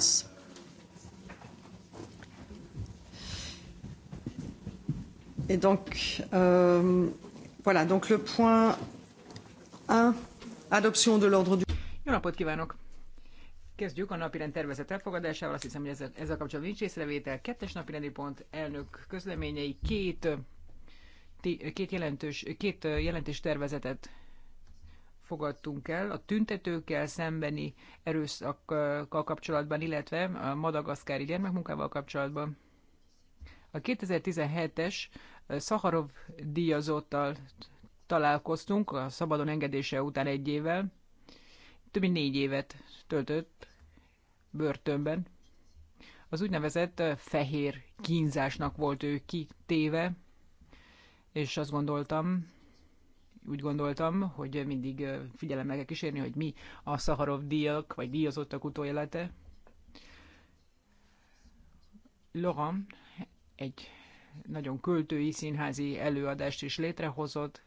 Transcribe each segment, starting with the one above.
else? Et donc, euh, voilà, donc le point 1, adoption de l'ordre du... Jó napot kívánok! Kezdjük a napirend tervezet elfogadásával. Azt hiszem, hogy ezzel, ezzel kapcsolatban nincs észrevétel. Kettes napirendi pont elnök közleményei két, két, jelentős, két jelentés tervezetet fogadtunk el a tüntetőkkel szembeni erőszakkal kapcsolatban, illetve a madagaszkári gyermekmunkával kapcsolatban. A 2017-es Szaharov díjazottal találkoztunk a szabadon engedése után egy évvel. Több mint négy évet töltött börtönben. Az úgynevezett fehér kínzásnak volt ő kitéve, és azt gondoltam, úgy gondoltam, hogy mindig figyelemmel kell kísérni, hogy mi a Szaharov díjak, vagy díjazottak utóélete. Laurent egy nagyon költői színházi előadást is létrehozott.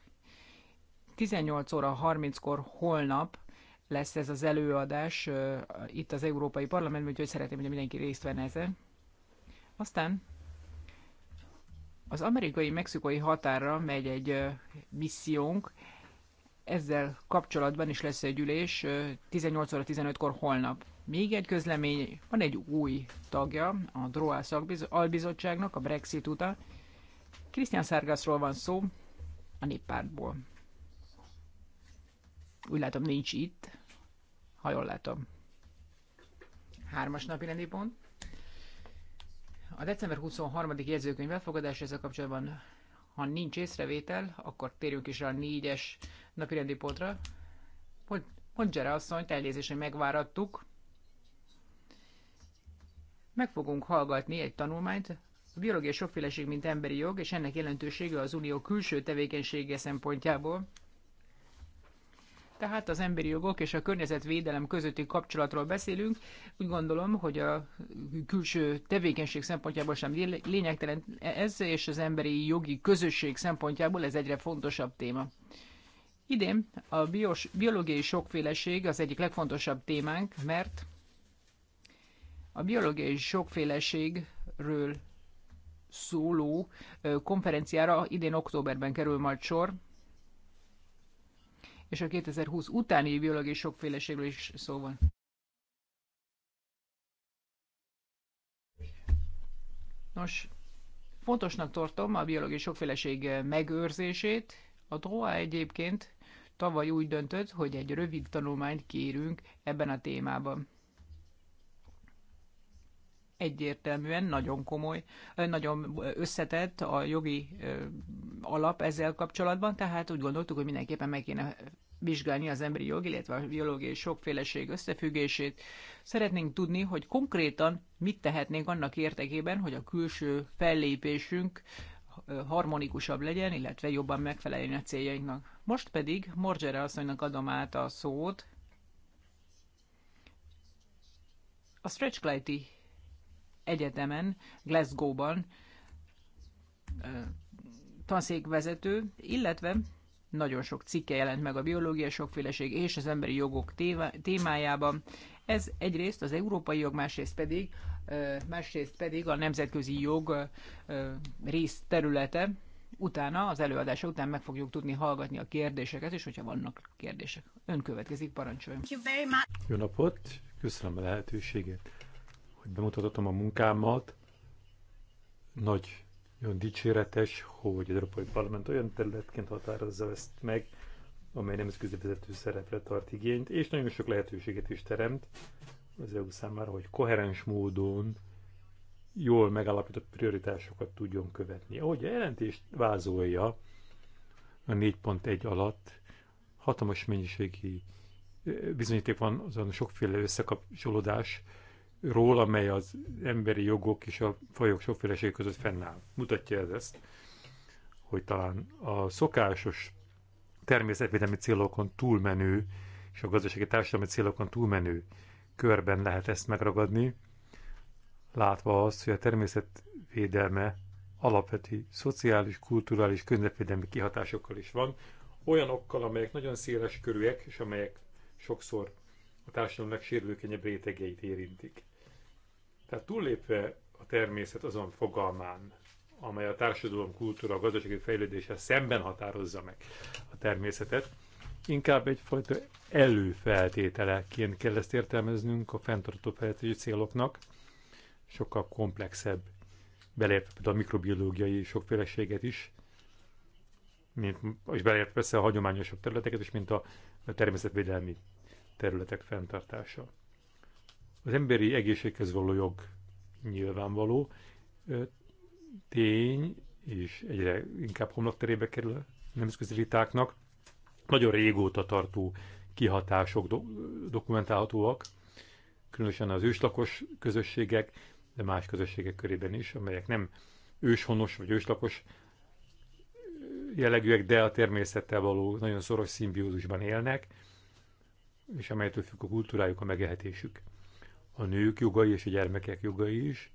18 óra 30-kor holnap lesz ez az előadás itt az Európai Parlamentben, úgyhogy szeretném, hogy mindenki részt venne ezen. Aztán az amerikai-mexikai határra megy egy missziónk, ezzel kapcsolatban is lesz egy ülés 18 óra 15-kor holnap. Még egy közlemény, van egy új tagja a DROA albizottságnak a Brexit után. Krisztián Szárgászról van szó, a néppártból. Úgy látom nincs itt, ha jól látom. Hármas napi rendi pont a december 23. jegyzőkönyv elfogadása ezzel kapcsolatban, ha nincs észrevétel, akkor térjünk is rá a négyes napirendi pontra. Mondja rá asszonyt, elnézést, hogy megvárattuk. Meg fogunk hallgatni egy tanulmányt, a biológiai sokféleség, mint emberi jog, és ennek jelentősége az unió külső tevékenysége szempontjából. Tehát az emberi jogok és a környezetvédelem közötti kapcsolatról beszélünk. Úgy gondolom, hogy a külső tevékenység szempontjából sem lényegtelen ez, és az emberi jogi közösség szempontjából ez egyre fontosabb téma. Idén a bios, biológiai sokféleség az egyik legfontosabb témánk, mert a biológiai sokféleségről szóló konferenciára idén októberben kerül majd sor és a 2020 utáni biológiai sokféleségről is szó van. Nos, fontosnak tartom a biológiai sokféleség megőrzését. A DOA egyébként tavaly úgy döntött, hogy egy rövid tanulmányt kérünk ebben a témában egyértelműen nagyon komoly, nagyon összetett a jogi alap ezzel kapcsolatban, tehát úgy gondoltuk, hogy mindenképpen meg kéne vizsgálni az emberi jog, illetve a biológiai sokféleség összefüggését. Szeretnénk tudni, hogy konkrétan mit tehetnénk annak érdekében, hogy a külső fellépésünk harmonikusabb legyen, illetve jobban megfeleljen a céljainknak. Most pedig Morgere asszonynak adom át a szót. A Stretch Clighty Egyetemen, Glasgow-ban tanszékvezető, illetve nagyon sok cikke jelent meg a biológia sokféleség és az emberi jogok témájában. Ez egyrészt az európai jog, másrészt pedig, másrészt pedig a nemzetközi jog területe. Utána, az előadása után meg fogjuk tudni hallgatni a kérdéseket, és hogyha vannak kérdések. Ön következik, parancsoljon. Jó napot, köszönöm a lehetőséget hogy bemutatottam a munkámat. Nagy, nagyon dicséretes, hogy az Európai Parlament olyan területként határozza ezt meg, amely nemzetközi vezető szerepre tart igényt, és nagyon sok lehetőséget is teremt az EU számára, hogy koherens módon jól megállapított prioritásokat tudjon követni. Ahogy a jelentést vázolja a 4.1 alatt, hatalmas mennyiségi eh, bizonyíték van azon sokféle összekapcsolódás ról, amely az emberi jogok és a fajok sokféleség között fennáll. Mutatja ez ezt, hogy talán a szokásos természetvédelmi célokon túlmenő és a gazdasági társadalmi célokon túlmenő körben lehet ezt megragadni, látva azt, hogy a természetvédelme alapvető szociális, kulturális, környezetvédelmi kihatásokkal is van, olyanokkal, amelyek nagyon széles körűek, és amelyek sokszor a társadalom legsérülőkenyebb rétegeit érintik. Tehát túllépve a természet azon fogalmán, amely a társadalom, kultúra, a gazdasági fejlődése szemben határozza meg a természetet, inkább egyfajta előfeltételeként kell ezt értelmeznünk a fenntartó fejlesztési céloknak, sokkal komplexebb, beleértve a mikrobiológiai sokféleséget is, mint, és beleértve persze a hagyományosabb területeket is, mint a, a természetvédelmi területek fenntartása. Az emberi egészséghez való jog nyilvánvaló tény, és egyre inkább homlokterébe kerül a nemzetközi vitáknak. Nagyon régóta tartó kihatások do- dokumentálhatóak, különösen az őslakos közösségek, de más közösségek körében is, amelyek nem őshonos vagy őslakos jellegűek, de a természettel való nagyon szoros szimbiózusban élnek, és amelytől függ a kultúrájuk, a megehetésük a nők jogai és a gyermekek jogai is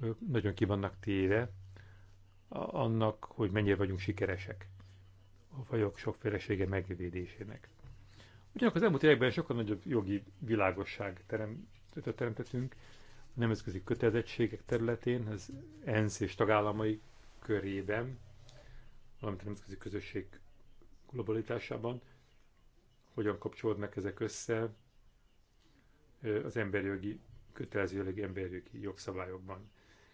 ők nagyon ki vannak téve annak, hogy mennyire vagyunk sikeresek a fajok sokfélesége megvédésének. Ugyanakkor az elmúlt években sokkal nagyobb jogi világosság terem, teremtettünk a nemzetközi kötelezettségek területén, az ENSZ és tagállamai körében, valamint a nemzetközi közösség globalitásában, hogyan kapcsolódnak ezek össze, az emberjogi, kötelezőleg emberjogi jogszabályokban.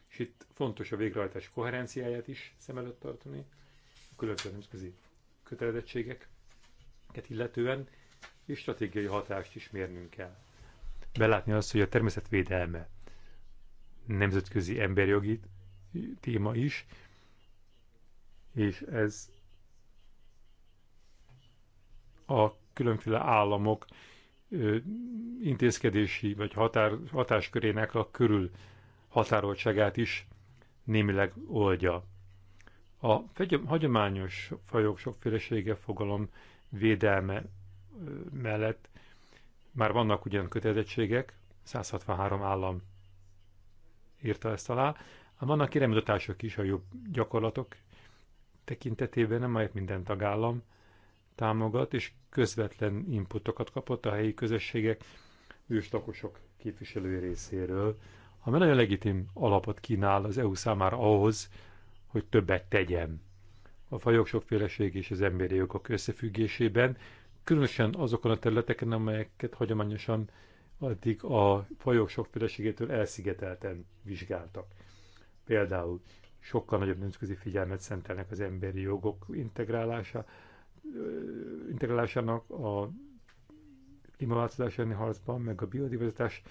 És itt fontos a végrehajtás koherenciáját is szem előtt tartani, a különböző nemzetközi kötelezettségeket illetően, és stratégiai hatást is mérnünk kell. Belátni azt, hogy a természetvédelme nemzetközi emberjogi téma is, és ez a különféle államok intézkedési vagy határ, hatáskörének a körül határoltságát is némileg oldja. A hagyományos fajok sokfélesége fogalom védelme mellett már vannak ugyan kötelezettségek, 163 állam írta ezt alá, ám vannak iránymutatások is a jobb gyakorlatok tekintetében, nem majd minden tagállam támogat, és közvetlen inputokat kapott a helyi közösségek őslakosok képviselői részéről, ami nagyon legitim alapot kínál az EU számára ahhoz, hogy többet tegyen. A fajok sokféleség és az emberi jogok összefüggésében, különösen azokon a területeken, amelyeket hagyományosan addig a fajok sokféleségétől elszigetelten vizsgáltak. Például sokkal nagyobb nemzetközi figyelmet szentelnek az emberi jogok integrálása, integrálásának a klímaváltozás elleni harcban, meg a biodiverzitás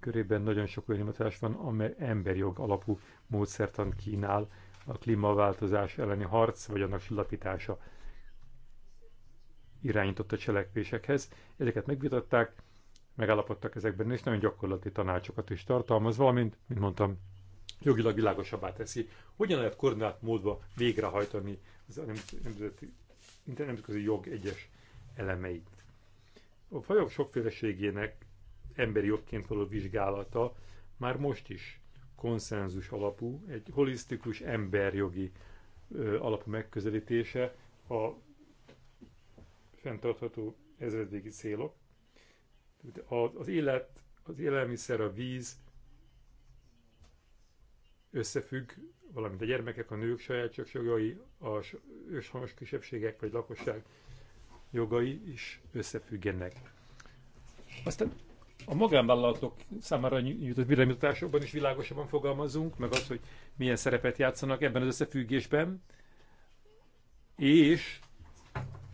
körében nagyon sok olyan hivatás van, amely emberjog alapú módszertan kínál a klímaváltozás elleni harc, vagy annak csillapítása irányított a cselekvésekhez. Ezeket megvitatták, megállapodtak ezekben, és nagyon gyakorlati tanácsokat is tartalmaz, valamint, mint mondtam, jogilag világosabbá teszi, hogyan lehet koordinált módba végrehajtani az nemzeti nemzetközi jog egyes elemeit. A fajok sokféleségének emberi jogként való vizsgálata már most is konszenzus alapú, egy holisztikus emberjogi alapú megközelítése a fenntartható ezredvégi célok. Az élet, az élelmiszer, a víz összefügg valamint a gyermekek, a nők saját jogai, a őshonos kisebbségek vagy lakosság jogai is összefüggenek. Aztán a magánvállalatok számára nyújtott világítatásokban is világosabban fogalmazunk, meg az, hogy milyen szerepet játszanak ebben az összefüggésben, és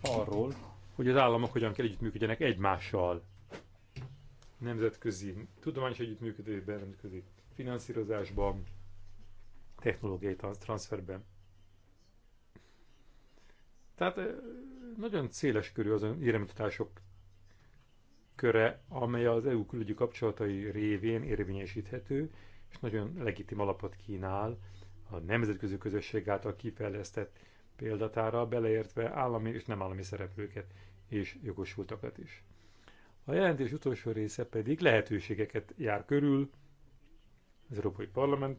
arról, hogy az államok hogyan kell együttműködjenek egymással. Nemzetközi tudományos együttműködésben, nemzetközi finanszírozásban, technológiai transferben. Tehát nagyon széles körű azon iránymutatások köre, amely az EU külügyi kapcsolatai révén érvényesíthető, és nagyon legitim alapot kínál a nemzetközi közösség által kifejlesztett példatára, beleértve állami és nem állami szereplőket és jogosultakat is. A jelentés utolsó része pedig lehetőségeket jár körül az Európai Parlament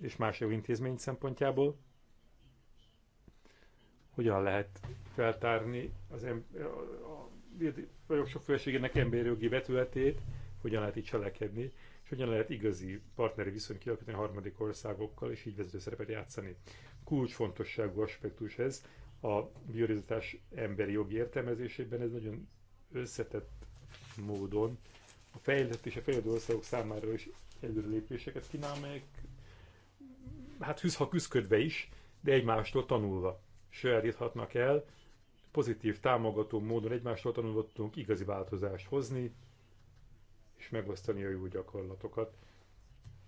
és más jogintézmény szempontjából, hogyan lehet feltárni az em- a, a, a emberjogi vetületét, hogyan lehet így cselekedni, és hogyan lehet igazi partneri viszony kialakítani a harmadik országokkal, és így vezető szerepet játszani. Kulcsfontosságú aspektus ez, a biorizatás emberi jogi értelmezésében ez nagyon összetett módon a fejlett és a fejlődő országok számára is előrelépéseket kínál, melyek hát hűzha küzdködve is, de egymástól tanulva sajátíthatnak el, pozitív, támogató módon egymástól tanulva tudunk igazi változást hozni, és megosztani a jó gyakorlatokat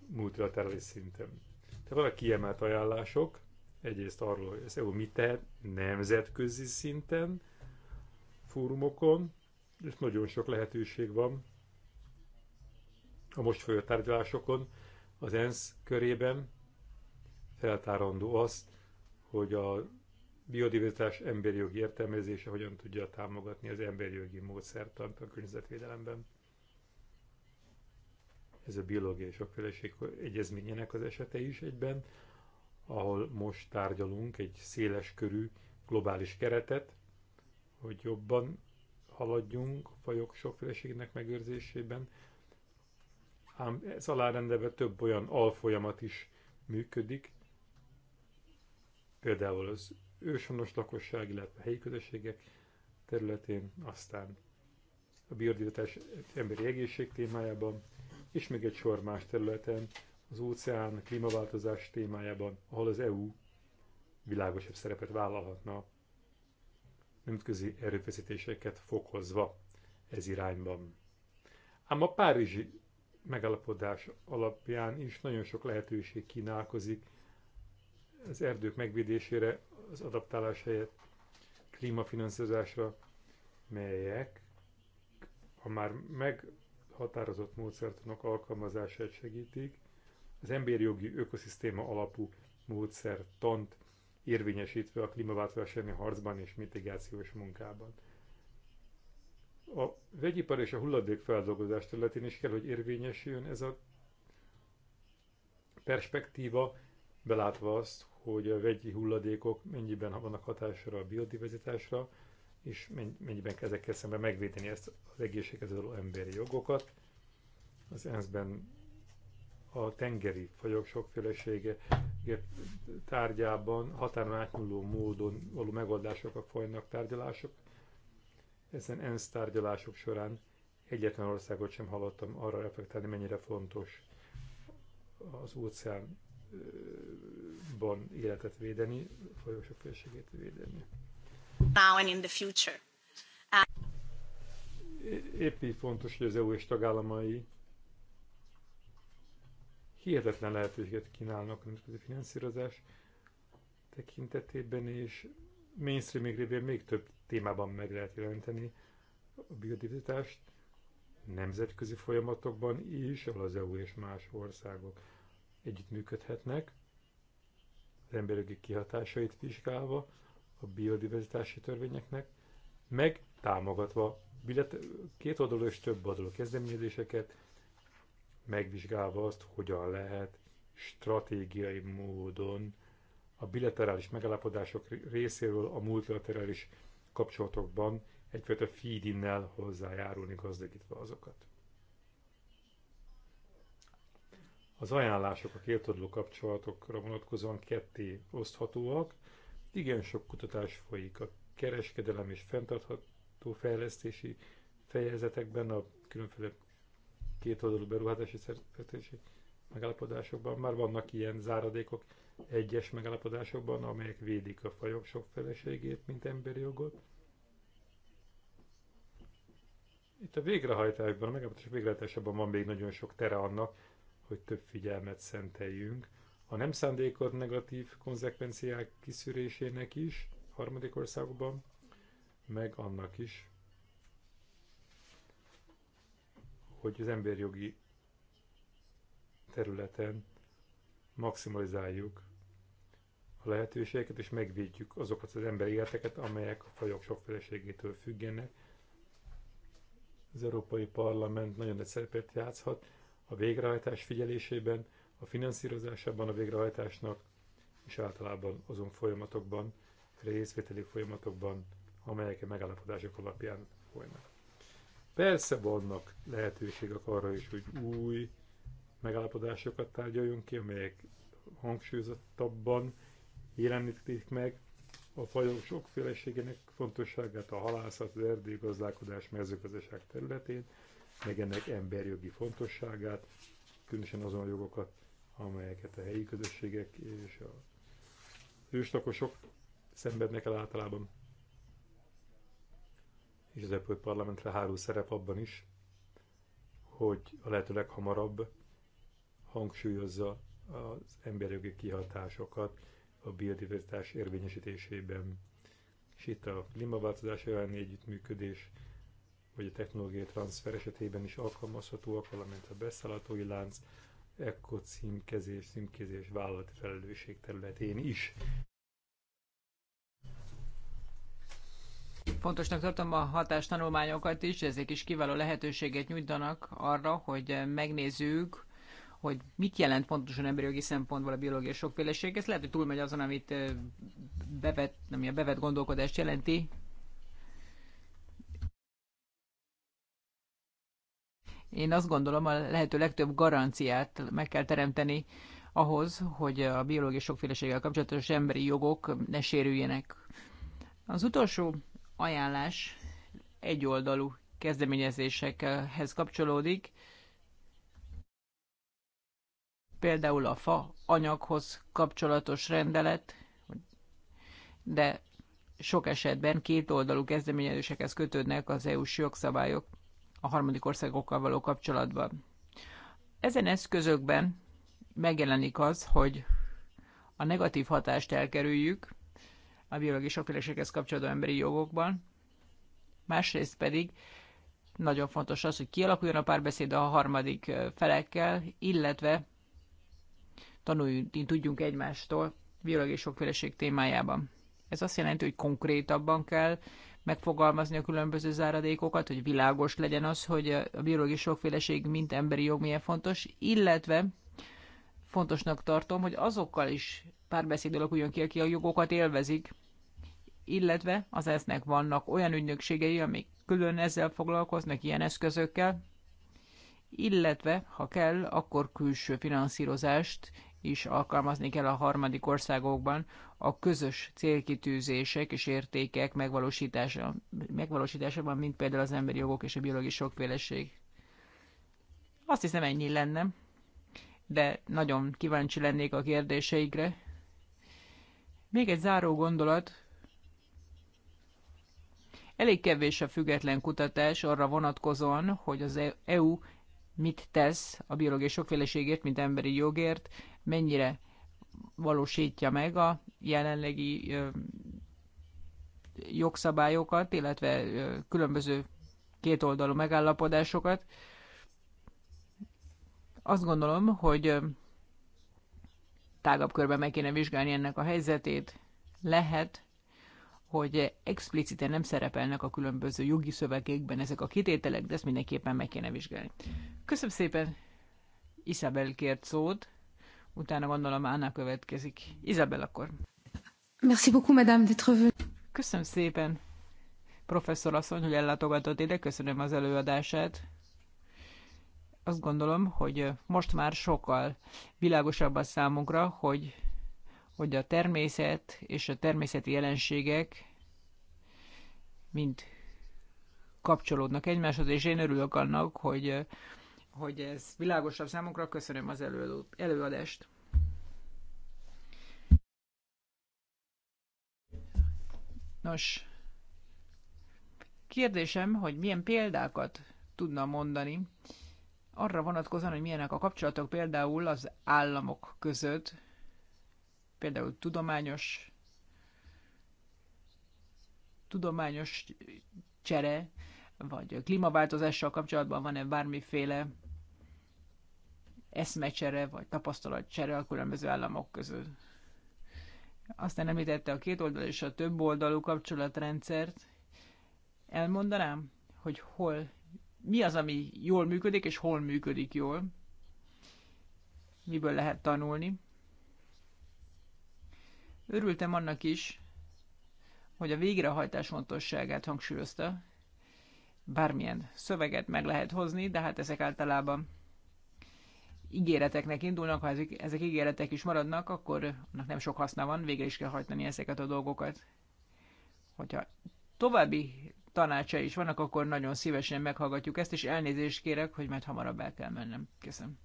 multilaterális szinten. Tehát vannak kiemelt ajánlások, egyrészt arról, hogy az EU mit tehet nemzetközi szinten, fórumokon, és nagyon sok lehetőség van a most folyó tárgyalásokon, az ENSZ körében, feltárandó az, hogy a biodiverzitás emberi jogi értelmezése hogyan tudja támogatni az emberi jogi módszertant a környezetvédelemben. Ez a biológiai és a feleség egyezményének az esete is egyben, ahol most tárgyalunk egy széles körű globális keretet, hogy jobban haladjunk a fajok sokféleségnek megőrzésében, ám ez alárendelve több olyan alfolyamat is működik, például az őshonos lakosság, illetve a helyi közösségek területén, aztán a biodiversitás emberi egészség témájában, és még egy sor más területen, az óceán, a klímaváltozás témájában, ahol az EU világosabb szerepet vállalhatna, nemzetközi erőfeszítéseket fokozva ez irányban. Ám a párizsi megállapodás alapján is nagyon sok lehetőség kínálkozik az erdők megvédésére, az adaptálás helyett klímafinanszírozásra, melyek a már meghatározott módszertanok alkalmazását segítik, az emberi jogi ökoszisztéma alapú módszertant érvényesítve a klímaváltozás elleni harcban és mitigációs munkában. A vegyipar és a hulladékfeldolgozás területén is kell, hogy érvényesüljön ez a perspektíva, belátva azt, hogy a vegyi hulladékok mennyiben vannak hatásra a biodiverzitásra, és mennyiben ezekkel szemben megvédeni ezt az egészséghez való emberi jogokat. Az ENSZ-ben a tengeri fajok sokfélesége tárgyában határon átnyúló módon való megoldásokat folynak tárgyalások. Ezen ENSZ tárgyalások során egyetlen országot sem hallottam arra reflektálni, mennyire fontos az óceán folyosókban életet védeni, folyosók felségét védeni. Now and in the future. Épp így fontos, hogy az EU és tagállamai hihetetlen lehetőséget kínálnak a nemzetközi finanszírozás tekintetében, és mainstreaming révén még több témában meg lehet jelenteni a biodiverzitást nemzetközi folyamatokban is, ahol az EU és más országok együttműködhetnek az emberi kihatásait vizsgálva a biodiverzitási törvényeknek, meg támogatva kétoldalú és több oldalú kezdeményezéseket, megvizsgálva azt, hogyan lehet stratégiai módon a bilaterális megállapodások részéről a multilaterális kapcsolatokban egyfajta feed-innel hozzájárulni gazdagítva azokat. az ajánlások a kétoldalú kapcsolatokra vonatkozóan ketté oszthatóak. Igen sok kutatás folyik a kereskedelem és fenntartható fejlesztési fejezetekben, a különféle kétoldalú beruházási szerződési megállapodásokban. Már vannak ilyen záradékok egyes megállapodásokban, amelyek védik a fajok feleségét, mint emberi jogot. Itt a végrehajtásban, a megállapodások végrehajtásában van még nagyon sok tere annak, hogy több figyelmet szenteljünk a nem szándékolt negatív konzekvenciák kiszűrésének is harmadik országokban, meg annak is, hogy az emberjogi területen maximalizáljuk a lehetőségeket, és megvédjük azokat az emberi életeket, amelyek a fajok sokféleségétől függenek. Az Európai Parlament nagyon nagy szerepet játszhat, a végrehajtás figyelésében, a finanszírozásában a végrehajtásnak, és általában azon folyamatokban, részvételi folyamatokban, amelyek a megállapodások alapján folynak. Persze vannak lehetőségek arra is, hogy új megállapodásokat tárgyaljunk ki, amelyek hangsúlyozottabban jelenítik meg a fajok sokféleségének fontosságát a halászat, az erdőgazdálkodás, mezőgazdaság területén, meg ennek emberjogi fontosságát, különösen azon a jogokat, amelyeket a helyi közösségek és a őslakosok szenvednek el általában. És az Európai Parlamentre háló szerep abban is, hogy a lehető leghamarabb hangsúlyozza az emberjogi kihatásokat a biodiverzitás érvényesítésében. És itt a klímaváltozás elleni együttműködés, vagy a technológiai transfer esetében is alkalmazhatóak, valamint a beszállatói lánc, ECO címkezés, címkézés vállalati felelősség területén is. Fontosnak tartom a hatástanulmányokat is, ezek is kiváló lehetőséget nyújtanak arra, hogy megnézzük, hogy mit jelent pontosan emberi jogi szempontból a biológiai sokféleség. Ez lehet, hogy túlmegy azon, amit bevet, ami a bevett gondolkodást jelenti, Én azt gondolom, a lehető legtöbb garanciát meg kell teremteni ahhoz, hogy a biológiai sokféleséggel kapcsolatos emberi jogok ne sérüljenek. Az utolsó ajánlás egyoldalú kezdeményezésekhez kapcsolódik, például a fa anyaghoz kapcsolatos rendelet, de sok esetben kétoldalú kezdeményezésekhez kötődnek az EU-s jogszabályok a harmadik országokkal való kapcsolatban. Ezen eszközökben megjelenik az, hogy a negatív hatást elkerüljük a biológiai sokféleséghez kapcsolódó emberi jogokban, másrészt pedig nagyon fontos az, hogy kialakuljon a párbeszéd a harmadik felekkel, illetve tanuljunk, tudjunk egymástól biológiai sokféleség témájában. Ez azt jelenti, hogy konkrétabban kell megfogalmazni a különböző záradékokat, hogy világos legyen az, hogy a biológiai sokféleség, mint emberi jog milyen fontos, illetve fontosnak tartom, hogy azokkal is párbeszéd alakuljon ki, aki a jogokat élvezik, illetve az esznek vannak olyan ügynökségei, amik külön ezzel foglalkoznak, ilyen eszközökkel, illetve, ha kell, akkor külső finanszírozást is alkalmazni kell a harmadik országokban a közös célkitűzések és értékek megvalósítása, megvalósításában, mint például az emberi jogok és a biológiai sokféleség. Azt hiszem ennyi lenne, de nagyon kíváncsi lennék a kérdéseikre. Még egy záró gondolat. Elég kevés a független kutatás arra vonatkozóan, hogy az e- EU mit tesz a biológiai sokféleségért, mint emberi jogért, mennyire valósítja meg a jelenlegi jogszabályokat, illetve különböző kétoldalú megállapodásokat. Azt gondolom, hogy tágabb körben meg kéne vizsgálni ennek a helyzetét. Lehet, hogy expliciten nem szerepelnek a különböző jogi szövegekben ezek a kitételek, de ezt mindenképpen meg kéne vizsgálni. Köszönöm szépen, Isabel kért szót utána gondolom Anna következik. Izabel akkor. Merci beaucoup, madame, d'être venue. Köszönöm szépen, professzor asszony, hogy ellátogatott ide, köszönöm az előadását. Azt gondolom, hogy most már sokkal világosabb a számunkra, hogy, hogy a természet és a természeti jelenségek mind kapcsolódnak egymáshoz, és én örülök annak, hogy hogy ez világosabb számunkra. Köszönöm az előadást. Nos, kérdésem, hogy milyen példákat tudna mondani arra vonatkozóan, hogy milyenek a kapcsolatok például az államok között, például tudományos tudományos csere, vagy klímaváltozással kapcsolatban van-e bármiféle eszmecsere, vagy tapasztalatcsere a különböző államok között. Aztán említette a két oldal és a több oldalú kapcsolatrendszert. Elmondanám, hogy hol, mi az, ami jól működik, és hol működik jól. Miből lehet tanulni. Örültem annak is, hogy a végrehajtás fontosságát hangsúlyozta, bármilyen szöveget meg lehet hozni, de hát ezek általában ígéreteknek indulnak, ha ezek, ezek ígéretek is maradnak, akkor annak nem sok haszna van, végre is kell hajtani ezeket a dolgokat. Hogyha további tanácsa is vannak, akkor nagyon szívesen meghallgatjuk ezt, és elnézést kérek, hogy majd hamarabb el kell mennem. Köszönöm.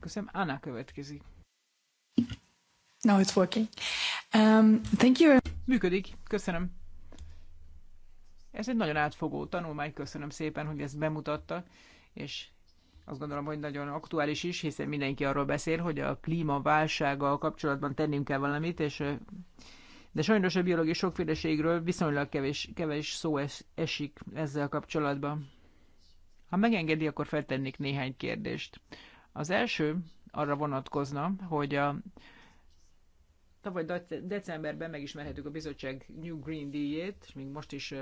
Köszönöm. Anna következik. Now it's working. Um, thank you. Működik. Köszönöm. Ez egy nagyon átfogó tanulmány, köszönöm szépen, hogy ezt bemutatta, és azt gondolom, hogy nagyon aktuális is, hiszen mindenki arról beszél, hogy a klímaválsággal kapcsolatban tennünk kell valamit, és de sajnos a biológiai sokféleségről viszonylag kevés, kevés szó es, esik ezzel kapcsolatban. Ha megengedi, akkor feltennék néhány kérdést. Az első arra vonatkozna, hogy a tavaly decemberben megismerhetük a bizottság New Green Deal-jét, és még most is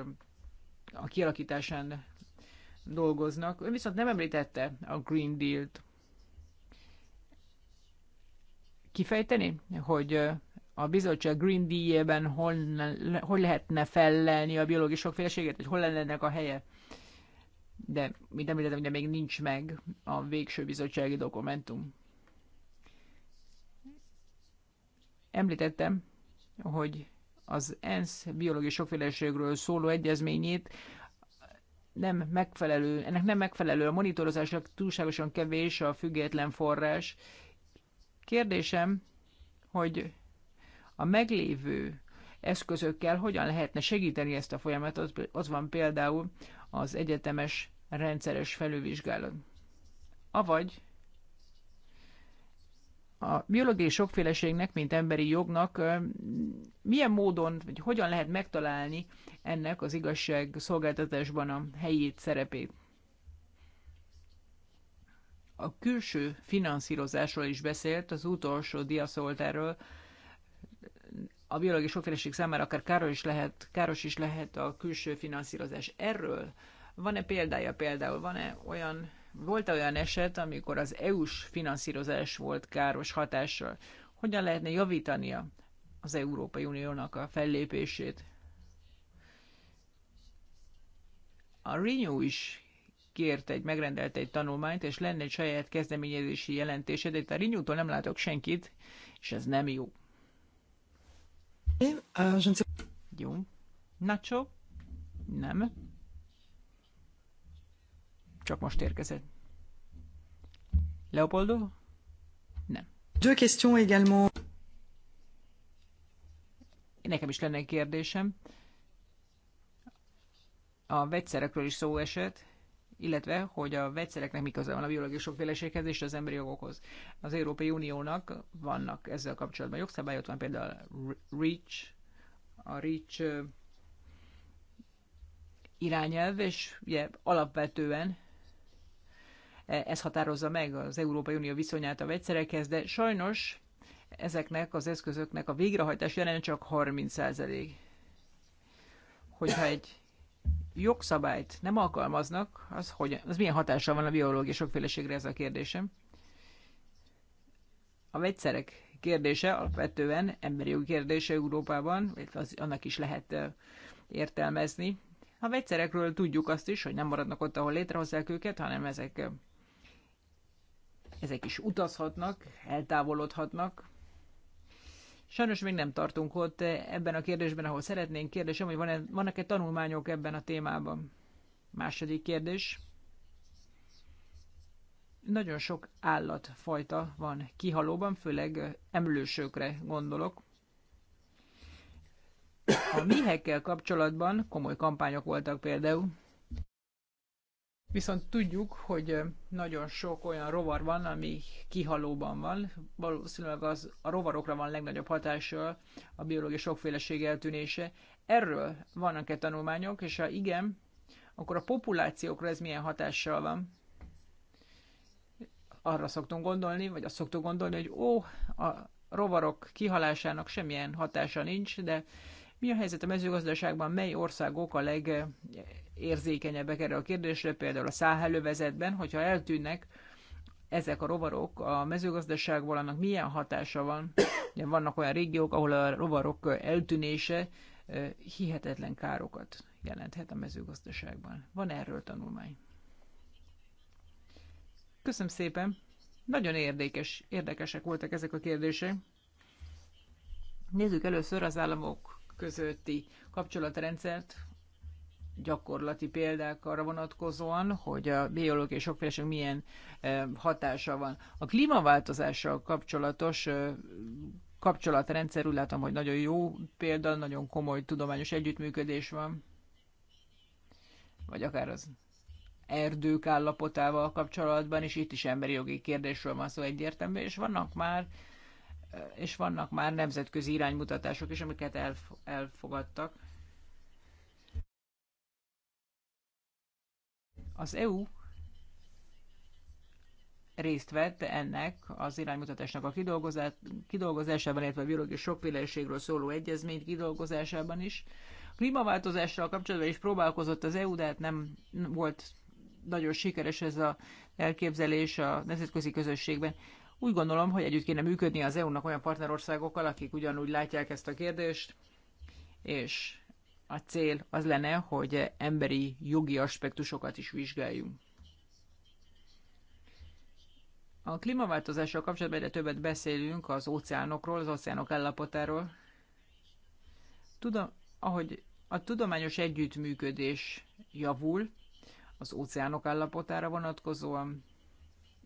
a kialakításán dolgoznak. Ő viszont nem említette a Green Deal-t. Kifejteni, hogy a bizottság Green Deal-ben hol, hogy lehetne fellelni a biológiai sokféleséget, hogy hol lenne ennek a helye? De, mint említettem, ugye még nincs meg a végső bizottsági dokumentum. Említettem, hogy az ENSZ biológiai sokféleségről szóló egyezményét, nem megfelelő, ennek nem megfelelő a monitorozásra túlságosan kevés a független forrás. Kérdésem, hogy a meglévő eszközökkel hogyan lehetne segíteni ezt a folyamatot. Ott van például az egyetemes rendszeres felülvizsgálat. Avagy a biológiai sokféleségnek, mint emberi jognak milyen módon, vagy hogyan lehet megtalálni ennek az igazság szolgáltatásban a helyét, szerepét? A külső finanszírozásról is beszélt az utolsó diaszoltáról. A biológiai sokféleség számára akár káros is lehet, káros is lehet a külső finanszírozás. Erről van-e példája például? Van-e olyan volt -e olyan eset, amikor az EU-s finanszírozás volt káros hatással? Hogyan lehetne javítania az Európai Uniónak a fellépését? A Renew is kért egy, megrendelt egy tanulmányt, és lenne egy saját kezdeményezési jelentése, de itt a Renew-tól nem látok senkit, és ez nem jó. Jó. Nacho? Nem csak most érkezett. Leopoldo? Nem. Deux questions également. Nekem is lenne egy kérdésem. A vegyszerekről is szó esett, illetve, hogy a vegyszereknek mi van a biológiai sokféleséghez és az emberi jogokhoz. Az Európai Uniónak vannak ezzel kapcsolatban jogszabály, ott van például REACH, a REACH irányelv, és ugye alapvetően ez határozza meg az Európai Unió viszonyát a vegyszerekhez, de sajnos ezeknek az eszközöknek a végrehajtás jelen csak 30%. Hogyha egy jogszabályt nem alkalmaznak, az, hogy, az milyen hatással van a biológiai sokféleségre ez a kérdésem. A vegyszerek kérdése alapvetően emberi jogi kérdése Európában, vagy az, annak is lehet értelmezni. A vegyszerekről tudjuk azt is, hogy nem maradnak ott, ahol létrehozzák őket, hanem ezek ezek is utazhatnak, eltávolodhatnak. Sajnos még nem tartunk ott ebben a kérdésben, ahol szeretnénk. Kérdésem, hogy van-e, vannak-e tanulmányok ebben a témában? Második kérdés. Nagyon sok állatfajta van kihalóban, főleg emlősökre gondolok. A mihekkel kapcsolatban komoly kampányok voltak például. Viszont tudjuk, hogy nagyon sok olyan rovar van, ami kihalóban van. Valószínűleg az, a rovarokra van legnagyobb hatása a biológiai sokféleség eltűnése. Erről vannak-e tanulmányok, és ha igen, akkor a populációkra ez milyen hatással van? Arra szoktunk gondolni, vagy azt szoktuk gondolni, hogy ó, a rovarok kihalásának semmilyen hatása nincs, de mi a helyzet a mezőgazdaságban, mely országok a legérzékenyebbek erre a kérdésre, például a száhelővezetben, hogyha eltűnnek ezek a rovarok a mezőgazdaságból, annak milyen hatása van? Vannak olyan régiók, ahol a rovarok eltűnése hihetetlen károkat jelenthet a mezőgazdaságban. Van -e erről tanulmány. Köszönöm szépen! Nagyon érdekes, érdekesek voltak ezek a kérdések. Nézzük először az államok közötti kapcsolatrendszert, gyakorlati példák arra vonatkozóan, hogy a biológiai sokféleség milyen hatása van. A klímaváltozással kapcsolatos kapcsolatrendszer úgy látom, hogy nagyon jó példa, nagyon komoly tudományos együttműködés van, vagy akár az erdők állapotával kapcsolatban, és itt is emberi jogi kérdésről van szó egyértelmű, és vannak már és vannak már nemzetközi iránymutatások is, amiket elf- elfogadtak. Az EU részt vett ennek az iránymutatásnak a kidolgozásában, illetve a biológiai sokféleségről szóló egyezmény kidolgozásában is. A klímaváltozással kapcsolatban is próbálkozott az EU, de hát nem volt nagyon sikeres ez az elképzelés a nemzetközi közösségben. Úgy gondolom, hogy együtt kéne működni az EU-nak olyan partnerországokkal, akik ugyanúgy látják ezt a kérdést, és a cél az lenne, hogy emberi jogi aspektusokat is vizsgáljunk. A klímaváltozással kapcsolatban egyre többet beszélünk az óceánokról, az óceánok állapotáról. Tudom, ahogy a tudományos együttműködés javul az óceánok állapotára vonatkozóan,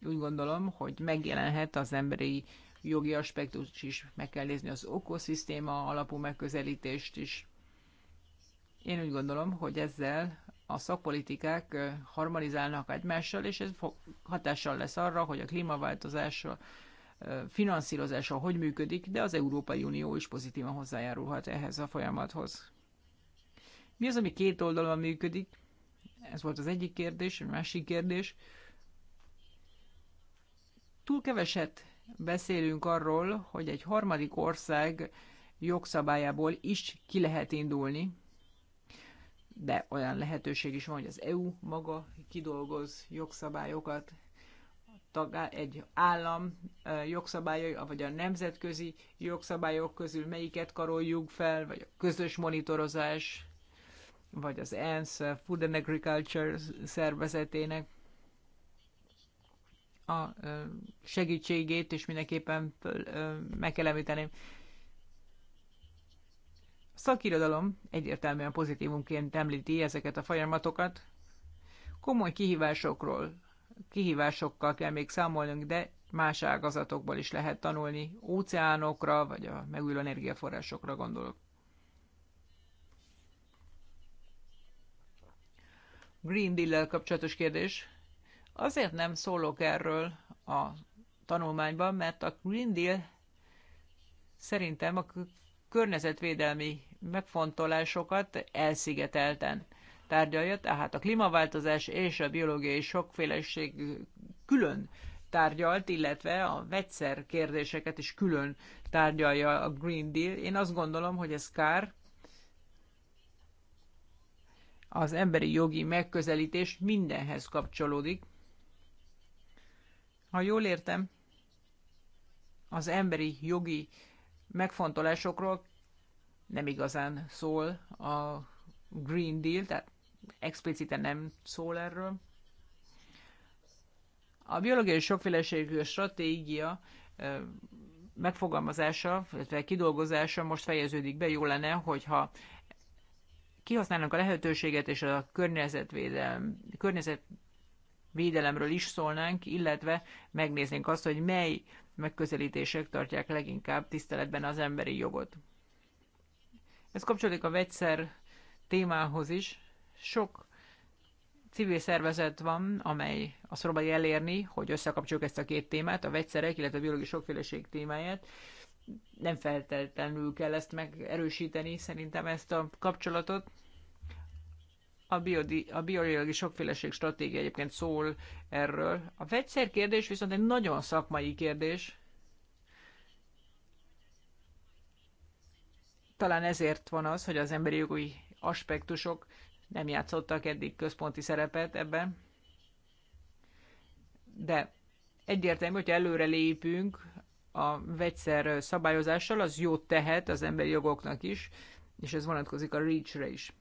úgy gondolom, hogy megjelenhet az emberi jogi aspektus is, meg kell nézni az okoszisztéma alapú megközelítést is. Én úgy gondolom, hogy ezzel a szakpolitikák harmonizálnak egymással, és ez hatással lesz arra, hogy a klímaváltozás finanszírozása hogy működik, de az Európai Unió is pozitívan hozzájárulhat ehhez a folyamathoz. Mi az, ami két oldalon működik? Ez volt az egyik kérdés, a másik kérdés. Túl keveset beszélünk arról, hogy egy harmadik ország jogszabályából is ki lehet indulni, de olyan lehetőség is van, hogy az EU maga kidolgoz jogszabályokat, egy állam jogszabályai, vagy a nemzetközi jogszabályok közül melyiket karoljuk fel, vagy a közös monitorozás, vagy az ENSZ Food and Agriculture szervezetének a segítségét, és mindenképpen meg kell említeni. A szakirodalom egyértelműen pozitívumként említi ezeket a folyamatokat. Komoly kihívásokról, kihívásokkal kell még számolnunk, de más ágazatokból is lehet tanulni, óceánokra, vagy a megújuló energiaforrásokra gondolok. Green Deal-lel kapcsolatos kérdés. Azért nem szólok erről a tanulmányban, mert a Green Deal szerintem a környezetvédelmi megfontolásokat elszigetelten tárgyalja, tehát a klímaváltozás és a biológiai sokféleség külön tárgyalt, illetve a vegyszer kérdéseket is külön tárgyalja a Green Deal. Én azt gondolom, hogy ez kár. Az emberi jogi megközelítés mindenhez kapcsolódik. Ha jól értem, az emberi jogi megfontolásokról nem igazán szól a Green Deal, tehát expliciten nem szól erről. A biológiai sokféleségű stratégia megfogalmazása, illetve kidolgozása most fejeződik be, jó lenne, hogyha kihasználnánk a lehetőséget és a környezetvédelem, környezet védelemről is szólnánk, illetve megnéznénk azt, hogy mely megközelítések tartják leginkább tiszteletben az emberi jogot. Ez kapcsolódik a vegyszer témához is. Sok civil szervezet van, amely azt próbálja elérni, hogy összekapcsoljuk ezt a két témát, a vegyszerek, illetve a biológiai sokféleség témáját. Nem feltétlenül kell ezt megerősíteni, szerintem ezt a kapcsolatot. A, biodi, a biológiai sokféleség stratégia egyébként szól erről. A vegyszer kérdés viszont egy nagyon szakmai kérdés. Talán ezért van az, hogy az emberi jogi aspektusok nem játszottak eddig központi szerepet ebben. De egyértelmű, hogy előre lépünk a vegyszer szabályozással, az jót tehet az emberi jogoknak is, és ez vonatkozik a REACH-re is.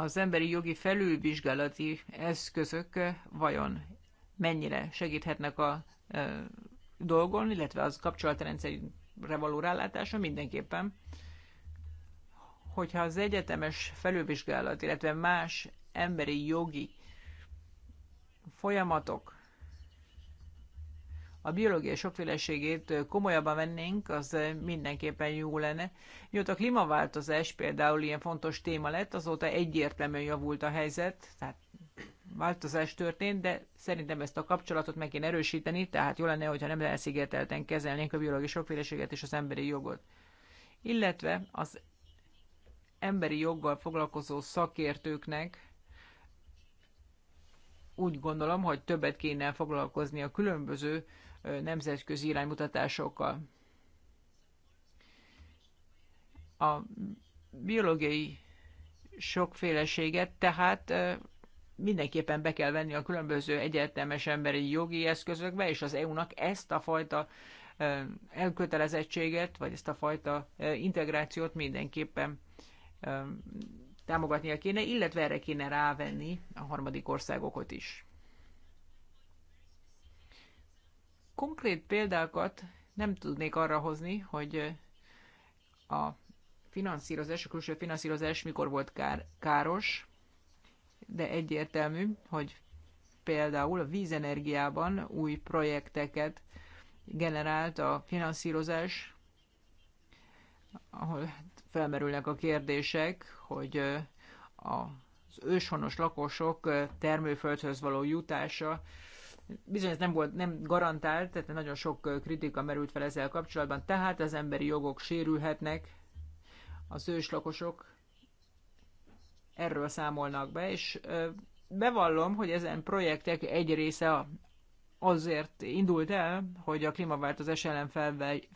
az emberi jogi felülvizsgálati eszközök vajon mennyire segíthetnek a dolgon, illetve az kapcsolatrendszerre való rálátása mindenképpen, hogyha az egyetemes felülvizsgálat, illetve más emberi jogi folyamatok a biológiai sokféleségét komolyabban vennénk, az mindenképpen jó lenne. Mióta a klímaváltozás például ilyen fontos téma lett, azóta egyértelműen javult a helyzet, tehát változás történt, de szerintem ezt a kapcsolatot meg kéne erősíteni, tehát jó lenne, hogyha nem elszigetelten kezelnénk a biológiai sokféleséget és az emberi jogot. Illetve az emberi joggal foglalkozó szakértőknek úgy gondolom, hogy többet kéne foglalkozni a különböző nemzetközi iránymutatásokkal. A biológiai sokféleséget tehát mindenképpen be kell venni a különböző egyetemes emberi jogi eszközökbe, és az EU-nak ezt a fajta elkötelezettséget, vagy ezt a fajta integrációt mindenképpen támogatnia kéne, illetve erre kéne rávenni a harmadik országokat is. Konkrét példákat nem tudnék arra hozni, hogy a finanszírozás, a külső finanszírozás mikor volt kár, káros, de egyértelmű, hogy például a vízenergiában új projekteket generált a finanszírozás, ahol hát felmerülnek a kérdések, hogy az őshonos lakosok termőföldhöz való jutása bizony ez nem volt, nem garantált, tehát nagyon sok kritika merült fel ezzel kapcsolatban, tehát az emberi jogok sérülhetnek, az őslakosok erről számolnak be, és bevallom, hogy ezen projektek egy része azért indult el, hogy a klímaváltozás ellen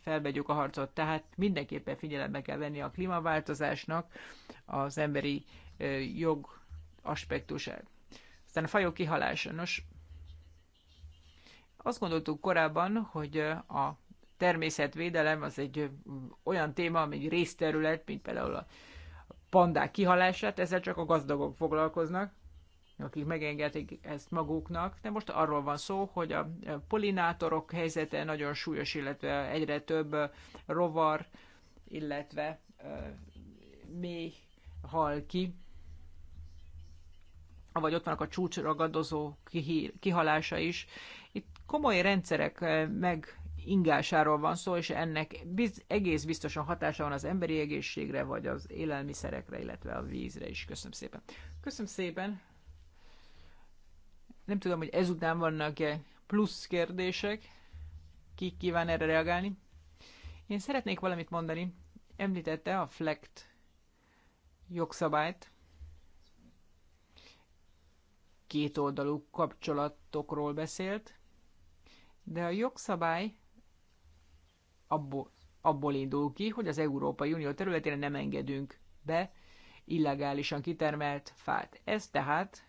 felvegyük a harcot. Tehát mindenképpen figyelembe kell venni a klímaváltozásnak az emberi jog aspektusát. Aztán a fajok kihalása. Nos, azt gondoltuk korábban, hogy a természetvédelem az egy olyan téma, ami részterület, mint például a pandák kihalását, ezzel csak a gazdagok foglalkoznak, akik megengedik ezt maguknak, de most arról van szó, hogy a polinátorok helyzete nagyon súlyos, illetve egyre több rovar, illetve méh hal ki, vagy ott vannak a csúcsragadozó kihalása is, komoly rendszerek eh, megingásáról van szó, és ennek biz, egész biztosan hatása van az emberi egészségre, vagy az élelmiszerekre, illetve a vízre is. Köszönöm szépen. Köszönöm szépen. Nem tudom, hogy ezután vannak-e plusz kérdések. Ki kíván erre reagálni? Én szeretnék valamit mondani. Említette a FLECT jogszabályt. Kétoldalú kapcsolatokról beszélt. De a jogszabály abból, abból indul ki, hogy az Európai Unió területére nem engedünk be illegálisan kitermelt fát. Ez tehát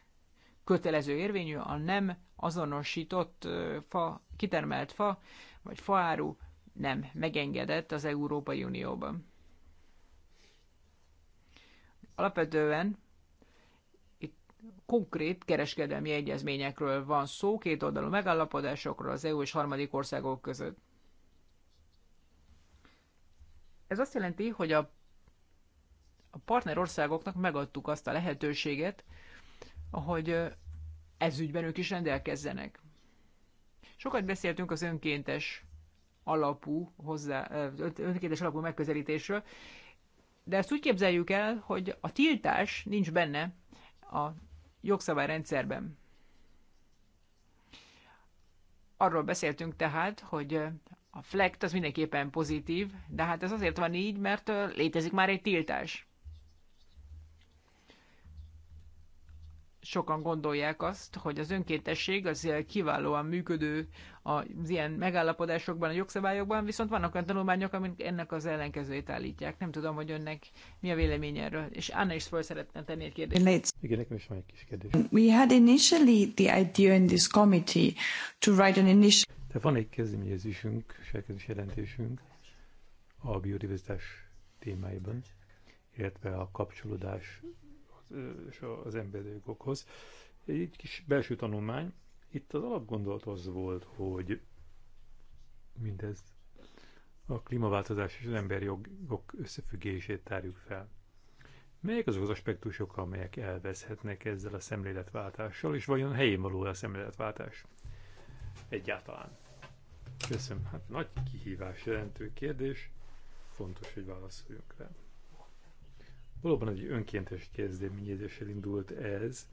kötelező érvényű a nem azonosított fa, kitermelt fa vagy faáru nem megengedett az Európai Unióban. Alapvetően konkrét kereskedelmi egyezményekről van szó, két oldalú megállapodásokról az EU és harmadik országok között. Ez azt jelenti, hogy a, a országoknak megadtuk azt a lehetőséget, hogy ezügyben ők is rendelkezzenek. Sokat beszéltünk az önkéntes alapú, hozzá, önkéntes alapú megközelítésről, de ezt úgy képzeljük el, hogy a tiltás nincs benne a jogszabályrendszerben. Arról beszéltünk tehát, hogy a flekt az mindenképpen pozitív, de hát ez azért van így, mert létezik már egy tiltás. sokan gondolják azt, hogy az önkéntesség az kiválóan működő az ilyen megállapodásokban, a jogszabályokban, viszont vannak olyan tanulmányok, amik ennek az ellenkezőjét állítják. Nem tudom, hogy önnek mi a vélemény erről. És Anna is föl szeretne tenni egy kérdést. Igen, nekem is van egy kis kérdés. We had initially the idea in this committee to write an initial... Tehát van egy kezdeményezésünk, és jelentésünk a biodiverzitás témáiban, illetve a kapcsolódás és az emberi jogokhoz. Egy kis belső tanulmány. Itt az alapgondolat az volt, hogy mindez a klímaváltozás és az emberi jogok összefüggését tárjuk fel. Melyek azok az aspektusok, amelyek elveszhetnek ezzel a szemléletváltással, és vajon helyén való a szemléletváltás? Egyáltalán. Köszönöm. Hát nagy kihívás jelentő kérdés. Fontos, hogy válaszoljunk rá. Valóban egy önkéntes kezdeményezéssel indult ez,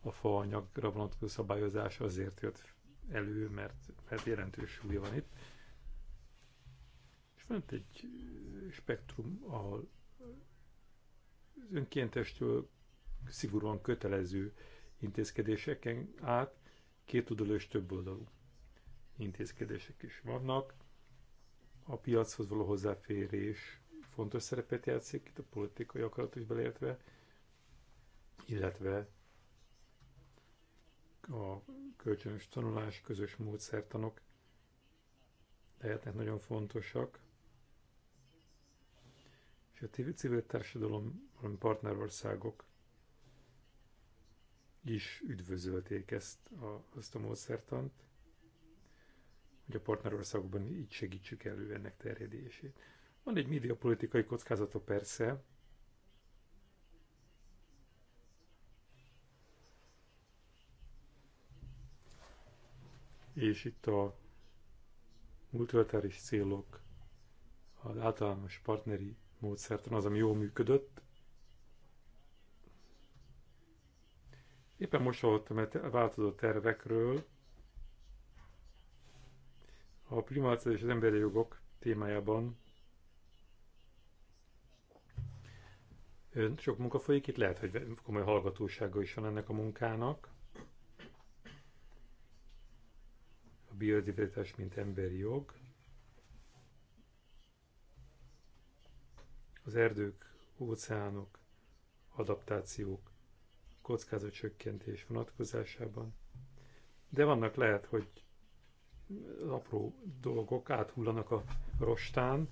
a faanyagra vonatkozó szabályozás azért jött elő, mert, mert jelentős súlya van itt. És van itt egy spektrum, ahol az önkéntestől szigorúan kötelező intézkedéseken át két oldalú és több oldalú intézkedések is vannak. A piachoz való hozzáférés fontos szerepet játszik itt a politikai akarat is beleértve, illetve a kölcsönös tanulás, közös módszertanok lehetnek nagyon fontosak. És a civil társadalom, valamint partnerországok is üdvözölték ezt a, azt a módszertant, hogy a partnerországokban így segítsük elő ennek terjedését. Van egy médiapolitikai kockázata persze. És itt a multilateris célok, az általános partneri módszertan az, ami jól működött. Éppen most hallottam a változó tervekről. A primáció és az emberi jogok témájában Sok munka folyik, itt lehet, hogy komoly hallgatósága is van ennek a munkának. A biodiverzitás, mint emberi jog. Az erdők, óceánok, adaptációk, kockázatcsökkentés vonatkozásában. De vannak lehet, hogy apró dolgok áthullanak a rostán,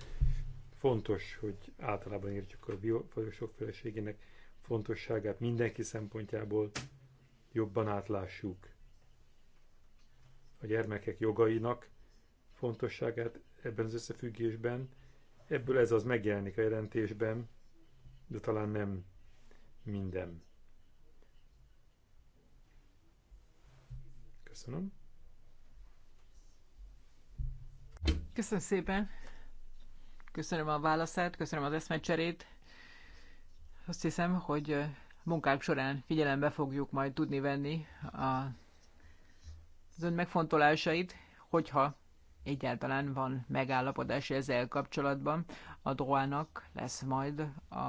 Fontos, hogy általában értjük a biológusok feleségének fontosságát mindenki szempontjából jobban átlássuk. A gyermekek jogainak fontosságát ebben az összefüggésben, ebből ez az megjelenik a jelentésben, de talán nem minden. Köszönöm. Köszönöm szépen. Köszönöm a válaszát, köszönöm az eszmecserét. Azt hiszem, hogy munkák során figyelembe fogjuk majd tudni venni a, az ön megfontolásait, hogyha egyáltalán van megállapodás ezzel kapcsolatban. A Doának lesz majd a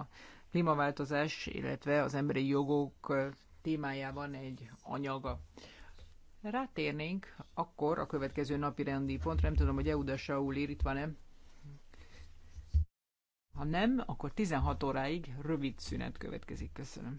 klímaváltozás, illetve az emberi jogok témájában egy anyaga. Rátérnénk akkor a következő napi rendi pontra, nem tudom, hogy Euda Saul itt van-e, ha nem, akkor 16 óráig rövid szünet következik. Köszönöm.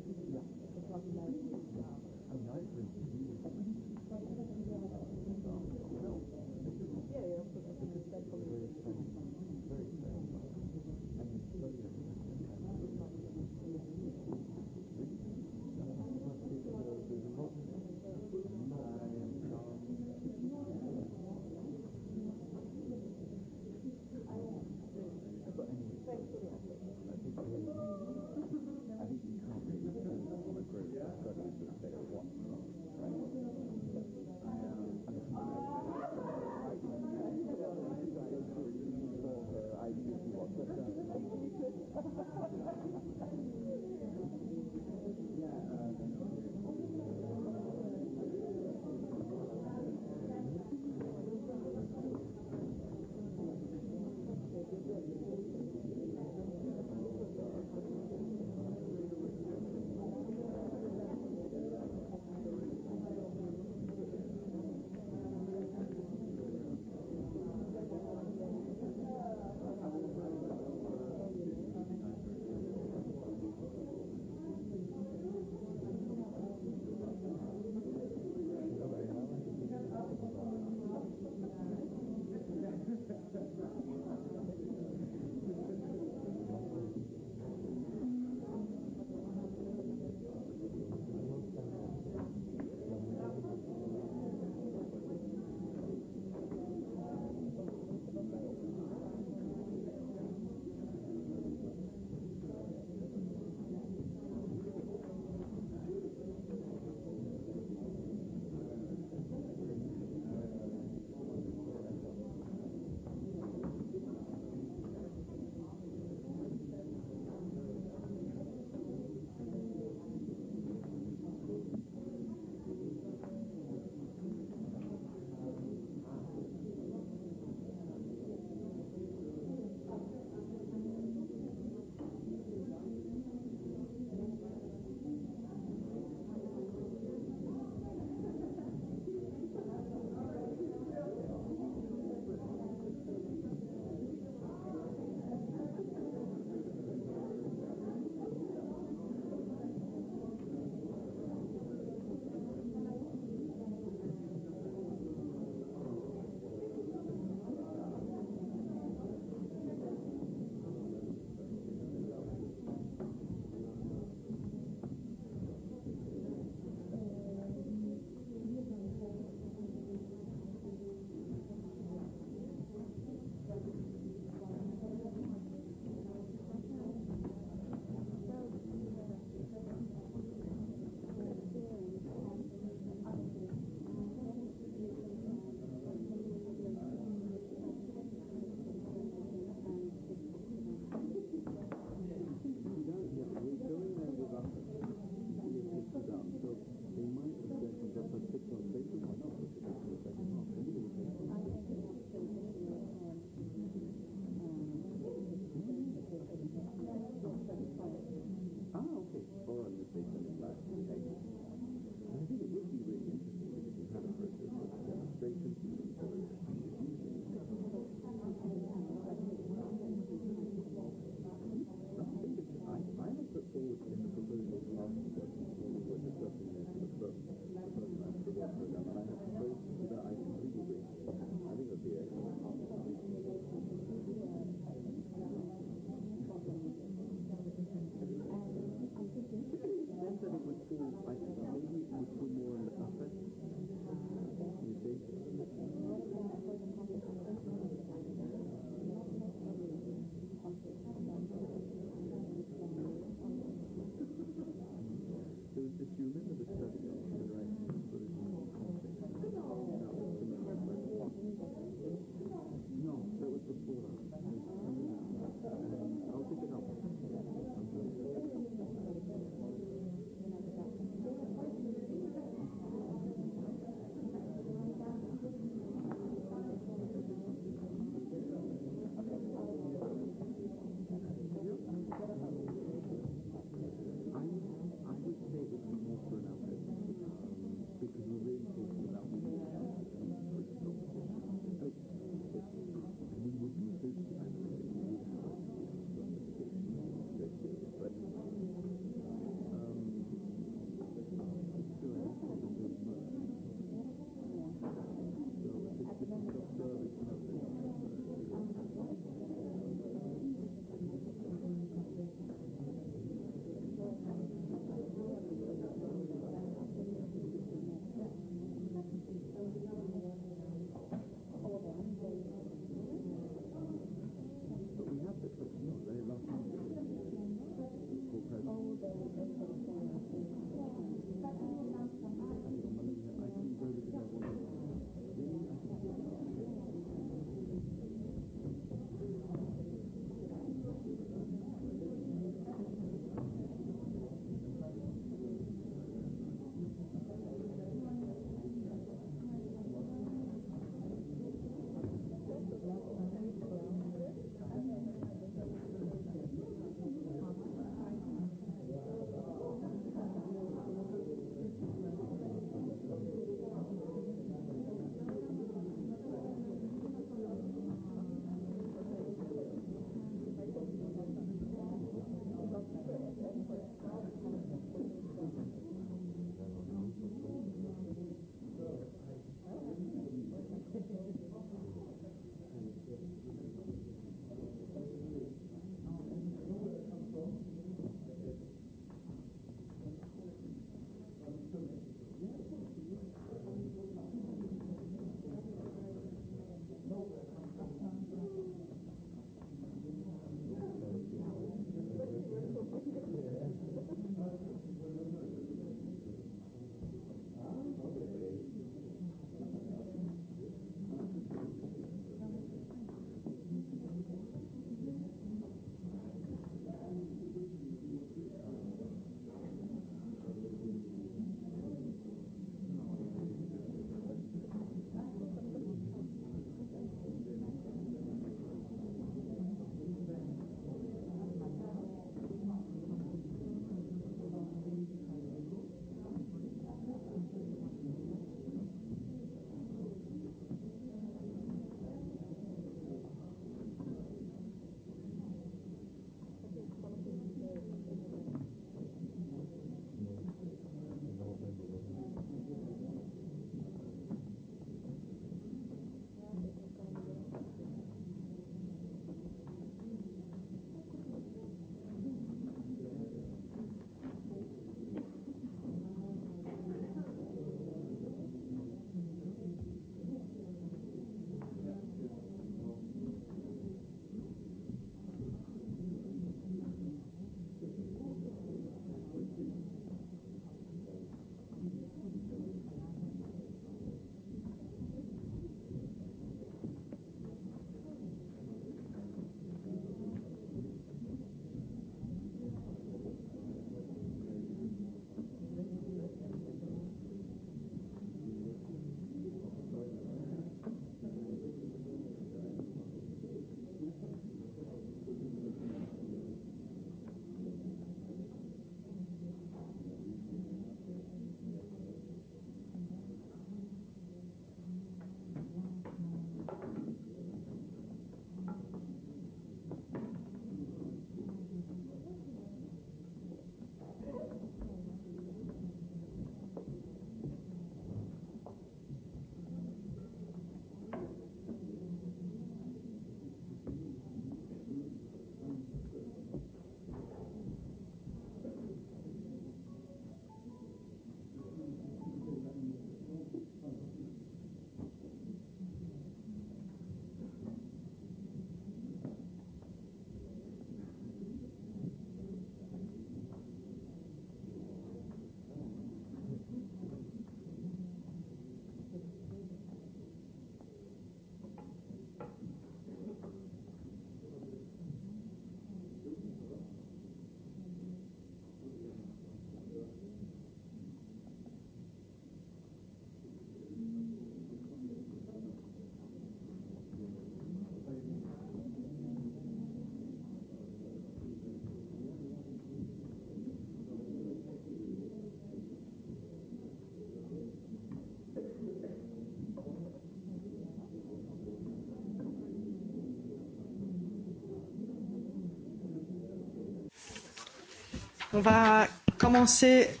On va commencer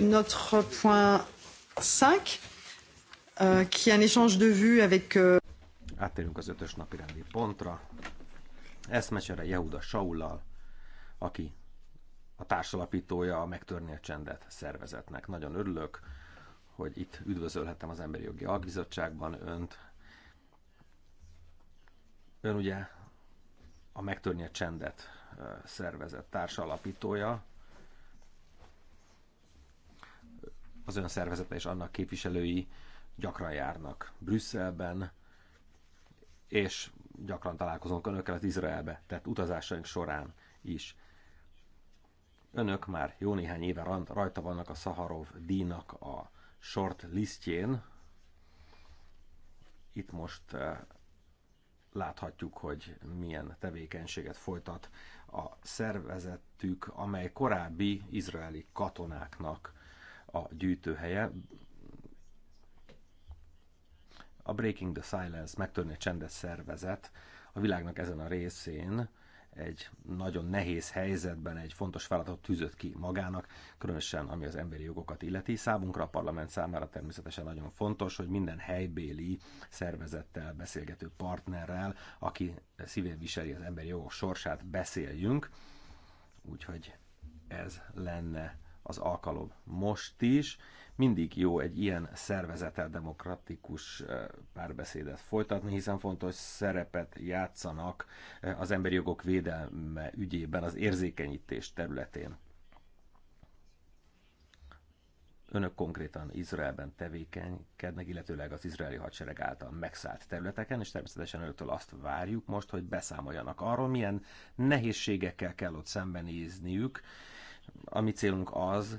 notre point 5, euh, qui est un échange de vues avec... Euh... Áttérünk az ötös napi rendi pontra. Eszmecsere Jehuda Saulal, aki a társalapítója a Megtörni a Csendet szervezetnek. Nagyon örülök, hogy itt üdvözölhetem az Emberi Jogi Albizottságban önt. Ön ugye a Megtörni a Csendet szervezet társalapítója, az önszervezete és annak képviselői gyakran járnak Brüsszelben, és gyakran találkozunk önökkel az Izraelbe, tehát utazásaink során is. Önök már jó néhány éve rajta vannak a Szaharov díjnak a short listjén. Itt most eh, láthatjuk, hogy milyen tevékenységet folytat a szervezetük, amely korábbi izraeli katonáknak a gyűjtőhelye. A Breaking the Silence, megtörni a csendes szervezet a világnak ezen a részén egy nagyon nehéz helyzetben egy fontos feladatot tűzött ki magának, különösen ami az emberi jogokat illeti. Számunkra a parlament számára természetesen nagyon fontos, hogy minden helybéli szervezettel, beszélgető partnerrel, aki szívén viseli az emberi jogok sorsát, beszéljünk. Úgyhogy ez lenne az alkalom most is. Mindig jó egy ilyen szervezetel demokratikus eh, párbeszédet folytatni, hiszen fontos szerepet játszanak eh, az emberi jogok védelme ügyében az érzékenyítés területén. Önök konkrétan Izraelben tevékenykednek, illetőleg az izraeli hadsereg által megszállt területeken, és természetesen önöktől azt várjuk most, hogy beszámoljanak arról, milyen nehézségekkel kell ott szembenézniük, a mi célunk az,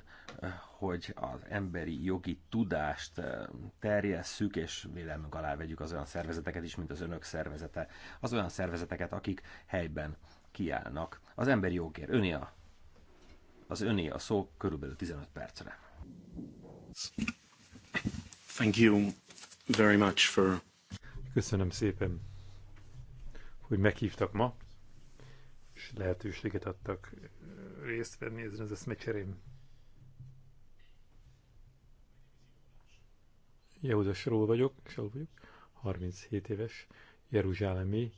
hogy az emberi jogi tudást eh, terjesszük, és vélemünk alá vegyük az olyan szervezeteket is, mint az önök szervezete, az olyan szervezeteket, akik helyben kiállnak. Az emberi jogért öné a, az öné a szó körülbelül 15 percre. Thank you very much for... Köszönöm szépen, hogy meghívtak ma, és lehetőséget adtak részt venni ezen az eszmecserém. Jehuda Sról vagyok, Sról vagyok, 37 éves, Jeruzsálemi,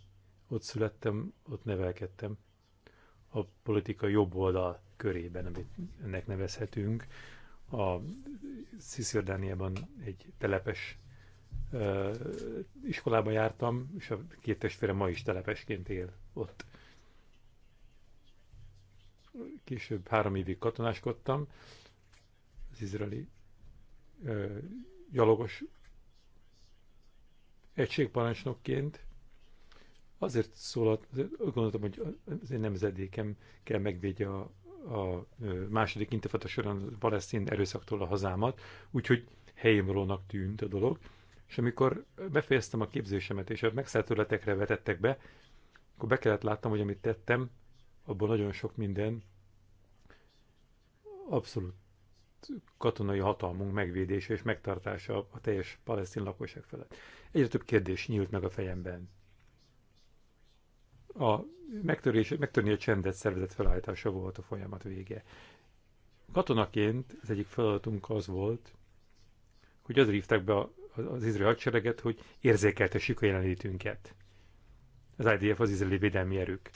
ott születtem, ott nevelkedtem. A politika jobb oldal körében, amit ennek nevezhetünk. A Sziszjordániában egy telepes iskolába jártam, és a két testvére ma is telepesként él ott később három évig katonáskodtam az izraeli ö, gyalogos egységparancsnokként. Azért szólalt, gondoltam, hogy az én nemzedékem kell megvédje a, a második intifata során a palesztin erőszaktól a hazámat, úgyhogy helyemrólnak tűnt a dolog. És amikor befejeztem a képzésemet, és a megszállt vetettek be, akkor be kellett láttam, hogy amit tettem, abban nagyon sok minden abszolút katonai hatalmunk megvédése és megtartása a teljes palesztin lakosság felett. Egyre több kérdés nyílt meg a fejemben. A megtörés, megtörni a csendet szervezet felállítása volt a folyamat vége. Katonaként az egyik feladatunk az volt, hogy az hívták be az izrael hadsereget, hogy érzékeltessük a jelenlétünket. Az IDF az izraeli védelmi erők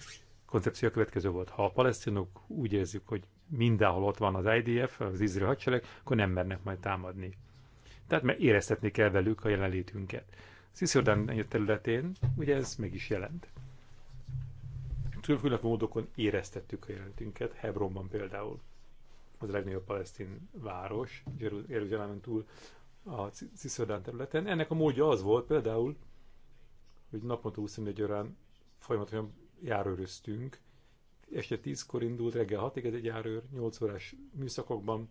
koncepció következő volt. Ha a palesztinok úgy érzik, hogy mindenhol ott van az IDF, az izrael hadsereg, akkor nem mernek majd támadni. Tehát mert éreztetni kell velük a jelenlétünket. Sziszjordán területén ugye ez meg is jelent. Különféle módokon éreztettük a jelenlétünket, Hebronban például. Az a legnagyobb palesztin város, Jeruzsálemen túl a Cisziordán területen. Ennek a módja az volt például, hogy naponta 24 órán folyamatosan járőröztünk. Este 10-kor indult, reggel 6-ig egy járőr, 8 órás műszakokban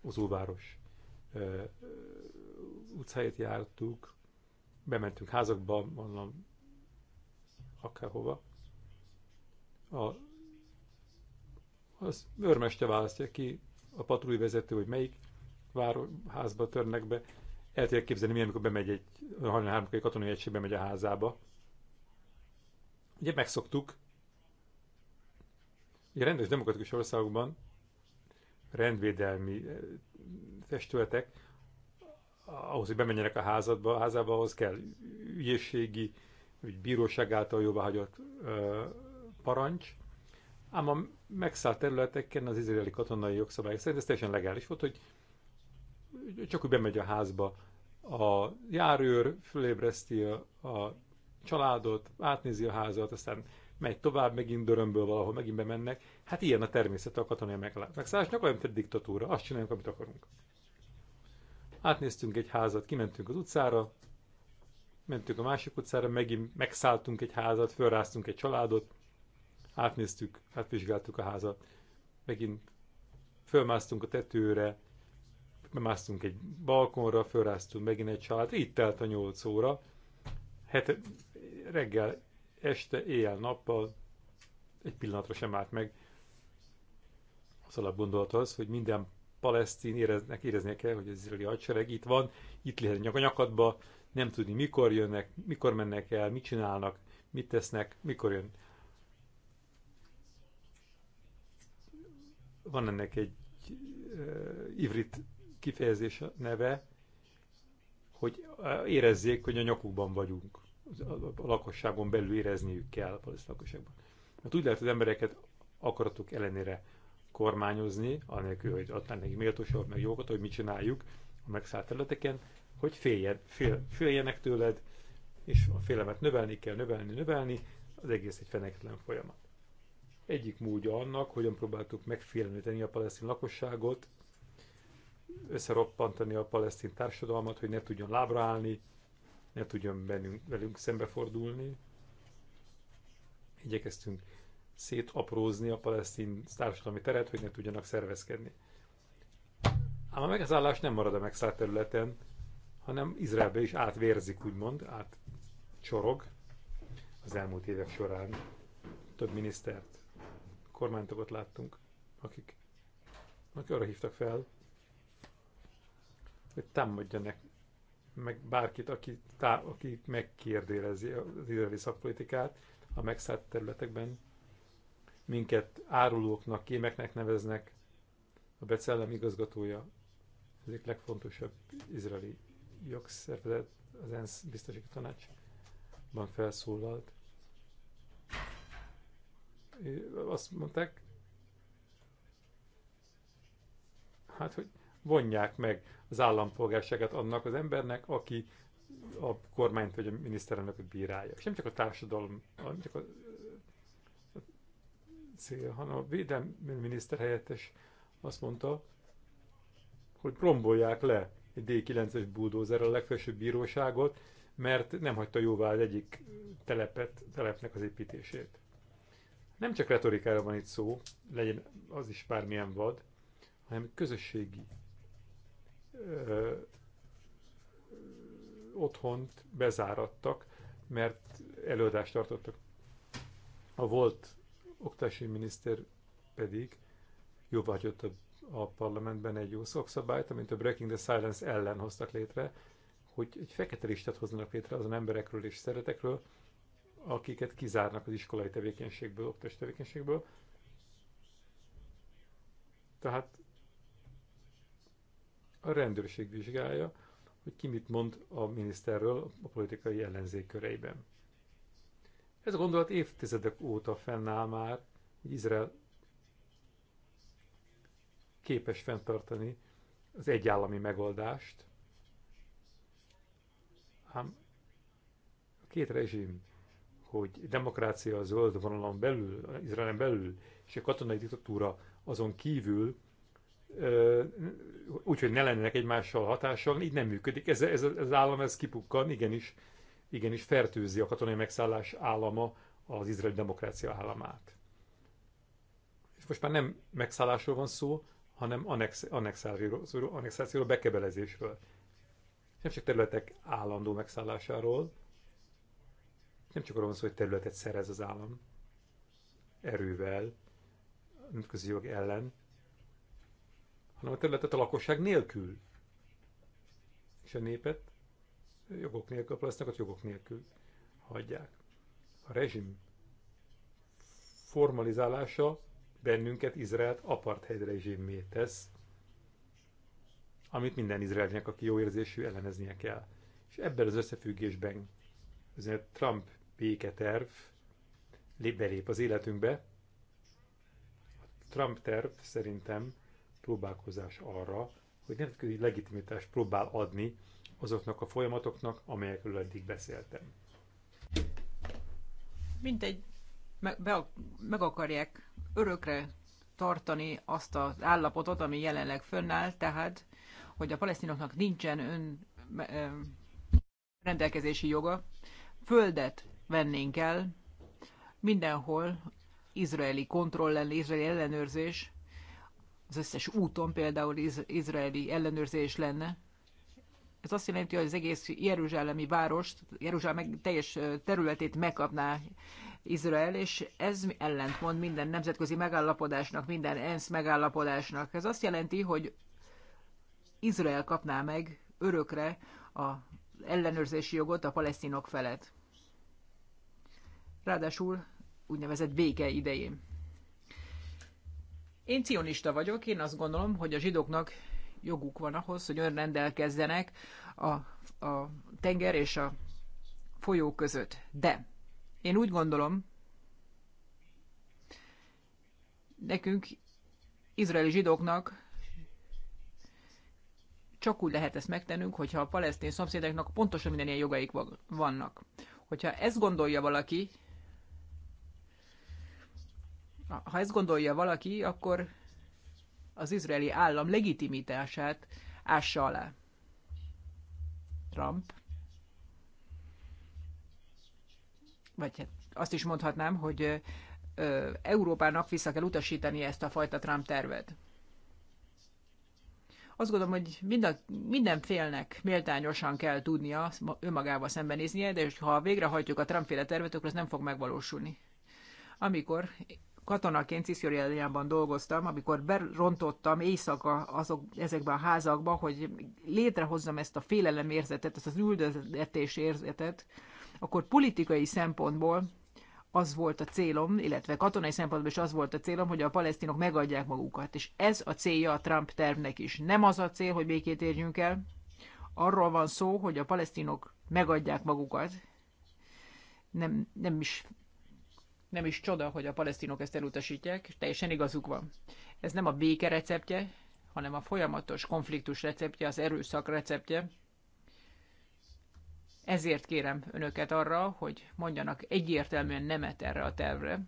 az Óváros uh, utcáját jártuk, bementünk házakba, mondom, akárhova. A, az őrmeste választja ki, a patrulvezető, hogy melyik város, házba törnek be. El tudják képzelni, milyen, amikor bemegy egy, hajnal háromkor katonai egységbe megy a házába, Ugye megszoktuk, ugye rendes demokratikus országokban rendvédelmi eh, testületek, ahhoz, hogy bemenjenek a házadba, a házába, ahhoz kell ügyészségi, vagy bíróság által jóváhagyott eh, parancs, ám a megszállt területeken az izraeli katonai jogszabály szerint ez teljesen legális volt, hogy csak úgy bemegy a házba a járőr, fölébreszti a, a családot, átnézi a házat, aztán megy tovább, megint dörömből valahol, megint bemennek. Hát ilyen a természet a katonai megszállásnak, Nyakor, mint egy diktatúra, azt csináljuk, amit akarunk. Átnéztünk egy házat, kimentünk az utcára, mentünk a másik utcára, megint megszálltunk egy házat, fölráztunk egy családot, átnéztük, átvizsgáltuk a házat, megint fölmásztunk a tetőre, bemásztunk egy balkonra, fölráztunk megint egy család, itt telt a nyolc óra, het, reggel, este, éjjel-nappal egy pillanatra sem állt meg az alapgondolat az, hogy minden palesztin éreznek, éreznie kell, hogy az izraeli hadsereg itt van, itt lehet a nyakadba, nem tudni mikor jönnek, mikor mennek el, mit csinálnak, mit tesznek, mikor jön. Van ennek egy uh, ivrit kifejezés neve, hogy eh, érezzék, hogy a nyakukban vagyunk a lakosságon belül érezniük kell a palesztin lakosságban. Mert úgy lehet az embereket akaratuk ellenére kormányozni, anélkül, hogy adnánk nekik méltóságot, meg jókat, hogy mit csináljuk a megszállt területeken, hogy féljen, fél, féljenek tőled, és a félelmet növelni kell, növelni, növelni, az egész egy feneketlen folyamat. Egyik módja annak, hogyan próbáltuk megfélemlíteni a palesztin lakosságot, összeroppantani a palesztin társadalmat, hogy ne tudjon lábra állni, ne tudjon bennünk, velünk szembefordulni. Igyekeztünk szétaprózni a palesztin társadalmi teret, hogy ne tudjanak szervezkedni. Ám a megszállás nem marad a megszállt területen, hanem Izraelbe is átvérzik, úgymond, átcsorog az elmúlt évek során. Több minisztert, kormánytagot láttunk, akik, akik arra hívtak fel, hogy támadjanak meg bárkit, aki, tá, aki megkérdélezi az izraeli szakpolitikát a megszállt területekben. Minket árulóknak, kémeknek neveznek, a Becellem igazgatója, az egyik legfontosabb izraeli jogszervezet, az ENSZ biztosító tanácsban felszólalt. Azt mondták, hát, hogy vonják meg az állampolgárságát annak az embernek, aki a kormányt vagy a miniszterelnököt bírálja. És nem csak a társadalom, nem csak a cél, hanem a védelmi miniszter helyettes azt mondta, hogy rombolják le egy D9-es búdózerrel a legfelsőbb bíróságot, mert nem hagyta jóvá az egyik telepet, telepnek az építését. Nem csak retorikára van itt szó, legyen az is bármilyen vad, hanem közösségi otthont bezárattak, mert előadást tartottak. A volt oktatási miniszter pedig jóváhagyott a, a parlamentben egy jó szokszabályt, amit a Breaking the Silence ellen hoztak létre, hogy egy fekete listát hoznak létre azon emberekről és szeretekről, akiket kizárnak az iskolai tevékenységből, oktatási tevékenységből. Tehát a rendőrség vizsgálja, hogy ki mit mond a miniszterről a politikai ellenzék köreiben. Ez a gondolat évtizedek óta fennáll már, hogy Izrael képes fenntartani az egyállami megoldást, ám a két rezsim, hogy demokrácia a zöld vonalon belül, Izraelen belül, és a katonai diktatúra azon kívül úgyhogy ne lennének egymással hatással, így nem működik. Ez, ez az állam, ez kipukkan, igenis, igenis fertőzi a katonai megszállás állama az izraeli demokrácia államát. És most már nem megszállásról van szó, hanem annex, annexációról, annexációról, bekebelezésről. Nem csak területek állandó megszállásáról, nem csak arról van szó, hogy területet szerez az állam erővel, nemzetközi jog ellen, hanem a területet a lakosság nélkül. És a népet jogok nélkül, a palesztinokat jogok nélkül hagyják. A rezsim formalizálása bennünket, Izraelt apartheid rezsimmé tesz, amit minden izraelnek, aki jó érzésű, elleneznie kell. És ebben az összefüggésben azért Trump béketerv belép az életünkbe. A Trump terv szerintem próbálkozás arra, hogy nemzetközi legitimitást próbál adni azoknak a folyamatoknak, amelyekről eddig beszéltem. Mindegy, meg, be, meg akarják örökre tartani azt az állapotot, ami jelenleg fönnáll, tehát, hogy a palesztinoknak nincsen ön rendelkezési joga. Földet vennénk el mindenhol izraeli kontroll, izraeli ellenőrzés, az összes úton például iz- izraeli ellenőrzés lenne. Ez azt jelenti, hogy az egész jeruzsálemi várost, Jeruzsálem teljes területét megkapná Izrael, és ez ellentmond minden nemzetközi megállapodásnak, minden ENSZ megállapodásnak. Ez azt jelenti, hogy Izrael kapná meg örökre a ellenőrzési jogot a palesztinok felett. Ráadásul úgynevezett béke idején. Én cionista vagyok, én azt gondolom, hogy a zsidóknak joguk van ahhoz, hogy önrendelkezzenek a, a tenger és a folyó között. De én úgy gondolom, nekünk, izraeli zsidóknak csak úgy lehet ezt megtennünk, hogyha a palesztin szomszédoknak pontosan minden ilyen jogaik vannak. Hogyha ezt gondolja valaki, ha ezt gondolja valaki, akkor az izraeli állam legitimitását ássa alá. Trump. Vagy hát azt is mondhatnám, hogy Európának vissza kell utasítani ezt a fajta Trump tervet. Azt gondolom, hogy mind a, minden félnek méltányosan kell tudnia önmagával szembenéznie, de ha végrehajtjuk a Trump-féle tervet, akkor ez nem fog megvalósulni. Amikor katonaként Ciszioriában dolgoztam, amikor berontottam éjszaka azok, ezekben a házakban, hogy létrehozzam ezt a félelemérzetet, ezt az üldözetés érzetet, akkor politikai szempontból az volt a célom, illetve katonai szempontból is az volt a célom, hogy a palesztinok megadják magukat. És ez a célja a Trump tervnek is. Nem az a cél, hogy békét érjünk el, arról van szó, hogy a palesztinok megadják magukat. Nem, nem is nem is csoda, hogy a palesztinok ezt elutasítják, és teljesen igazuk van. Ez nem a béke receptje, hanem a folyamatos konfliktus receptje, az erőszak receptje. Ezért kérem önöket arra, hogy mondjanak egyértelműen nemet erre a tervre.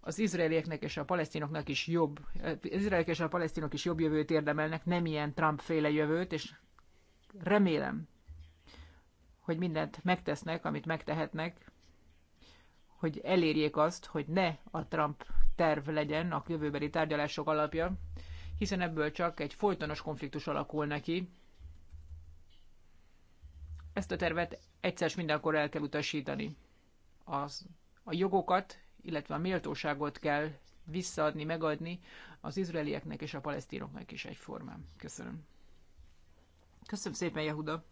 Az izraelieknek és a palesztinoknak is jobb, az eh, izraeliek és a palesztinok is jobb jövőt érdemelnek, nem ilyen Trump-féle jövőt, és remélem, hogy mindent megtesznek, amit megtehetnek, hogy elérjék azt, hogy ne a Trump terv legyen a jövőbeli tárgyalások alapja, hiszen ebből csak egy folytonos konfliktus alakul neki. Ezt a tervet egyszer mindenkor el kell utasítani. Az, a jogokat, illetve a méltóságot kell visszaadni, megadni az izraelieknek és a palesztinoknak is egyformán. Köszönöm. Köszönöm szépen, Jehuda!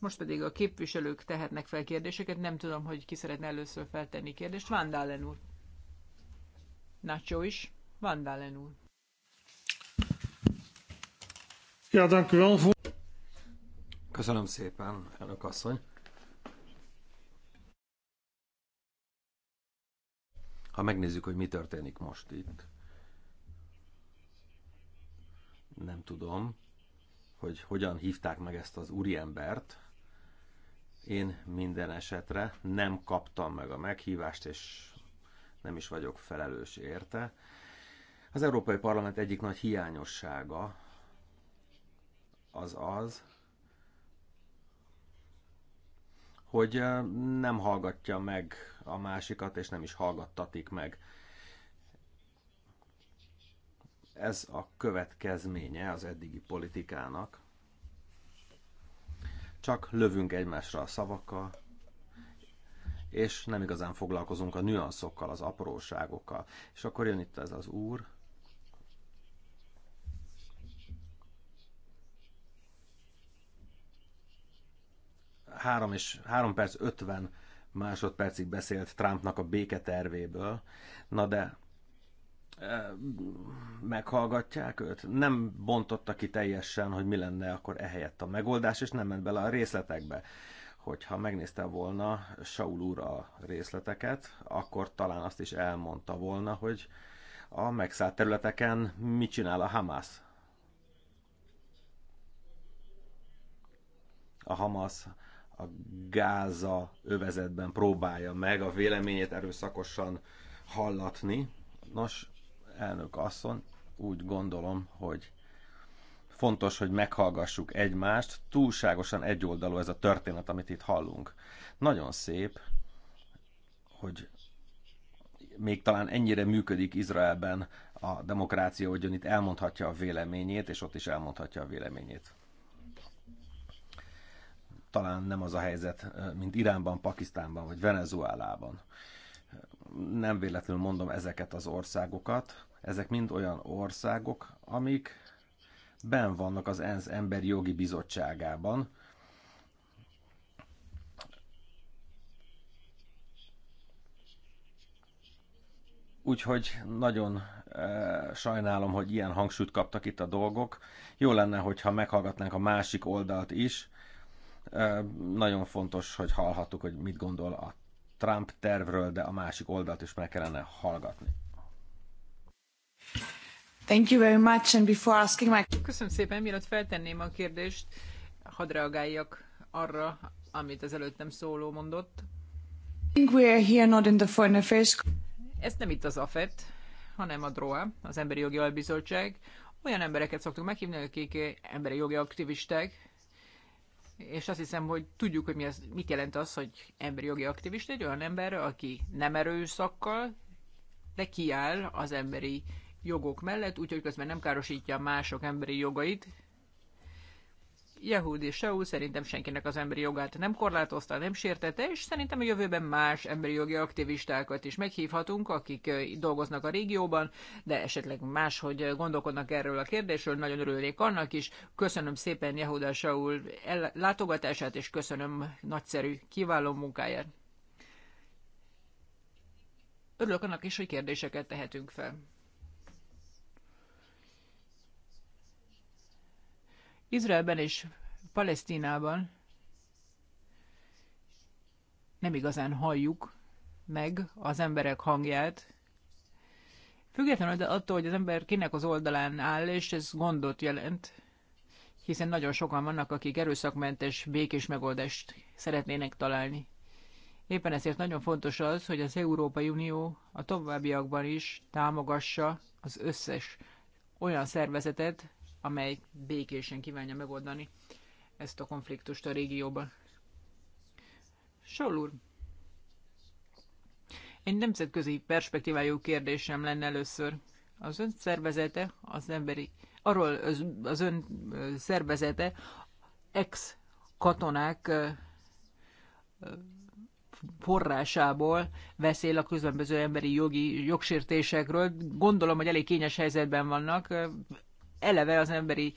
Most pedig a képviselők tehetnek fel kérdéseket. Nem tudom, hogy ki szeretne először feltenni kérdést. Vandálen úr. Nacho is. Vandálen úr. Ja, dank u wel. Köszönöm szépen, elnök asszony. Ha megnézzük, hogy mi történik most itt, nem tudom, hogy hogyan hívták meg ezt az úriembert, én minden esetre nem kaptam meg a meghívást, és nem is vagyok felelős érte. Az Európai Parlament egyik nagy hiányossága az az, hogy nem hallgatja meg a másikat, és nem is hallgattatik meg. Ez a következménye az eddigi politikának csak lövünk egymásra a szavakkal, és nem igazán foglalkozunk a nüanszokkal, az apróságokkal. És akkor jön itt ez az úr, Három, és, három perc 50 másodpercig beszélt Trumpnak a béketervéből. Na de meghallgatják őt. Nem bontotta ki teljesen, hogy mi lenne akkor ehelyett a megoldás, és nem ment bele a részletekbe. Hogyha megnézte volna Saul úr a részleteket, akkor talán azt is elmondta volna, hogy a megszállt területeken mit csinál a Hamas, A Hamas a Gáza övezetben próbálja meg a véleményét erőszakosan hallatni. Nos, elnök asszony, úgy gondolom, hogy fontos, hogy meghallgassuk egymást. Túlságosan egyoldalú ez a történet, amit itt hallunk. Nagyon szép, hogy még talán ennyire működik Izraelben a demokrácia, hogy ön itt elmondhatja a véleményét, és ott is elmondhatja a véleményét. Talán nem az a helyzet, mint Iránban, Pakisztánban vagy Venezuelában. Nem véletlenül mondom ezeket az országokat, ezek mind olyan országok, amik ben vannak az ENSZ Emberi Jogi Bizottságában. Úgyhogy nagyon e, sajnálom, hogy ilyen hangsúlyt kaptak itt a dolgok. Jó lenne, hogyha meghallgatnánk a másik oldalt is. E, nagyon fontos, hogy hallhattuk, hogy mit gondol a Trump tervről, de a másik oldalt is meg kellene hallgatni. Köszönöm szépen, mielőtt feltenném a kérdést, hadd reagáljak arra, amit az előttem szóló mondott. think we are here not in the Ez nem itt az AFET, hanem a DROA, az Emberi Jogi Albizottság. Olyan embereket szoktunk meghívni, akik emberi jogi aktivisták, és azt hiszem, hogy tudjuk, hogy mi az, mit jelent az, hogy emberi jogi aktivista, egy olyan ember, aki nem erőszakkal, de kiáll az emberi jogok mellett, úgyhogy közben nem károsítja mások emberi jogait. Jehud és Seul szerintem senkinek az emberi jogát nem korlátozta, nem sértette, és szerintem a jövőben más emberi jogi aktivistákat is meghívhatunk, akik dolgoznak a régióban, de esetleg máshogy gondolkodnak erről a kérdésről, nagyon örülnék annak is. Köszönöm szépen Yehuda Saul látogatását, és köszönöm nagyszerű, kiváló munkáját. Örülök annak is, hogy kérdéseket tehetünk fel. Izraelben és Palesztinában nem igazán halljuk meg az emberek hangját, Függetlenül attól, hogy az ember kinek az oldalán áll, és ez gondot jelent, hiszen nagyon sokan vannak, akik erőszakmentes, békés megoldást szeretnének találni. Éppen ezért nagyon fontos az, hogy az Európai Unió a továbbiakban is támogassa az összes olyan szervezetet, amely békésen kívánja megoldani ezt a konfliktust a régióban. Saul úr, egy nemzetközi perspektívájú kérdésem lenne először. Az ön szervezete, az emberi, arról az, az ön szervezete ex katonák forrásából beszél a különböző emberi jogi jogsértésekről. Gondolom, hogy elég kényes helyzetben vannak eleve az emberi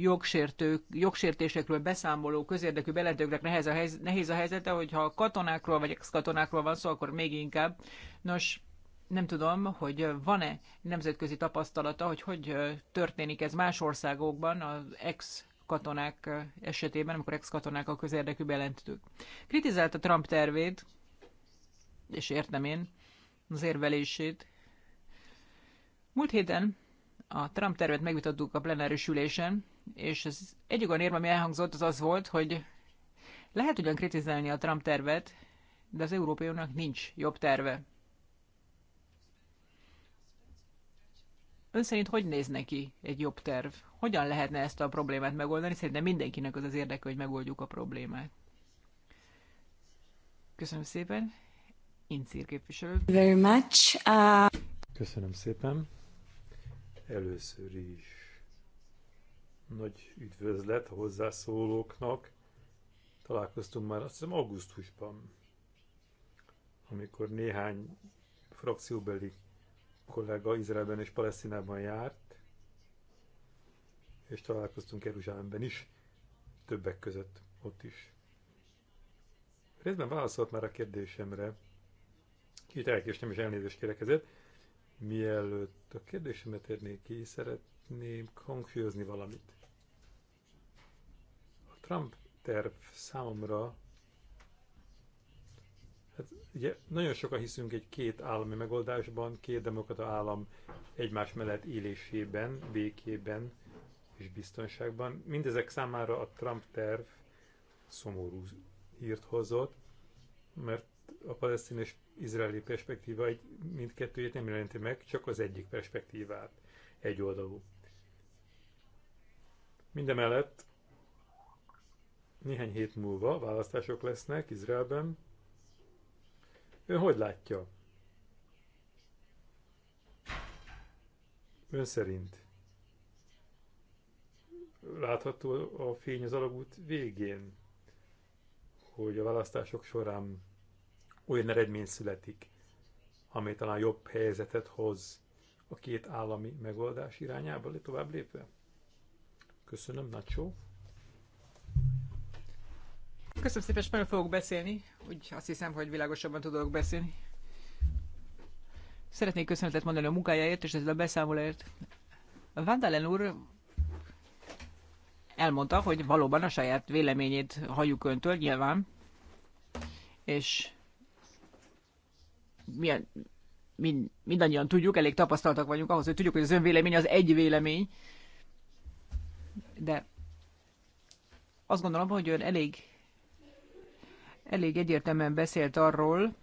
jogsértők, jogsértésekről beszámoló közérdekű beletőknek nehéz a, helyz, nehéz a helyzete, hogyha katonákról vagy ex-katonákról van szó, akkor még inkább. Nos, nem tudom, hogy van-e nemzetközi tapasztalata, hogy hogy történik ez más országokban az ex katonák esetében, amikor ex-katonák a közérdekű Kritizált a Trump tervét, és értem én az érvelését. Múlt héten a Trump tervet megvitattuk a plenáris ülésen, és ez egyik olyan érve, ami elhangzott, az az volt, hogy lehet ugyan kritizálni a Trump tervet, de az Európai Uniónak nincs jobb terve. Ön szerint hogy néz neki egy jobb terv? Hogyan lehetne ezt a problémát megoldani? Szerintem mindenkinek az az érdeke, hogy megoldjuk a problémát. Köszönöm szépen. Incír képviselő. Very much. Uh... Köszönöm szépen. Először is nagy üdvözlet a hozzászólóknak. Találkoztunk már azt hiszem augusztusban, amikor néhány frakcióbeli kollega Izraelben és Palesztinában járt, és találkoztunk Jeruzsálemben is, többek között ott is. Részben válaszolt már a kérdésemre, kicsit elkéstem is elnézést kérekezett, Mielőtt a kérdésemet érnék ki, szeretném hangsúlyozni valamit. A Trump terv számomra Hát ugye nagyon sokan hiszünk egy két állami megoldásban, két demokrata állam egymás mellett élésében, békében és biztonságban. Mindezek számára a Trump terv szomorú hírt hozott, mert a palesztin és izraeli perspektíva egy, mindkettőjét nem jelenti meg, csak az egyik perspektívát, egy oldalú. Mindemellett néhány hét múlva választások lesznek Izraelben. Ön hogy látja? Ön szerint látható a fény az alagút végén, hogy a választások során olyan eredmény születik, amely talán jobb helyzetet hoz a két állami megoldás irányába tovább lépve. Köszönöm, Nacho. Köszönöm szépen, hogy fogok beszélni, úgy azt hiszem, hogy világosabban tudok beszélni. Szeretnék köszönetet mondani a munkájáért és ezzel a beszámolóért. Vandalen úr elmondta, hogy valóban a saját véleményét halljuk öntől, nyilván, és milyen, mind, mindannyian tudjuk, elég tapasztaltak vagyunk ahhoz, hogy tudjuk, hogy az önvélemény az egy vélemény, de azt gondolom, hogy ön elég, elég egyértelműen beszélt arról,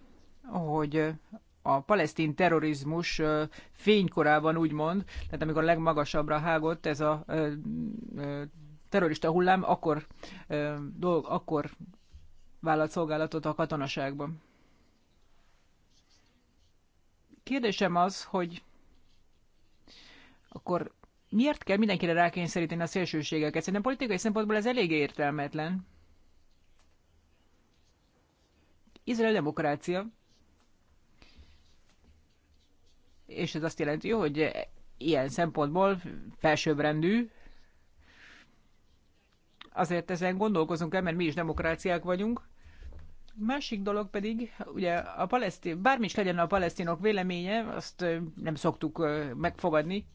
hogy a palesztin terrorizmus fénykorában úgymond, tehát amikor legmagasabbra hágott ez a terrorista hullám, akkor, akkor vállalt szolgálatot a katonaságban. Kérdésem az, hogy akkor miért kell mindenkire rákényszeríteni a szélsőségeket? Szerintem politikai szempontból ez elég értelmetlen. Izrael demokrácia. És ez azt jelenti, hogy ilyen szempontból felsőbbrendű. Azért ezen gondolkozunk el, mert mi is demokráciák vagyunk. Másik dolog pedig, ugye a palesztin, bármi is legyen a palesztinok véleménye, azt nem szoktuk megfogadni.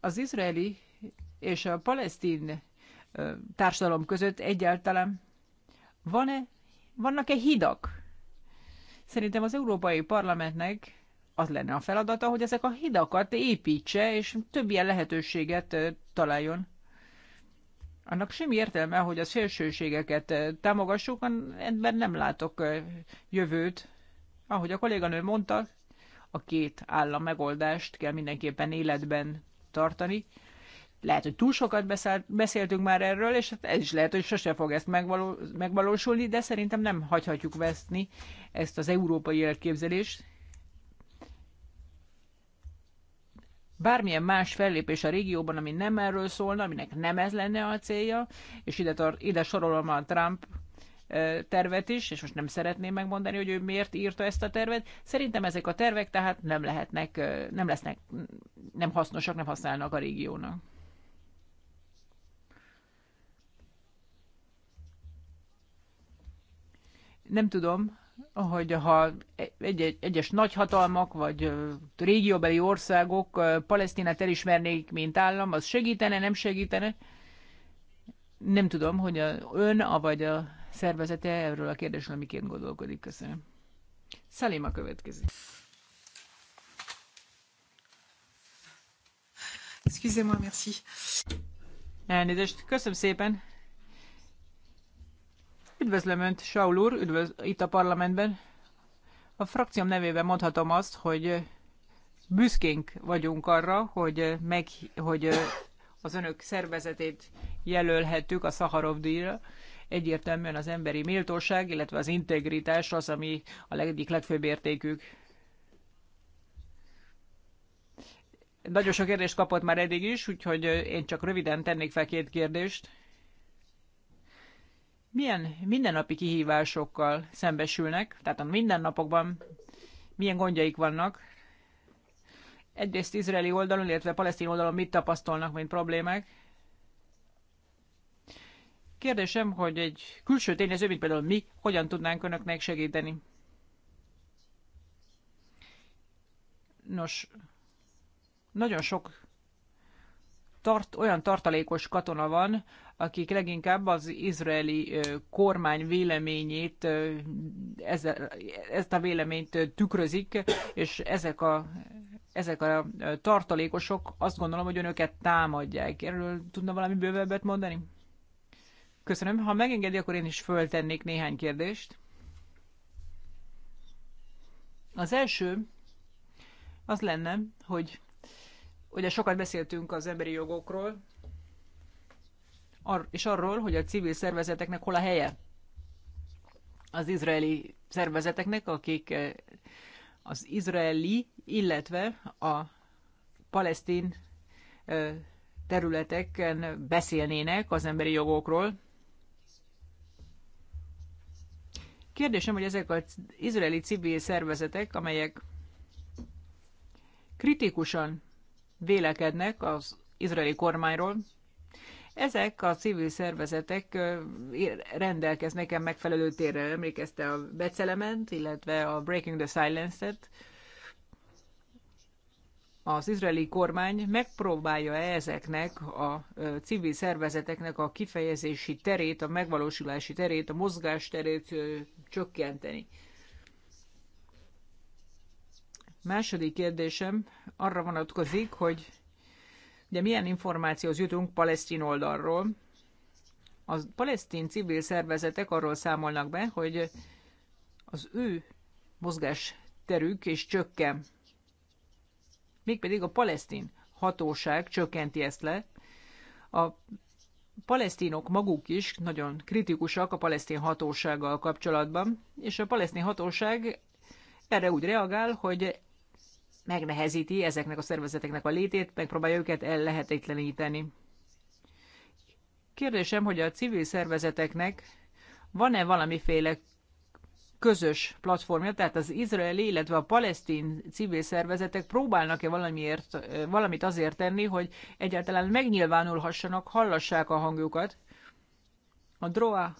Az izraeli és a palesztin társadalom között egyáltalán van-e, vannak-e hidak? Szerintem az Európai Parlamentnek az lenne a feladata, hogy ezek a hidakat építse, és több ilyen lehetőséget találjon. Annak semmi értelme, hogy a szélsőségeket támogassuk, ebben nem látok jövőt. Ahogy a kolléganő mondta, a két állam megoldást kell mindenképpen életben tartani. Lehet, hogy túl sokat beszállt, beszéltünk már erről, és hát ez is lehet, hogy sose fog ezt megvalósulni, de szerintem nem hagyhatjuk veszni ezt az európai elképzelést, bármilyen más fellépés a régióban, ami nem erről szólna, aminek nem ez lenne a célja, és ide, tar- ide sorolom a Trump tervet is, és most nem szeretném megmondani, hogy ő miért írta ezt a tervet. Szerintem ezek a tervek tehát nem lehetnek, nem lesznek, nem hasznosak, nem használnak a régiónak. Nem tudom, hogy ha egy, egy, egyes nagyhatalmak vagy régióbeli országok Palesztinát elismernék, mint állam, az segítene, nem segítene. Nem tudom, hogy a, ön, vagy a szervezete erről a kérdésről miként gondolkodik. Köszönöm. Szalima következik. Excusez-moi, merci. Elnézést, köszönöm szépen. Üdvözlöm Önt, Saul úr, üdvöz itt a parlamentben. A frakcióm nevében mondhatom azt, hogy büszkénk vagyunk arra, hogy, meg, hogy az önök szervezetét jelölhettük a Szaharov díjra. Egyértelműen az emberi méltóság, illetve az integritás az, ami a egyik legfőbb értékük. Nagyon sok kérdést kapott már eddig is, úgyhogy én csak röviden tennék fel két kérdést milyen mindennapi kihívásokkal szembesülnek, tehát a mindennapokban milyen gondjaik vannak. Egyrészt izraeli oldalon, illetve palesztin oldalon mit tapasztalnak, mint problémák. Kérdésem, hogy egy külső tényező, mint például mi, hogyan tudnánk önöknek segíteni? Nos, nagyon sok tart, olyan tartalékos katona van, akik leginkább az izraeli kormány véleményét, ezt a véleményt tükrözik, és ezek a, ezek a tartalékosok azt gondolom, hogy önöket támadják. Erről tudna valami bővebbet mondani? Köszönöm. Ha megengedi, akkor én is föltennék néhány kérdést. Az első az lenne, hogy ugye sokat beszéltünk az emberi jogokról, és arról, hogy a civil szervezeteknek hol a helye. Az izraeli szervezeteknek, akik eh, az izraeli, illetve a palesztin eh, területeken beszélnének az emberi jogokról. Kérdésem, hogy ezek az izraeli civil szervezetek, amelyek kritikusan vélekednek az izraeli kormányról, ezek a civil szervezetek rendelkeznek nekem megfelelő térre. Emlékezte a Becelement, illetve a Breaking the Silence-et. Az izraeli kormány megpróbálja-e ezeknek a civil szervezeteknek a kifejezési terét, a megvalósulási terét, a mozgás terét csökkenteni? Második kérdésem arra vonatkozik, hogy de milyen információhoz jutunk palesztin oldalról? A palesztin civil szervezetek arról számolnak be, hogy az ő mozgás terük és csökken. Mégpedig a palesztin hatóság csökkenti ezt le. A palesztinok maguk is nagyon kritikusak a palesztin hatósággal kapcsolatban, és a palesztin hatóság erre úgy reagál, hogy megnehezíti ezeknek a szervezeteknek a létét, megpróbálja őket ellehetetleníteni. Kérdésem, hogy a civil szervezeteknek van-e valamiféle közös platformja, tehát az izraeli, illetve a palesztin civil szervezetek próbálnak-e valamiért, valamit azért tenni, hogy egyáltalán megnyilvánulhassanak, hallassák a hangjukat. A DROA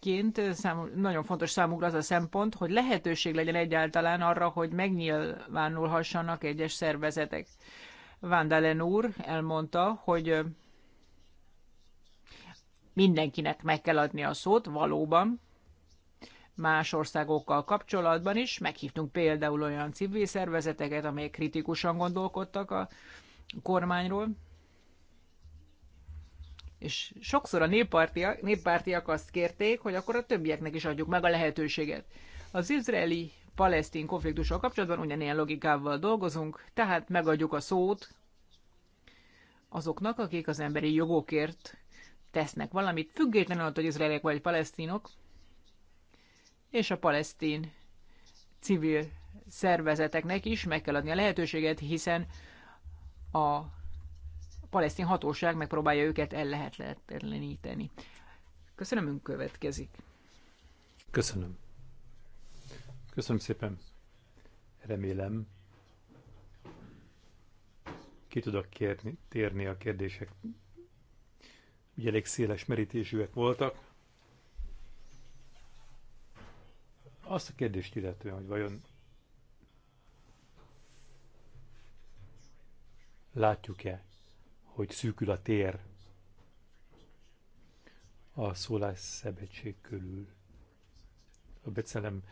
Egyébként nagyon fontos számukra az a szempont, hogy lehetőség legyen egyáltalán arra, hogy megnyilvánulhassanak egyes szervezetek. Vandalen úr elmondta, hogy mindenkinek meg kell adni a szót, valóban, más országokkal kapcsolatban is. Meghívtunk például olyan civil szervezeteket, amelyek kritikusan gondolkodtak a kormányról és sokszor a néppártiak, néppártiak azt kérték, hogy akkor a többieknek is adjuk meg a lehetőséget. Az izraeli palesztin konfliktussal kapcsolatban ugyanilyen logikával dolgozunk, tehát megadjuk a szót azoknak, akik az emberi jogokért tesznek valamit, függetlenül attól, hogy izraeliek vagy palesztinok, és a palesztin civil szervezeteknek is meg kell adni a lehetőséget, hiszen a palesztin hatóság megpróbálja őket ellehetetleníteni. Köszönöm, ön következik. Köszönöm. Köszönöm szépen. Remélem, ki tudok kérni, térni a kérdések. Ugye elég széles merítésűek voltak. Azt a kérdést illetően, hogy vajon látjuk-e hogy szűkül a tér a szólásszabadság körül, a Becelem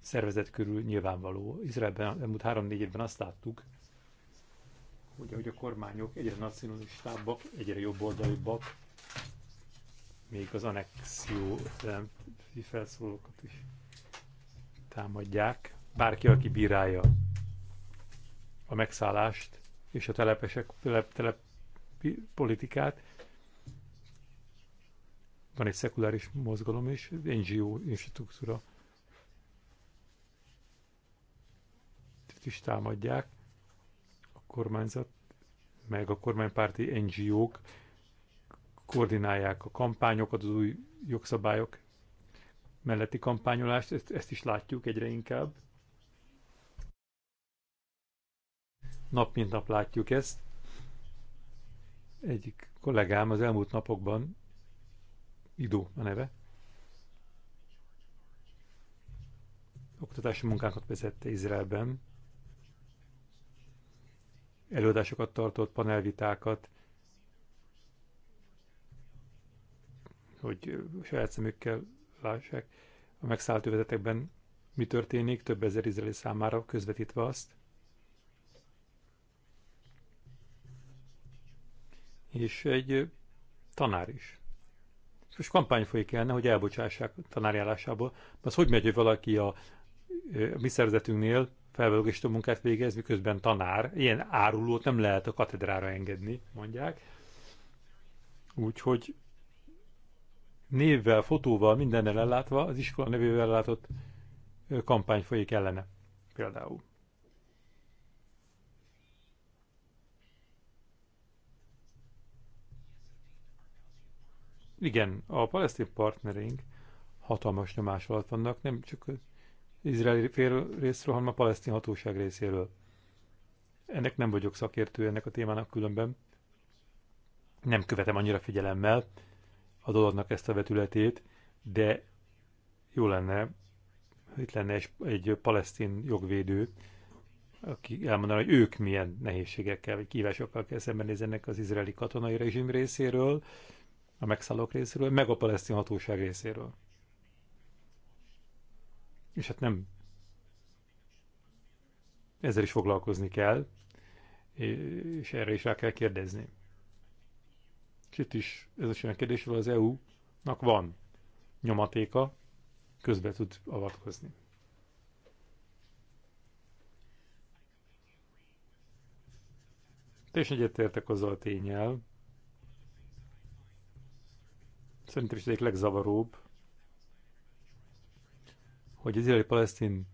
szervezet körül nyilvánvaló. Izraelben elmúlt három-négy évben azt láttuk, hogy ahogy a kormányok egyre nacionalistábbak, egyre jobb oldalibbak, még az annexió felszólókat is támadják. Bárki, aki bírálja a megszállást és a telepesek, telep, telep, politikát. Van egy szekuláris mozgalom és NGO infrastruktúra. Ezt is támadják a kormányzat, meg a kormánypárti NGO-k koordinálják a kampányokat, az új jogszabályok melletti kampányolást, ezt, ezt is látjuk egyre inkább. Nap mint nap látjuk ezt. Egyik kollégám az elmúlt napokban, Idó a neve, oktatási munkákat vezette Izraelben, előadásokat tartott, panelvitákat, hogy saját szemükkel lássák a megszállt övezetekben mi történik, több ezer izraeli számára közvetítve azt. és egy tanár is. És most kampány folyik elne, hogy elbocsássák tanárjállásából. Az hogy megy, hogy valaki a, a mi szervezetünknél felvelőgésítő munkát végez, miközben tanár. Ilyen árulót nem lehet a katedrára engedni, mondják. Úgyhogy névvel, fotóval, mindennel ellátva, az iskola nevével ellátott kampány folyik ellene például. Igen, a palesztin partnereink hatalmas nyomás alatt vannak, nem csak az izraeli fél részről, hanem a palesztin hatóság részéről. Ennek nem vagyok szakértő ennek a témának különben. Nem követem annyira figyelemmel a dolognak ezt a vetületét, de jó lenne, hogy itt lenne egy, palesztin jogvédő, aki elmondaná, hogy ők milyen nehézségekkel vagy kívásokkal kell ennek az izraeli katonai rezsim részéről, a megszállók részéről, meg a palesztin hatóság részéről. És hát nem. Ezzel is foglalkozni kell, és erre is rá kell kérdezni. És itt is ez a olyan kérdés, az EU-nak van nyomatéka, közbe tud avatkozni. Teljesen egyetértek azzal a tényel, Szerintem is egyik legzavaróbb, hogy az izraeli palesztin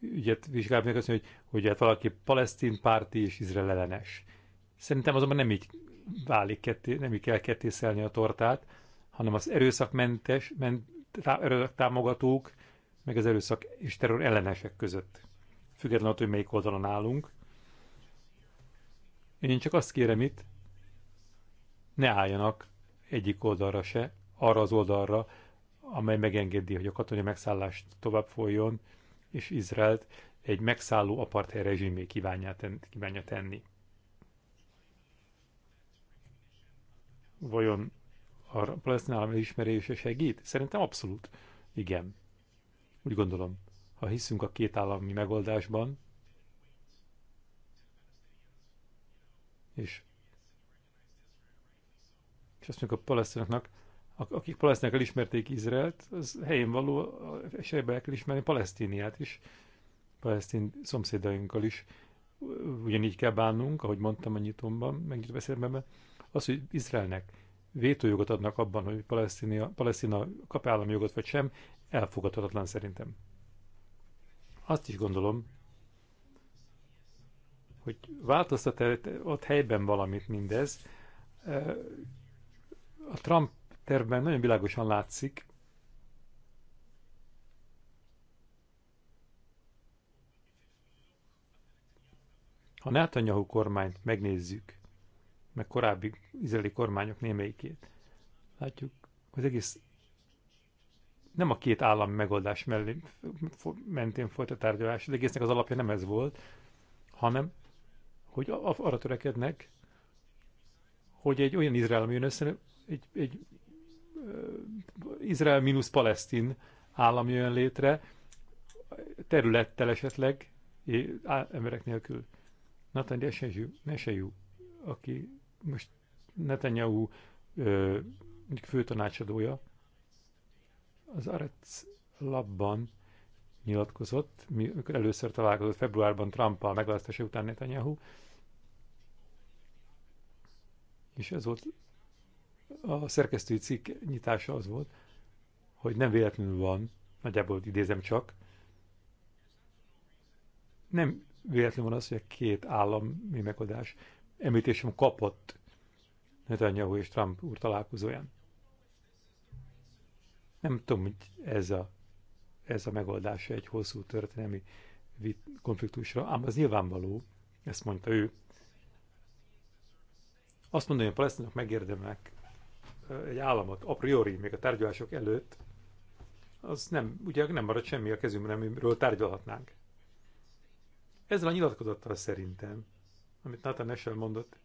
ügyet vizsgálni, azt azt, hogy, hogy hát valaki palesztin párti és izrael ellenes. Szerintem azonban nem így válik ketté, nem így kell kettészelni a tortát, hanem az erőszakmentes, ment, erőszak támogatók, meg az erőszak és terror ellenesek között. Függetlenül attól, hogy melyik oldalon állunk. Én csak azt kérem itt, ne álljanak egyik oldalra se, arra az oldalra, amely megengedi, hogy a katonai megszállás tovább folyjon, és Izraelt egy megszálló apartheid rezsimé kívánja, ten, kívánja tenni. Vajon a palesztin állam elismerése segít? Szerintem abszolút igen. Úgy gondolom, ha hiszünk a két állami megoldásban, és és azt mondjuk a palesztinoknak, akik palesztinák elismerték Izraelt, az helyén való, és ebbe el kell ismerni Palesztíniát is, palesztin szomszédainkkal is. Ugyanígy kell bánnunk, ahogy mondtam a nyitomban, megnyitó beszédemben, az, hogy Izraelnek vétójogot adnak abban, hogy Palesztina, Palesztina kap állami jogot vagy sem, elfogadhatatlan szerintem. Azt is gondolom, hogy változtat -e ott helyben valamit mindez, a Trump tervben nagyon világosan látszik, Ha Netanyahu kormányt megnézzük, meg korábbi izraeli kormányok némelyikét, látjuk, az egész nem a két állam megoldás mellé, mentén folyt a tárgyalás, az egésznek az alapja nem ez volt, hanem hogy arra törekednek, hogy egy olyan Izrael jön össze, egy, egy Izrael mínusz Palesztin állam jön létre, területtel esetleg, emberek nélkül. Nathan Nesejú, aki most Netanyahu főtanácsadója, az Arec labban nyilatkozott, mikor először találkozott februárban Trump a megválasztása után Netanyahu, és ez volt a szerkesztői cikk nyitása az volt, hogy nem véletlenül van, nagyjából idézem csak, nem véletlenül van az, hogy a két állami megoldás említésem kapott Netanyahu és Trump úr találkozóján. Nem tudom, hogy ez a, ez a megoldása egy hosszú történelmi konfliktusra, ám az nyilvánvaló, ezt mondta ő. Azt mondom, hogy a palesztinok megérdemelnek egy államot a priori, még a tárgyalások előtt, az nem, ugye nem marad semmi a kezünkben, amiről tárgyalhatnánk. Ezzel a nyilatkozattal szerintem, amit Nathan Esel mondott,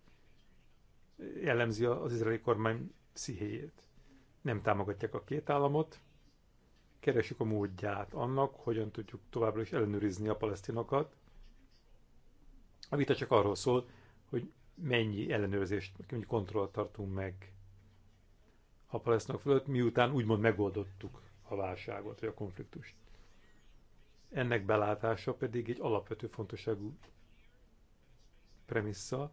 jellemzi az izraeli kormány pszichéjét. Nem támogatják a két államot, keresjük a módját annak, hogyan tudjuk továbbra is ellenőrizni a palesztinokat. A vita csak arról szól, hogy mennyi ellenőrzést, mennyi kontrollt tartunk meg a palesztinok fölött, miután úgymond megoldottuk a válságot, vagy a konfliktust. Ennek belátása pedig egy alapvető fontosságú premissza,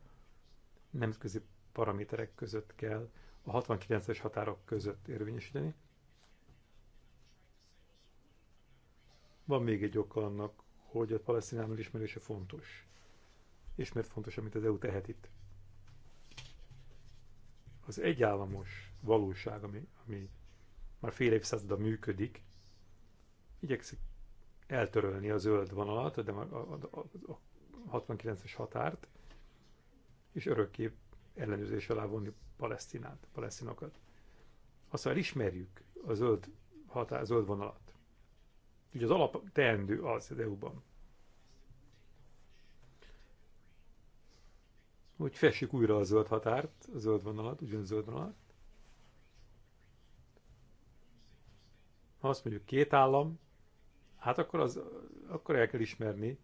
nemzetközi paraméterek között kell a 69-es határok között érvényesíteni. Van még egy oka annak, hogy a palesztin elismerése fontos. És miért fontos, amit az EU tehet itt? Az egyállamos valóság, ami, ami már fél évszázada működik, igyekszik eltörölni a zöld vonalat, de a, a, a 69-es határt, és örökké ellenőrzés alá vonni Palesztinát, palesztinokat. Azt, ha elismerjük a zöld, határ, zöld vonalat, ugye az alap teendő az, az e EU-ban, hogy fessük újra a zöld határt, a zöld vonalat, ugyanaz zöld vonalat, Ha azt mondjuk két állam, hát akkor, az, akkor el kell ismerni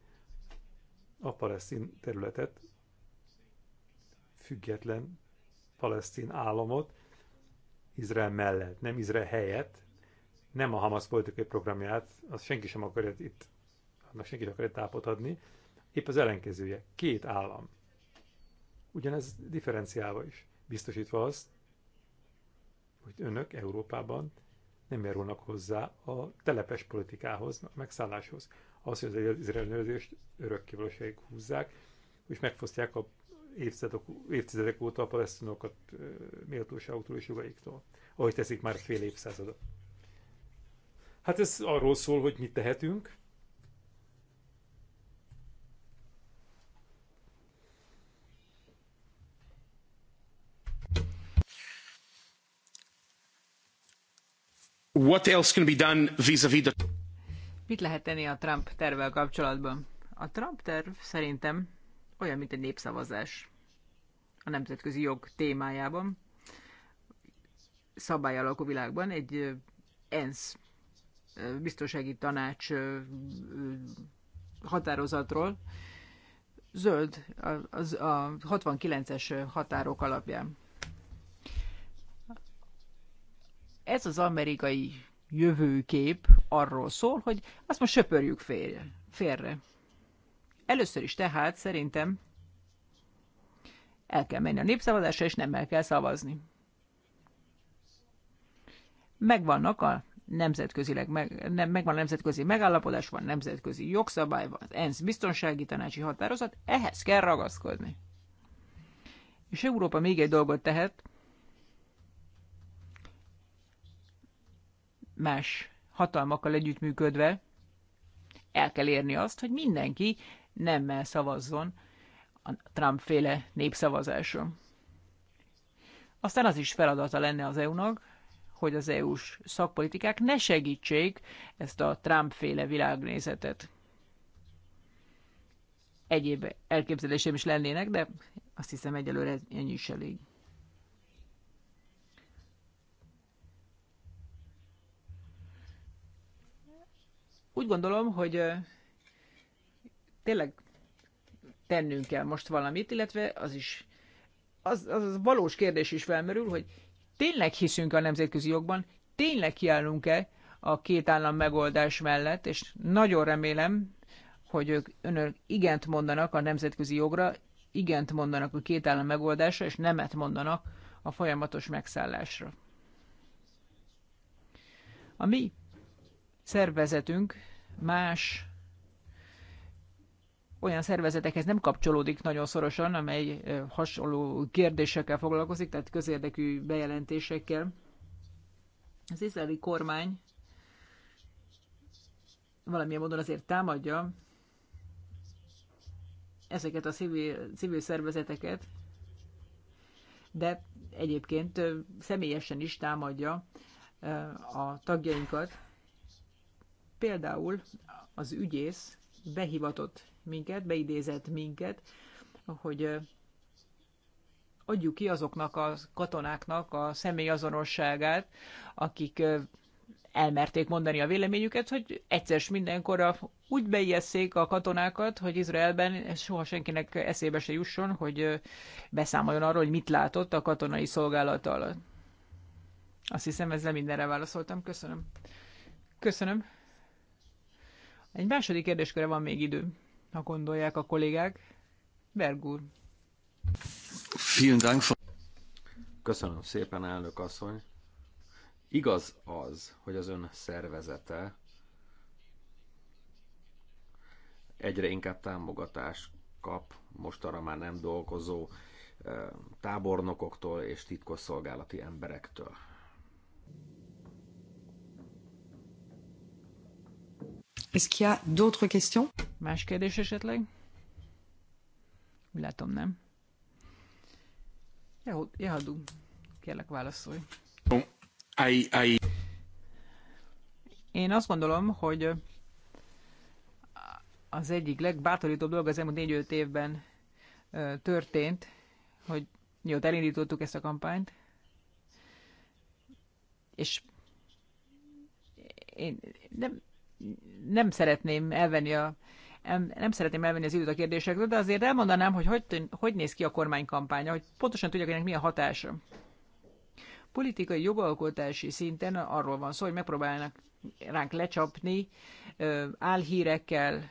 a palesztin területet, független palesztin államot, Izrael mellett, nem Izrael helyett, nem a Hamas politikai programját, azt senki sem akarja itt, annak senki sem akarja tápot adni, épp az ellenkezője, két állam. Ugyanez differenciálva is, biztosítva azt, hogy önök Európában nem járulnak hozzá a telepes politikához, a megszálláshoz. Az, hogy az izraelnőzést örökkévalóságig húzzák, és megfosztják a évtizedek, évtizedek óta a palesztinokat méltóságoktól és jogaiktól, ahogy teszik már fél évszázada. Hát ez arról szól, hogy mit tehetünk, What else can be done vis-a-vis the... Mit lehet tenni a Trump tervvel kapcsolatban? A Trump terv szerintem olyan, mint egy népszavazás a nemzetközi jog témájában, szabály alakú világban, egy ENSZ biztonsági tanács határozatról, zöld, a, a, a 69-es határok alapján. Ez az amerikai jövőkép arról szól, hogy azt most söpörjük félre. félre. Először is tehát szerintem el kell menni a népszavazásra, és nem el kell szavazni. Megvannak a nemzetközileg, meg, nem, megvan a nemzetközi megállapodás, van nemzetközi jogszabály, van az ENSZ biztonsági tanácsi határozat, ehhez kell ragaszkodni. És Európa még egy dolgot tehet, más hatalmakkal együttműködve el kell érni azt, hogy mindenki nemmel szavazzon a Trump-féle népszavazáson. Aztán az is feladata lenne az EU-nak, hogy az EU-s szakpolitikák ne segítsék ezt a Trump-féle világnézetet. Egyéb elképzelésem is lennének, de azt hiszem egyelőre ennyi is elég. Úgy gondolom, hogy tényleg tennünk kell most valamit, illetve az is az, az valós kérdés is felmerül, hogy tényleg hiszünk a nemzetközi jogban, tényleg kiállunk-e a két állam megoldás mellett, és nagyon remélem, hogy ők önök igent mondanak a nemzetközi jogra, igent mondanak a két állam megoldásra, és nemet mondanak a folyamatos megszállásra. A mi szervezetünk más olyan szervezetekhez nem kapcsolódik nagyon szorosan, amely hasonló kérdésekkel foglalkozik, tehát közérdekű bejelentésekkel. Az izraeli kormány valamilyen módon azért támadja ezeket a civil, civil szervezeteket, de egyébként személyesen is támadja a tagjainkat. Például az ügyész behivatott minket, beidézett minket, hogy adjuk ki azoknak a katonáknak a személyazonosságát, akik elmerték mondani a véleményüket, hogy egyszer mindenkorra úgy beijesszék a katonákat, hogy Izraelben soha senkinek eszébe se jusson, hogy beszámoljon arról, hogy mit látott a katonai szolgálata alatt. Azt hiszem, ezzel mindenre válaszoltam. Köszönöm. Köszönöm. Egy második kérdéskörre van még idő, ha gondolják a kollégák. Bergúr. Köszönöm szépen, elnök asszony. Igaz az, hogy az ön szervezete egyre inkább támogatást kap most arra már nem dolgozó eh, tábornokoktól és titkosszolgálati emberektől. Est-ce qu'il y a d'autres questions? Más kérdés esetleg? Látom, nem. Jó, jó, kérlek válaszolj. I, I... Én azt gondolom, hogy az egyik legbátorítóbb dolog az elmúlt négy 5 évben történt, hogy mióta elindítottuk ezt a kampányt, és én nem, nem szeretném elvenni a nem, szeretném elvenni az időt a kérdésekről, de azért elmondanám, hogy hogy, hogy néz ki a kormánykampánya, hogy pontosan tudjak, ennek mi a hatása. Politikai jogalkotási szinten arról van szó, hogy megpróbálnak ránk lecsapni álhírekkel,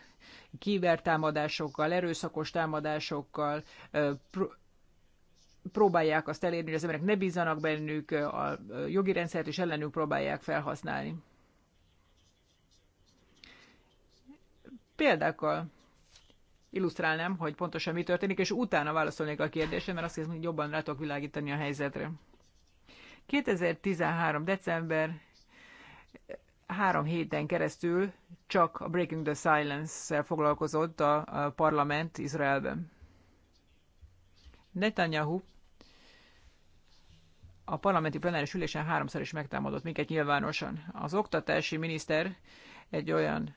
kibertámadásokkal, erőszakos támadásokkal, próbálják azt elérni, hogy az emberek ne bízzanak bennük, a jogi rendszert is ellenük próbálják felhasználni. Példákkal illusztrálnám, hogy pontosan mi történik, és utána válaszolnék a kérdésre, mert azt hiszem, hogy jobban rá tudok világítani a helyzetre. 2013. december három héten keresztül csak a Breaking the Silence-szel foglalkozott a parlament Izraelben. Netanyahu a parlamenti plenáris ülésen háromszor is megtámadott minket nyilvánosan. Az oktatási miniszter egy olyan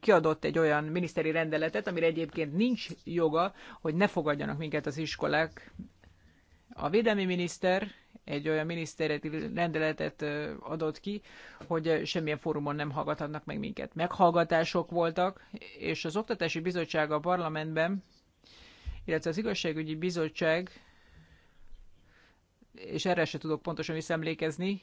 kiadott egy olyan miniszteri rendeletet, amire egyébként nincs joga, hogy ne fogadjanak minket az iskolák. A védelmi miniszter egy olyan miniszteri rendeletet adott ki, hogy semmilyen fórumon nem hallgathatnak meg minket. Meghallgatások voltak, és az Oktatási Bizottság a parlamentben, illetve az Igazságügyi Bizottság, és erre se tudok pontosan visszaemlékezni,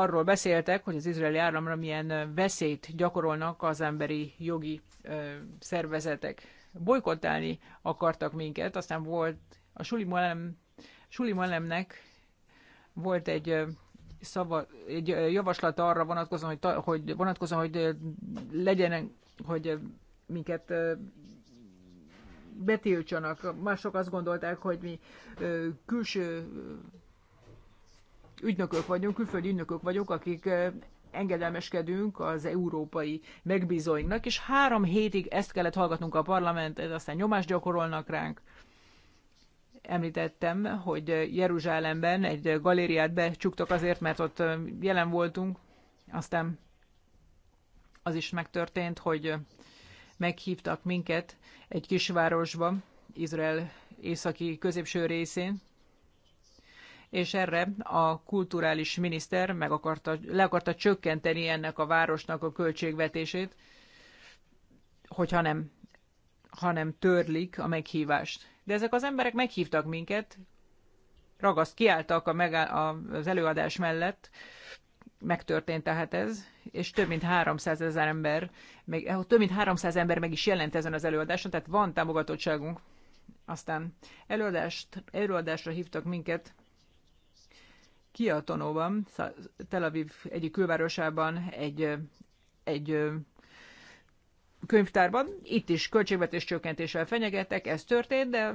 arról beszéltek, hogy az izraeli államra milyen veszélyt gyakorolnak az emberi jogi ö, szervezetek. Bolykottálni akartak minket, aztán volt a Suli Malem, Malemnek volt egy ö, szava, egy javaslat arra vonatkozóan, hogy, hogy vonatkozóan, hogy legyen, hogy minket betiltsanak. Mások azt gondolták, hogy mi külső ügynökök vagyunk, külföldi ügynökök vagyunk, akik engedelmeskedünk az európai megbízóinknak, és három hétig ezt kellett hallgatnunk a parlament, ez aztán nyomást gyakorolnak ránk. Említettem, hogy Jeruzsálemben egy galériát becsuktak azért, mert ott jelen voltunk, aztán az is megtörtént, hogy meghívtak minket egy kisvárosba, Izrael északi középső részén, és erre a kulturális miniszter meg akarta, le akarta csökkenteni ennek a városnak a költségvetését, hogyha nem, ha nem törlik a meghívást. De ezek az emberek meghívtak minket, ragaszt kiálltak a megá- a, az előadás mellett, megtörtént tehát ez, és több mint 300 ezer ember, meg, eh, több mint 300 ember meg is jelent ezen az előadáson, tehát van támogatottságunk. Aztán előadást, előadásra hívtak minket Kiatonóban, Tel Aviv egyik külvárosában egy, egy könyvtárban. Itt is költségvetés csökkentéssel fenyegettek, ez történt, de,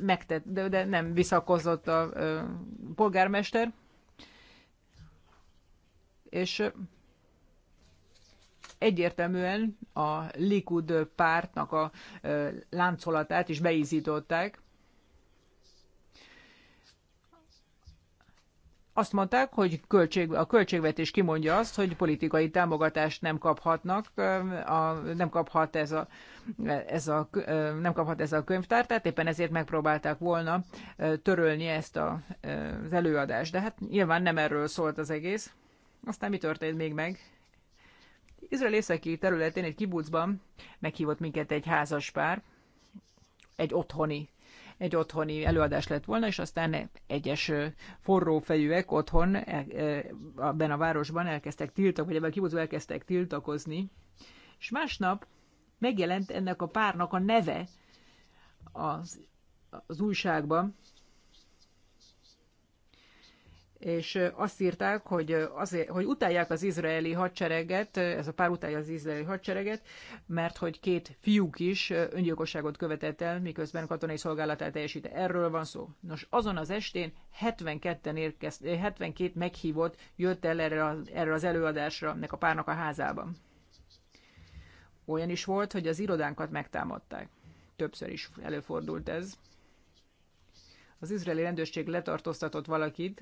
megtett, de, de nem visszakozott a a polgármester. És egyértelműen a Likud pártnak a ö, láncolatát is beízították. azt mondták, hogy költség, a költségvetés kimondja azt, hogy politikai támogatást nem kaphatnak, a, nem kaphat ez a, ez a, nem kaphat ez a könyvtár, tehát éppen ezért megpróbálták volna törölni ezt a, az előadást. De hát nyilván nem erről szólt az egész. Aztán mi történt még meg? Izrael északi területén egy kibucban meghívott minket egy házas pár, egy otthoni egy otthoni előadás lett volna, és aztán egyes forró fejűek otthon, ebben e, a városban elkezdtek tiltak, vagy ebben a elkezdtek tiltakozni, és másnap megjelent ennek a párnak a neve az, az újságban, és azt írták, hogy, azért, hogy utálják az izraeli hadsereget, ez a pár utálja az izraeli hadsereget, mert hogy két fiúk is öngyilkosságot követett el, miközben katonai szolgálatát teljesít. Erről van szó. Nos, azon az estén 72, érkez, 72 meghívott jött el erre az, erre az előadásra, nek a párnak a házában. Olyan is volt, hogy az irodánkat megtámadták. Többször is előfordult ez. Az izraeli rendőrség letartóztatott valakit,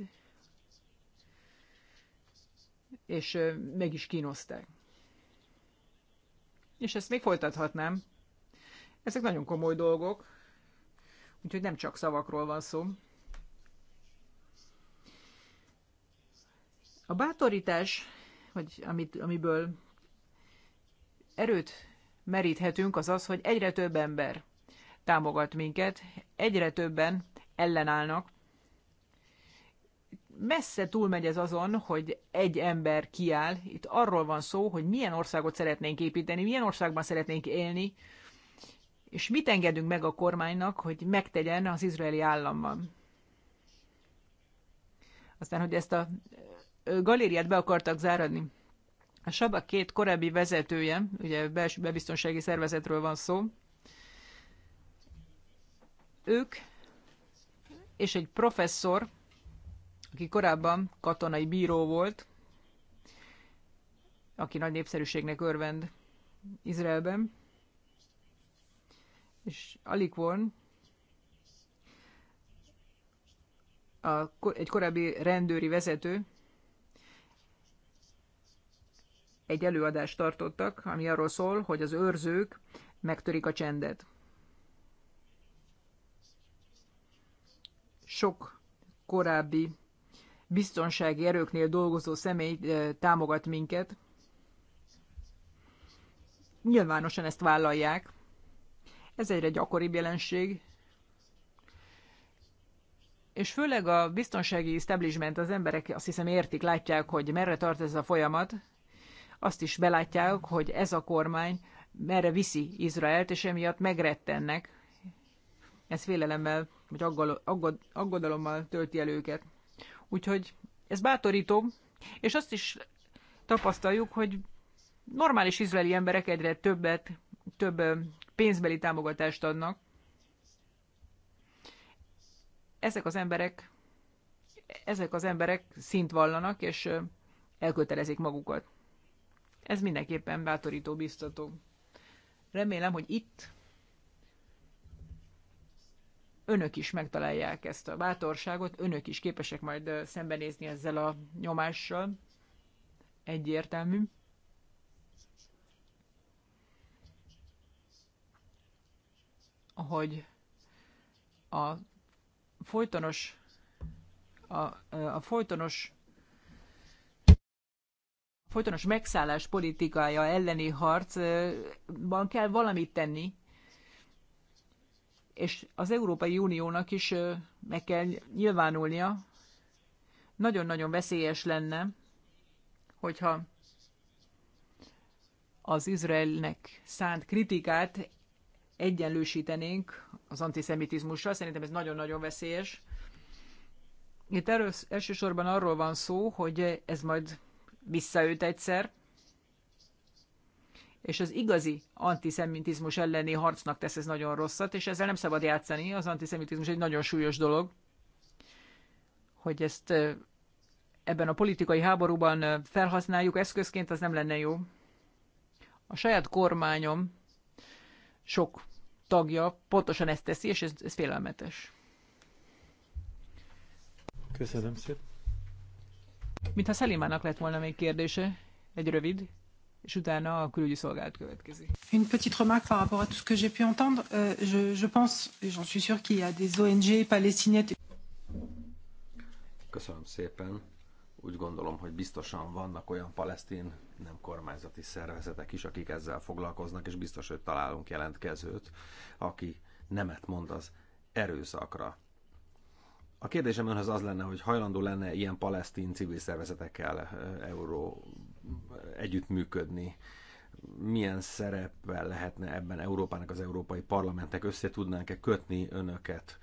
és meg is kínozták. És ezt még folytathatnám. Ezek nagyon komoly dolgok, úgyhogy nem csak szavakról van szó. A bátorítás, vagy amit, amiből erőt meríthetünk, az az, hogy egyre több ember támogat minket, egyre többen ellenállnak messze túlmegy ez azon, hogy egy ember kiáll. Itt arról van szó, hogy milyen országot szeretnénk építeni, milyen országban szeretnénk élni, és mit engedünk meg a kormánynak, hogy megtegyen az izraeli államban. Aztán, hogy ezt a galériát be akartak záradni. A Sabak két korábbi vezetője, ugye belső bebiztonsági szervezetről van szó, ők és egy professzor aki korábban katonai bíró volt, aki nagy népszerűségnek örvend Izraelben, és alig von, a, egy korábbi rendőri vezető egy előadást tartottak, ami arról szól, hogy az őrzők megtörik a csendet. Sok korábbi biztonsági erőknél dolgozó személy támogat minket. Nyilvánosan ezt vállalják. Ez egyre gyakoribb jelenség. És főleg a biztonsági establishment, az emberek azt hiszem értik, látják, hogy merre tart ez a folyamat. Azt is belátják, hogy ez a kormány merre viszi Izraelt, és emiatt megrettennek. Ez félelemmel, vagy aggodalommal tölti el őket. Úgyhogy ez bátorító, és azt is tapasztaljuk, hogy normális izraeli emberek egyre többet, több pénzbeli támogatást adnak. Ezek az emberek, ezek az emberek szint vallanak, és elkötelezik magukat. Ez mindenképpen bátorító, biztató. Remélem, hogy itt önök is megtalálják ezt a bátorságot, önök is képesek majd szembenézni ezzel a nyomással. Egyértelmű. Hogy a folytonos a, a folytonos folytonos megszállás politikája elleni harcban kell valamit tenni, és az Európai Uniónak is meg kell nyilvánulnia. Nagyon-nagyon veszélyes lenne, hogyha az Izraelnek szánt kritikát egyenlősítenénk az antiszemitizmussal. Szerintem ez nagyon-nagyon veszélyes. Itt elsősorban arról van szó, hogy ez majd visszaüt egyszer, és az igazi antiszemitizmus elleni harcnak tesz ez nagyon rosszat, és ezzel nem szabad játszani, az antiszemitizmus egy nagyon súlyos dolog, hogy ezt ebben a politikai háborúban felhasználjuk eszközként, az nem lenne jó. A saját kormányom sok tagja pontosan ezt teszi, és ez, ez félelmetes. Köszönöm szépen. Mintha Szelimának lett volna még kérdése, egy rövid és utána a külügyi szolgálat következik. Une petite remarque par rapport à tout ce que j'ai pu entendre. Uh, je, je pense, et j'en suis sûr qu'il y a des ONG palestiniennes. Köszönöm szépen. Úgy gondolom, hogy biztosan vannak olyan palesztin nem kormányzati szervezetek is, akik ezzel foglalkoznak, és biztos, hogy találunk jelentkezőt, aki nemet mond az erőszakra. A kérdésem önhöz az lenne, hogy hajlandó lenne ilyen palesztin civil szervezetekkel Euró együttműködni. Milyen szereppel lehetne ebben Európának, az Európai Parlamentnek? Össze tudnánk-e kötni önöket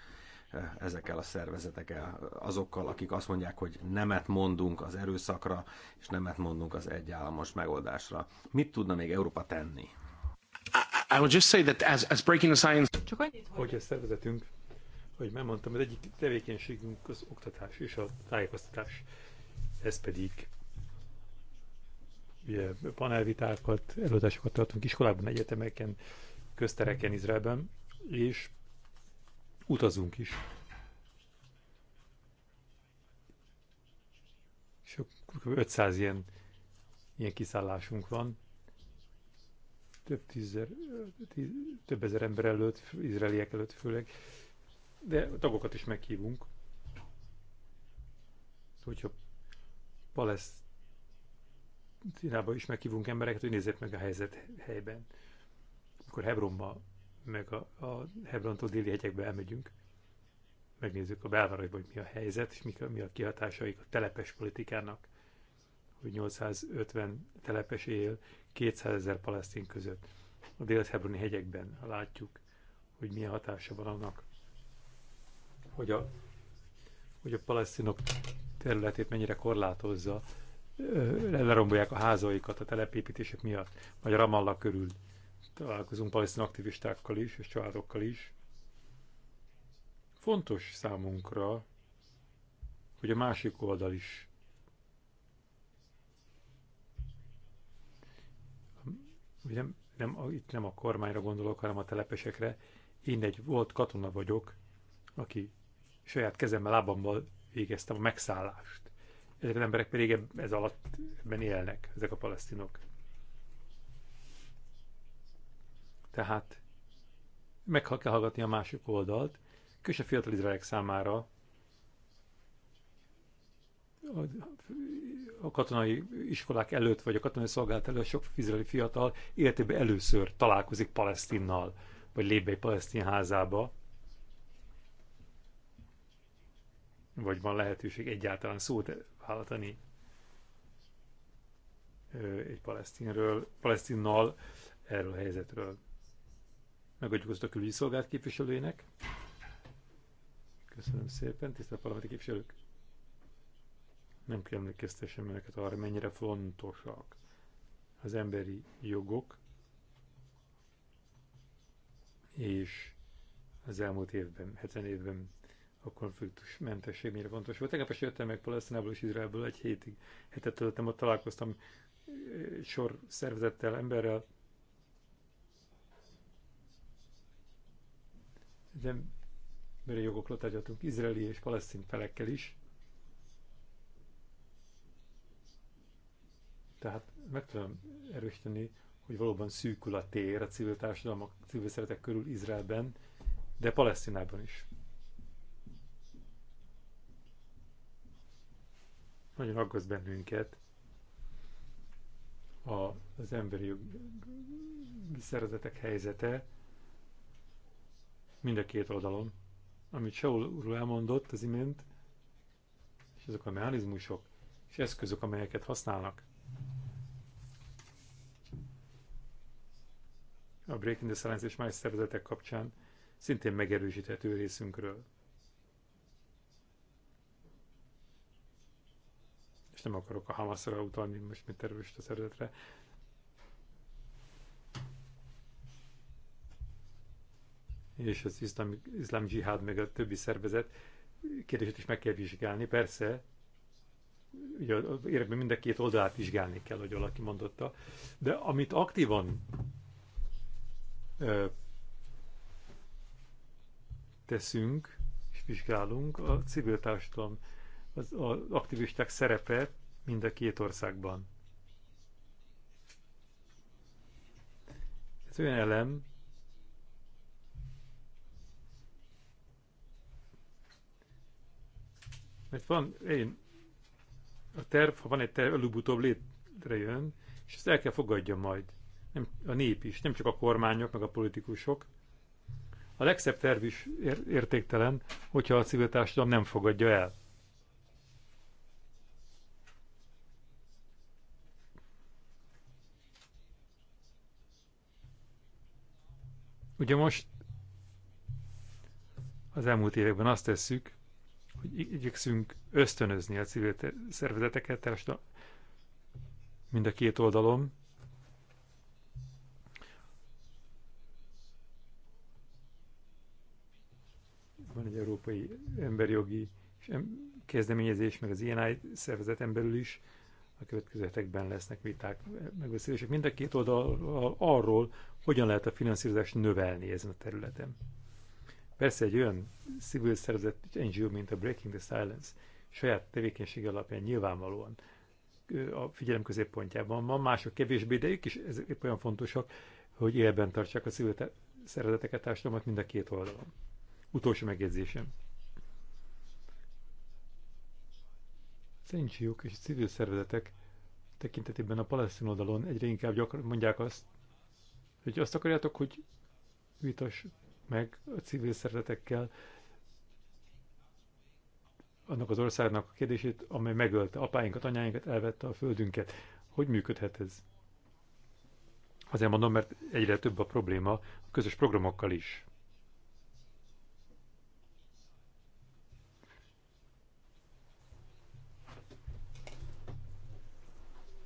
eh, ezekkel a szervezetekkel, azokkal, akik azt mondják, hogy nemet mondunk az erőszakra, és nemet mondunk az egyállamos megoldásra? Mit tudna még Európa tenni? I would just say that as, as breaking the science... Csak annyit, hogy... a szervezetünk, hogy megmondtam, az egyik tevékenységünk az oktatás és a tájékoztatás. Ez pedig ugye, panelvitákat, előadásokat tartunk iskolában, egyetemeken, köztereken, Izraelben, és utazunk is. És 500 ilyen, ilyen kiszállásunk van. Több, tízzer, tíz, több ezer ember előtt, izraeliek előtt főleg. De tagokat is meghívunk. Hogyha paleszt Szíriába is meghívunk embereket, hogy nézzék meg a helyzet helyben. Amikor Hebronba, meg a, a Hebrontól déli hegyekbe elmegyünk, megnézzük a belvárosban, hogy mi a helyzet, és mik a, mi a kihatásaik a telepes politikának, hogy 850 telepes él 200 ezer palesztin között. A dél-hebroni hegyekben látjuk, hogy milyen hatása van annak, hogy a, hogy a palesztinok területét mennyire korlátozza lerombolják a házaikat a telepépítések miatt, vagy a Ramallah körül találkozunk palesztin aktivistákkal is, és családokkal is. Fontos számunkra, hogy a másik oldal is nem, nem, itt nem a kormányra gondolok, hanem a telepesekre. Én egy volt katona vagyok, aki saját kezemmel, lábammal végeztem a megszállást ezek az emberek pedig ez alatt ebben élnek, ezek a palesztinok. Tehát meg kell hallgatni a másik oldalt, és a fiatal izraelek számára a katonai iskolák előtt, vagy a katonai szolgálat előtt sok izraeli fiatal életében először találkozik Palesztinnal, vagy lép be egy palesztin házába, vagy van lehetőség egyáltalán szót váltani egy palesztinről, palesztinnal erről a helyzetről. Megadjuk azt a külügyi szolgált képviselőjének. Köszönöm szépen, tisztelt parlamenti képviselők! Nem kell emlékeztessem önöket arra, mennyire fontosak az emberi jogok, és az elmúlt évben, 70 évben a konfliktus mentesség mire fontos volt. Tegnap is jöttem meg Palesztinából és Izraelből egy hétig, hetet töltöttem, ott találkoztam sor szervezettel, emberrel. De emberi jogokra tárgyaltunk izraeli és palesztin felekkel is. Tehát meg tudom erősíteni, hogy valóban szűkül a tér a civil társadalmak, civil szeretek körül Izraelben, de Palesztinában is. Nagyon aggaszt bennünket a, az emberi szervezetek helyzete mind a két oldalon. Amit Saul úr elmondott az imént, és azok a mechanizmusok és eszközök, amelyeket használnak, a Breaking the Silence és más szervezetek kapcsán szintén megerősíthető részünkről. nem akarok a Hamasra utalni most, mint terrorista szervezetre. És az iszlám, iszlám dzsihád, meg a többi szervezet kérdését is meg kell vizsgálni. Persze, ugye mind a két oldalát vizsgálni kell, hogy valaki mondotta, de amit aktívan ö, teszünk és vizsgálunk, a civil társadalom az, az aktivisták szerepe mind a két országban. Ez olyan elem, mert van, én, a terv, ha van egy terv, előbb-utóbb létrejön, és ezt el kell fogadja majd. Nem, a nép is, nem csak a kormányok, meg a politikusok. A legszebb terv is értéktelen, hogyha a civil társadalom nem fogadja el. Ugye most az elmúlt években azt tesszük, hogy igyekszünk ösztönözni a civil szervezeteket, tehát mind a két oldalon, van egy európai emberjogi kezdeményezés, meg az ilyen szervezeten belül is, a következő hetekben lesznek viták, megbeszélések mind a két oldal arról, hogyan lehet a finanszírozást növelni ezen a területen. Persze egy olyan civil szervezet, egy NGO, mint a Breaking the Silence, saját tevékenysége alapján nyilvánvalóan a figyelem középpontjában van, mások kevésbé, de ők is ezek épp olyan fontosak, hogy élben tartsák a civil szervezeteket, társadalmat mind a két oldalon. Utolsó megjegyzésem. NGO-k és a civil szervezetek tekintetében a palesztin oldalon egyre inkább gyakran mondják azt, hogy azt akarjátok, hogy vitas meg a civil szervezetekkel annak az országnak a kérdését, amely megölte apáinkat, anyáinkat, elvette a földünket. Hogy működhet ez? Azért mondom, mert egyre több a probléma a közös programokkal is.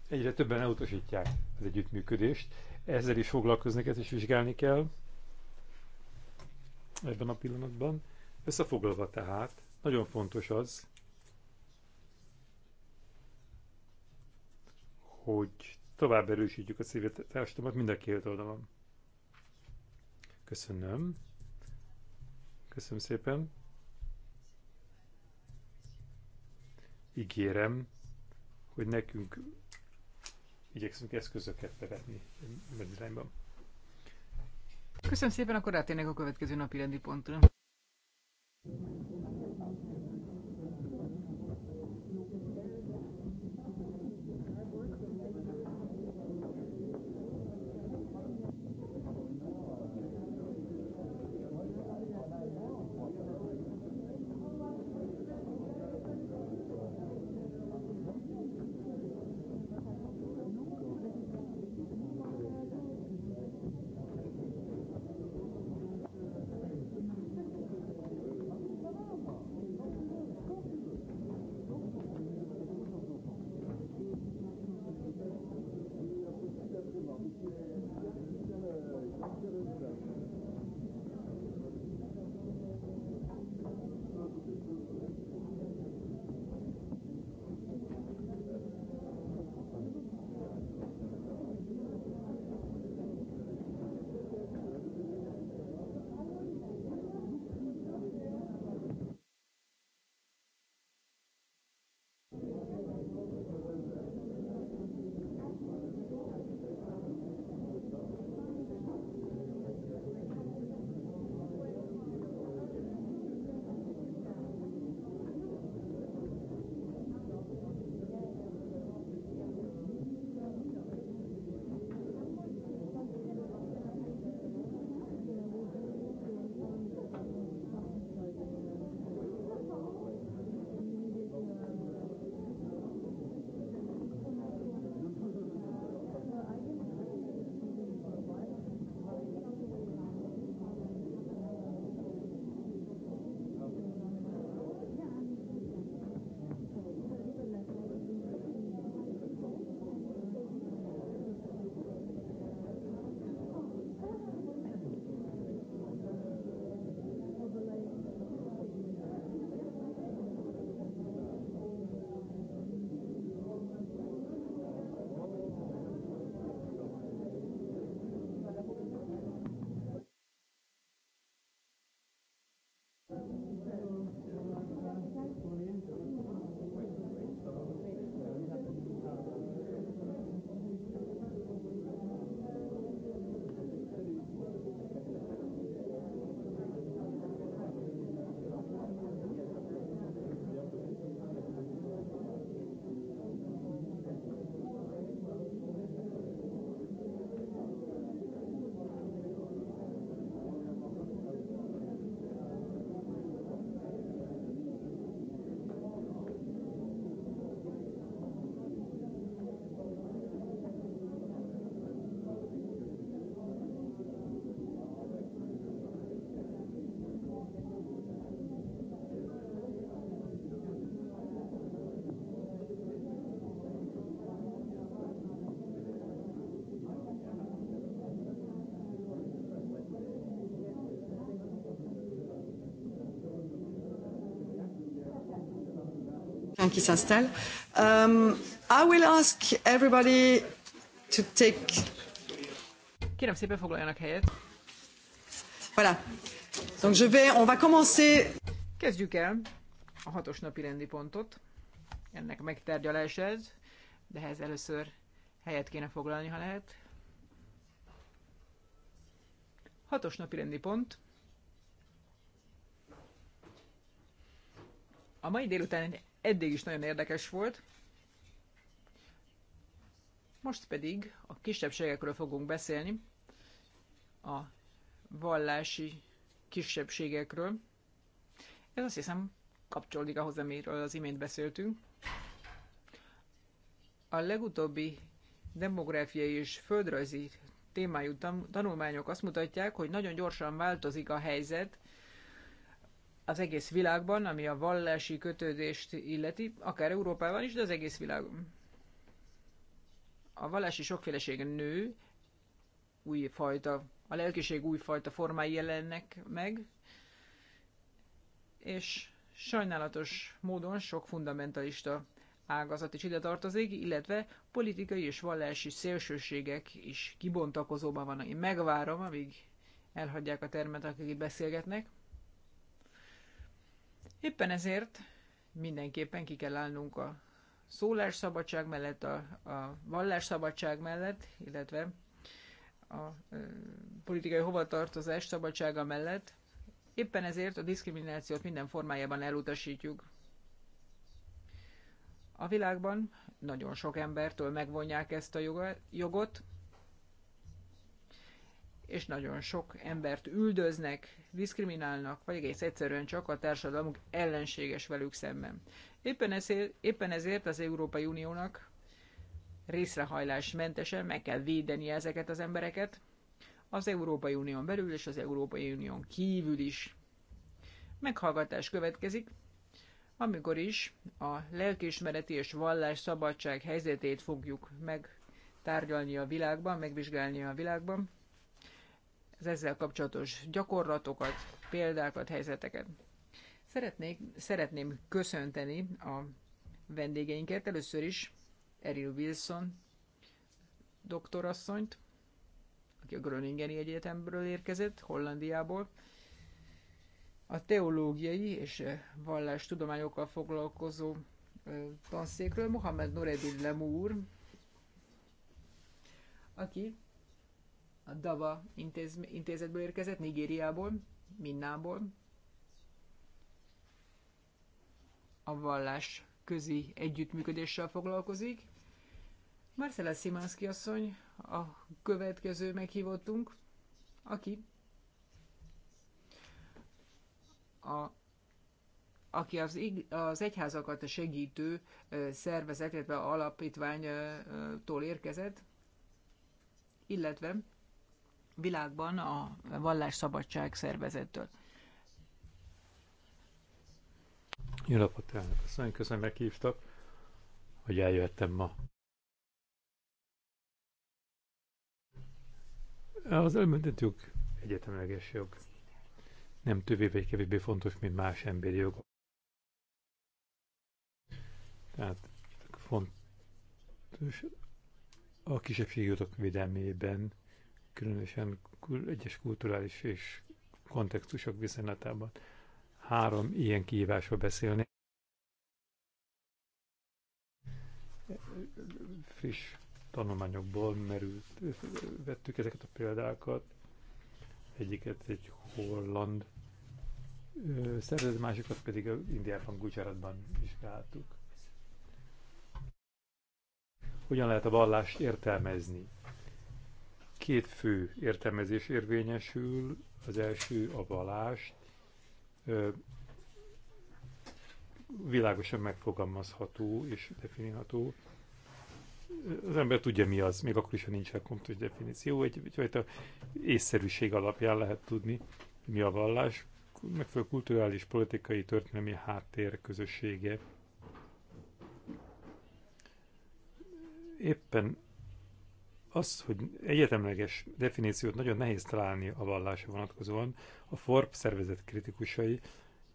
egyre többen elutasítják az együttműködést. Ezzel is foglalkozni kell és vizsgálni kell ebben a pillanatban. Összefoglalva tehát, nagyon fontos az, hogy tovább erősítjük a civil mind a két oldalon. Köszönöm. Köszönöm szépen. Ígérem, hogy nekünk igyekszünk eszközöket bevetni az irányban. Köszönöm szépen, akkor rátérnek a következő napi rendi pontra. questions qui s'installent. Um, I will ask everybody to take... Kérem szépen foglaljanak helyet. Voilà. Donc je vais, on va commencer... Kezdjük el a hatos napi rendi pontot. Ennek megtárgyalása ez, de ez először helyet kéne foglalni, ha lehet. Hatos napi rendi pont. A mai délután eddig is nagyon érdekes volt. Most pedig a kisebbségekről fogunk beszélni, a vallási kisebbségekről. Ez azt hiszem kapcsolódik ahhoz, amiről az imént beszéltünk. A legutóbbi demográfiai és földrajzi témájú tanulmányok azt mutatják, hogy nagyon gyorsan változik a helyzet, az egész világban, ami a vallási kötődést illeti, akár Európában is, de az egész világon. A vallási sokféleség nő, új fajta, a lelkiség újfajta formái jelennek meg, és sajnálatos módon sok fundamentalista ágazat is ide tartozik, illetve politikai és vallási szélsőségek is kibontakozóban vannak. Én megvárom, amíg elhagyják a termet, akik itt beszélgetnek. Éppen ezért mindenképpen ki kell állnunk a szólásszabadság mellett, a, a vallásszabadság mellett, illetve a ö, politikai hovatartozás szabadsága mellett. Éppen ezért a diszkriminációt minden formájában elutasítjuk. A világban nagyon sok embertől megvonják ezt a jogot, és nagyon sok embert üldöznek, diszkriminálnak, vagy egész egyszerűen csak a társadalmuk ellenséges velük szemben. Éppen ezért, éppen ezért az Európai Uniónak részrehajlásmentesen meg kell védeni ezeket az embereket, az Európai Unión belül és az Európai Unión kívül is. Meghallgatás következik, amikor is a lelkiismereti és vallás szabadság helyzetét fogjuk megtárgyalni a világban, megvizsgálni a világban az ezzel kapcsolatos gyakorlatokat, példákat, helyzeteket. Szeretnék, szeretném köszönteni a vendégeinket. Először is Eril Wilson doktorasszonyt, aki a Gröningeni Egyetemről érkezett, Hollandiából. A teológiai és tudományokkal foglalkozó tanszékről Mohamed Noreddin Lemur, aki a DAVA intéz, intézetből érkezett, Nigériából, Minnából. A vallás közi együttműködéssel foglalkozik. Marcella Szimánszki asszony, a következő meghívottunk, aki a aki az, az egyházakat segítő szervezet, illetve alapítványtól érkezett, illetve világban a vallásszabadság szervezettől. Jó napot, elnök asszony, köszönöm, meghívtak, hogy eljöttem ma. Az elmentett jog egyetemleges jog. Nem többé vagy kevésbé fontos, mint más emberi jogok. Tehát fontos a kisebbségi jogok védelmében különösen egyes kulturális és kontextusok viszonylatában. Három ilyen kihívásról beszélni. Friss tanulmányokból merült, vettük ezeket a példákat. Egyiket egy holland szervezet, másikat pedig a Indiában, Gujaratban vizsgáltuk. Hogyan lehet a vallást értelmezni? Két fő értelmezés érvényesül, az első a valást, világosan megfogalmazható és definiható. Az ember tudja mi az, még akkor is, ha nincsen pontos definíció, egy, egyfajta észszerűség alapján lehet tudni, mi a vallás, megfelelő kulturális, politikai, történelmi háttér közössége. Éppen az, hogy egyetemleges definíciót nagyon nehéz találni a vallásra vonatkozóan, a FORP szervezet kritikusai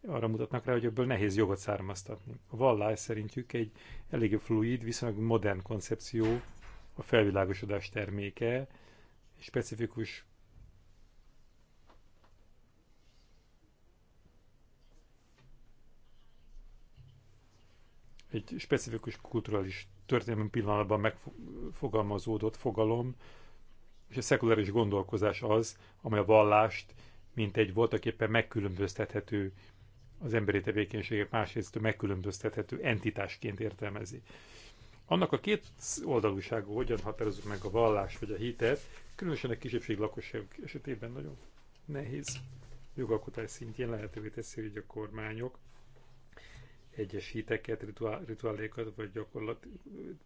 arra mutatnak rá, hogy ebből nehéz jogot származtatni. A vallás szerintjük egy elég fluid, viszonylag modern koncepció, a felvilágosodás terméke, egy specifikus egy specifikus kulturális történelmi pillanatban megfogalmazódott fogalom, és a szekuláris gondolkozás az, amely a vallást, mint egy voltaképpen megkülönböztethető az emberi tevékenységek másrészt megkülönböztethető entitásként értelmezi. Annak a két oldalúsága, hogyan határozzuk meg a vallást vagy a hitet, különösen a kisebbség lakosság esetében nagyon nehéz jogalkotás szintjén lehetővé teszi, hogy a kormányok egyes híteket rituálékat vagy gyakorlat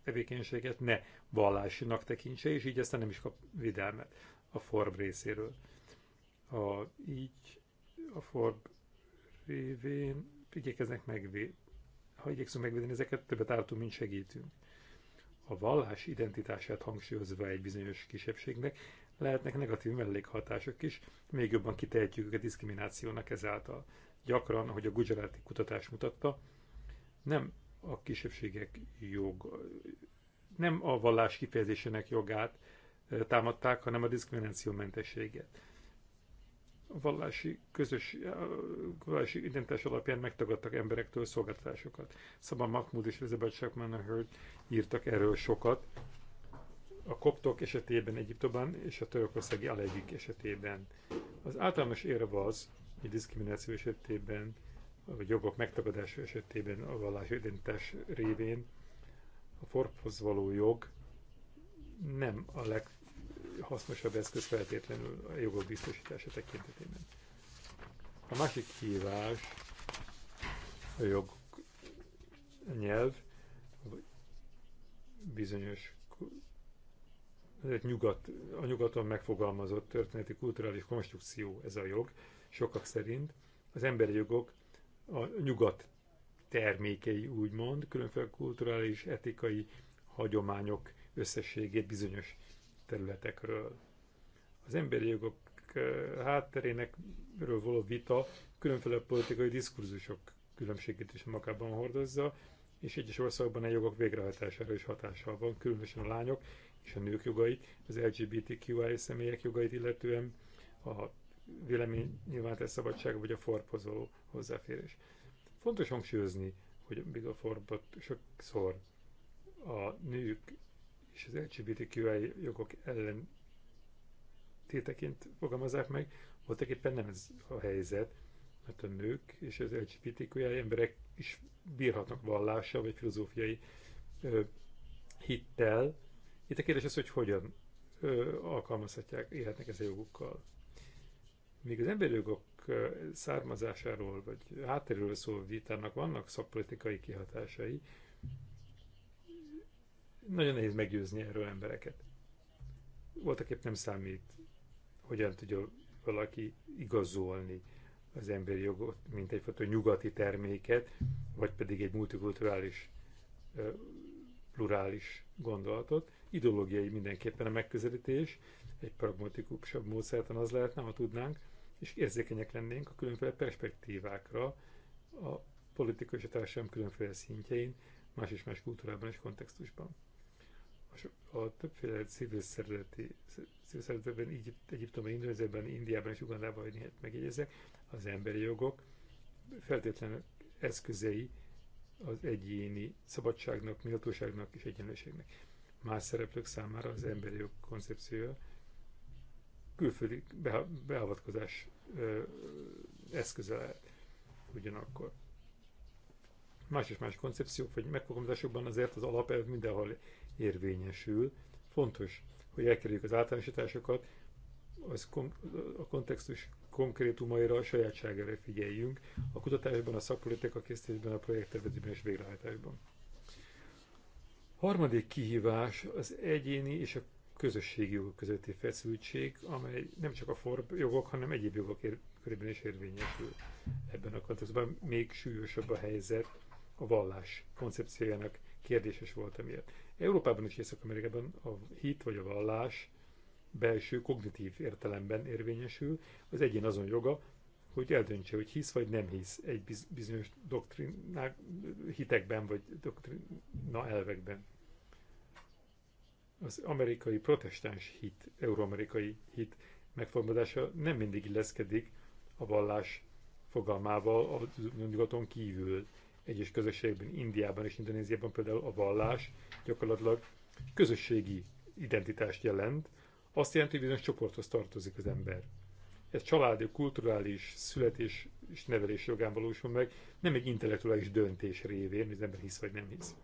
tevékenységet ne vallásinak tekintse, és így aztán nem is kap védelmet a forb részéről. A, így a forb révén igyekeznek megvédeni, ha igyekszünk megvédeni ezeket, többet ártunk, mint segítünk. A vallás identitását hangsúlyozva egy bizonyos kisebbségnek lehetnek negatív mellékhatások is, még jobban kitehetjük őket diszkriminációnak ezáltal gyakran, ahogy a Gujarati kutatás mutatta, nem a kisebbségek jog, nem a vallás kifejezésének jogát támadták, hanem a diszkrimináció mentességet. A vallási, közös, vallási identitás alapján megtagadtak emberektől szolgáltatásokat. Szabad szóval Mahmoud és Elizabeth Shakman írtak erről sokat. A koptok esetében Egyiptomban és a törökországi alevik esetében. Az általános érve az, hogy diszkrimináció esetében vagy jogok megtagadása esetében a vallási identitás révén a forphoz való jog nem a leghasznosabb eszköz feltétlenül a jogok biztosítása tekintetében. A másik kihívás a jog a nyelv, vagy bizonyos nyugat, a nyugaton megfogalmazott történeti kulturális konstrukció ez a jog, sokak szerint. Az emberi jogok a nyugat termékei, úgymond, különféle kulturális, etikai hagyományok összességét bizonyos területekről. Az emberi jogok eh, hátterénekről való vita különféle politikai diskurzusok különbségét is magában hordozza, és egyes országban a jogok végrehajtására is hatással van, különösen a lányok és a nők jogait, az LGBTQI személyek jogait illetően, a vélemény tesz szabadság, vagy a forphoz való hozzáférés. Fontos hangsúlyozni, hogy még a forbot sokszor a nők és az LGBTQI jogok ellen téteként fogalmazzák meg, voltak éppen nem ez a helyzet, mert a nők és az LGBTQI emberek is bírhatnak vallással vagy filozófiai ö, hittel. Itt a kérdés az, hogy hogyan ö, alkalmazhatják, élhetnek ezzel jogukkal. Míg az emberjogok származásáról vagy hátteréről szóló vitának vannak szakpolitikai kihatásai, nagyon nehéz meggyőzni erről embereket. Voltak épp nem számít, hogyan tudja valaki igazolni az emberi jogot, mint egyfajta nyugati terméket, vagy pedig egy multikulturális, plurális gondolatot. Ideológiai mindenképpen a megközelítés, egy pragmatikusabb módszertan az lehetne, ha tudnánk, és érzékenyek lennénk a különféle perspektívákra a politikai és a társadalom különféle szintjein, más és más kultúrában és kontextusban. A, a többféle civil szervezeti, civil szervezetben, Egyipt, Egyiptomban, Indonéziában, Indiában és Ugandában, hogy megjegyezek, az emberi jogok feltétlenül eszközei az egyéni szabadságnak, méltóságnak és egyenlőségnek. Más szereplők számára az emberi jog koncepciója külföldi beavatkozás eszköze lehet ugyanakkor. Más és más koncepciók vagy megfogalmazásokban azért az alapelv mindenhol érvényesül. Fontos, hogy elkerüljük az általánosításokat, az kon- a kontextus konkrétumaira, a sajátságára figyeljünk a kutatásban, a szakpolitika készítésben, a projekttervezésben és végrehajtásban. Harmadik kihívás az egyéni és a közösségi jogok közötti feszültség, amely nem csak a forb jogok, hanem egyéb jogok ér- körében is érvényesül ebben a kontextusban. Még súlyosabb a helyzet a vallás koncepciójának kérdéses volt emiatt. Európában és Észak-Amerikában a hit vagy a vallás belső kognitív értelemben érvényesül, az egyén azon joga, hogy eldöntse, hogy hisz vagy nem hisz egy bizonyos doktrinák, hitekben vagy doktrina elvekben az amerikai protestáns hit, euróamerikai hit megformadása nem mindig illeszkedik a vallás fogalmával a nyugaton kívül. Egyes közösségben, Indiában és Indonéziában például a vallás gyakorlatilag közösségi identitást jelent, azt jelenti, hogy bizonyos csoporthoz tartozik az ember. Ez családi, kulturális, születés és nevelés jogán valósul meg, nem egy intellektuális döntés révén, hogy az ember hisz vagy nem hisz.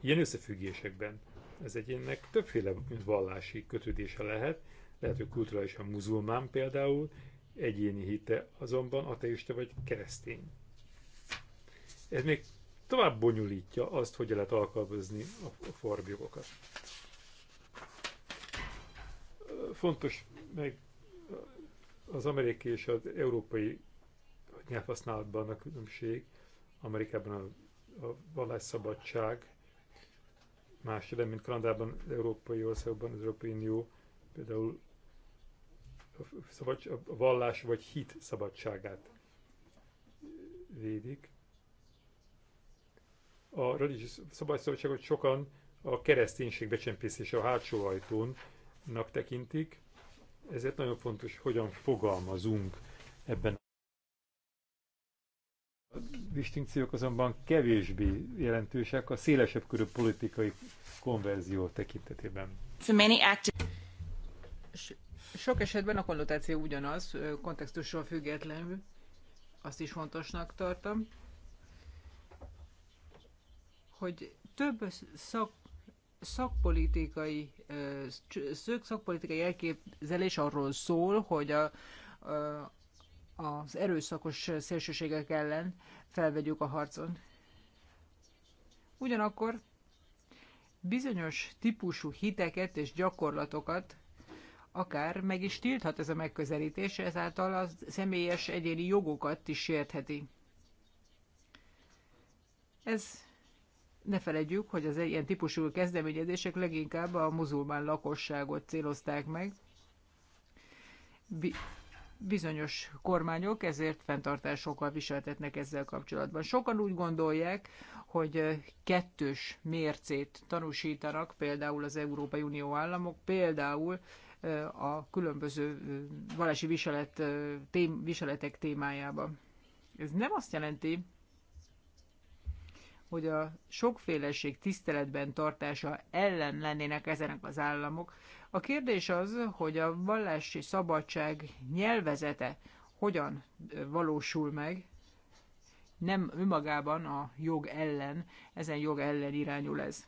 Ilyen összefüggésekben az egyénnek többféle vallási kötődése lehet, lehet, hogy kulturálisan muzulmán például, egyéni hite azonban ateista vagy keresztény. Ez még tovább bonyolítja azt, hogy lehet alkalmazni a forbjogokat. Fontos meg az amerikai és az európai nyelvhasználatban a különbség. Amerikában a, a vallásszabadság más jelen, mint Kanadában, az európai országban, az Európai Unió például a, a vallás vagy hit szabadságát védik. A religious szabadságot sokan a kereszténység becsempészése a hátsó ajtónak tekintik, ezért nagyon fontos, hogyan fogalmazunk ebben distinkciók azonban kevésbé jelentősek a szélesebb körű politikai konverzió tekintetében. Sok esetben a konnotáció ugyanaz, kontextusról függetlenül. Azt is fontosnak tartom, hogy több szak, szakpolitikai, szakpolitikai elképzelés arról szól, hogy a, a az erőszakos szélsőségek ellen felvegyük a harcon. Ugyanakkor bizonyos típusú hiteket és gyakorlatokat akár meg is tilthat ez a megközelítés, ezáltal a személyes egyéni jogokat is sértheti. Ez ne felejtjük, hogy az ilyen típusú kezdeményezések leginkább a muzulmán lakosságot célozták meg bizonyos kormányok ezért fenntartásokkal viseltetnek ezzel kapcsolatban. Sokan úgy gondolják, hogy kettős mércét tanúsítanak például az Európai Unió államok, például a különböző vallási viselet, tém, viseletek témájában. Ez nem azt jelenti, hogy a sokféleség tiszteletben tartása ellen lennének ezenek az államok, a kérdés az, hogy a vallási szabadság nyelvezete hogyan valósul meg, nem önmagában a jog ellen, ezen jog ellen irányul ez.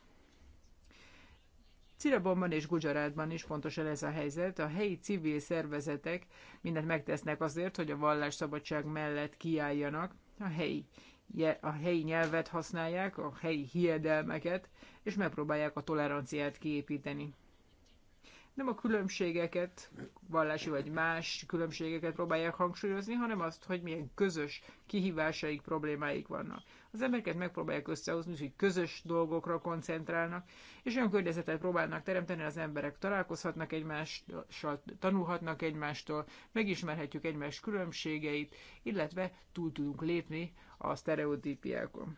Cirebonban és Gujaratban is pontosan ez a helyzet. A helyi civil szervezetek mindent megtesznek azért, hogy a szabadság mellett kiálljanak. A helyi, a helyi nyelvet használják, a helyi hiedelmeket, és megpróbálják a toleranciát kiépíteni nem a különbségeket, vallási vagy más különbségeket próbálják hangsúlyozni, hanem azt, hogy milyen közös kihívásaik, problémáik vannak. Az embereket megpróbálják összehozni, hogy közös dolgokra koncentrálnak, és olyan környezetet próbálnak teremteni, az emberek találkozhatnak egymással, tanulhatnak egymástól, megismerhetjük egymás különbségeit, illetve túl tudunk lépni a sztereotípiákon.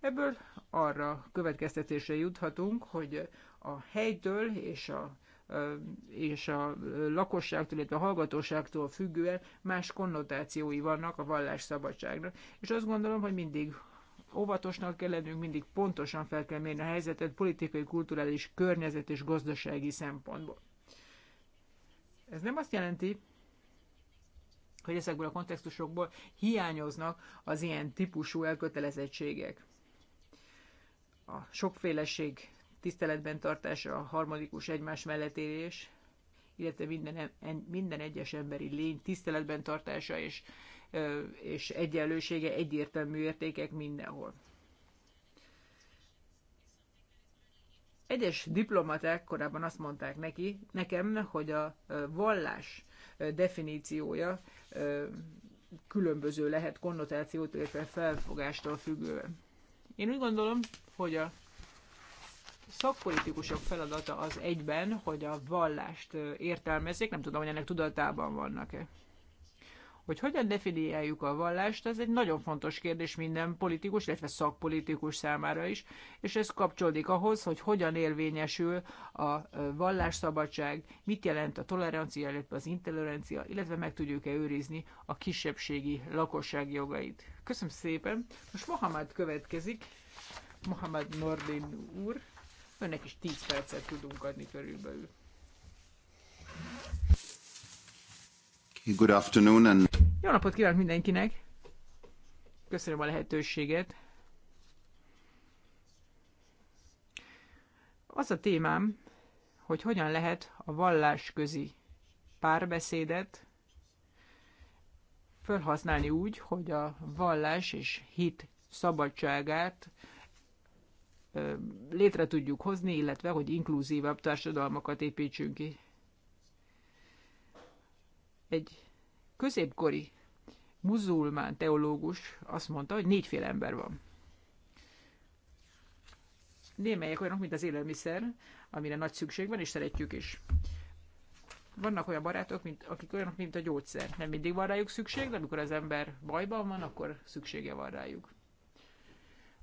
Ebből arra következtetésre juthatunk, hogy a helytől és a és a lakosságtól, illetve a hallgatóságtól függően más konnotációi vannak a vallás szabadságnak. És azt gondolom, hogy mindig óvatosnak kell lennünk, mindig pontosan fel kell mérni a helyzetet politikai, kulturális, környezet és gazdasági szempontból. Ez nem azt jelenti, hogy ezekből a kontextusokból hiányoznak az ilyen típusú elkötelezettségek. A sokféleség tiszteletben tartása, a harmonikus egymás mellett élés, illetve minden, minden egyes emberi lény tiszteletben tartása és, és egyenlősége egyértelmű értékek mindenhol. Egyes diplomaták korábban azt mondták neki, nekem, hogy a vallás definíciója különböző lehet konnotációt illetve felfogástól függően. Én úgy gondolom, hogy a szakpolitikusok feladata az egyben, hogy a vallást értelmezzék, nem tudom, hogy ennek tudatában vannak-e. Hogy hogyan definiáljuk a vallást, ez egy nagyon fontos kérdés minden politikus, illetve szakpolitikus számára is, és ez kapcsolódik ahhoz, hogy hogyan érvényesül a vallásszabadság, mit jelent a tolerancia, illetve az intolerancia, illetve meg tudjuk-e őrizni a kisebbségi lakosság jogait. Köszönöm szépen! Most Mohamed következik, Mohamed Nordin úr. Önnek is 10 percet tudunk adni körülbelül. Good afternoon and... Jó napot kívánok mindenkinek! Köszönöm a lehetőséget. Az a témám, hogy hogyan lehet a vallásközi párbeszédet felhasználni úgy, hogy a vallás és hit szabadságát létre tudjuk hozni, illetve hogy inkluzívabb társadalmakat építsünk ki. Egy középkori muzulmán teológus azt mondta, hogy négyféle ember van. Némelyek olyanok, mint az élelmiszer, amire nagy szükség van, és szeretjük is. Vannak olyan barátok, mint, akik olyanok, mint a gyógyszer. Nem mindig van rájuk szükség, de amikor az ember bajban van, akkor szüksége van rájuk.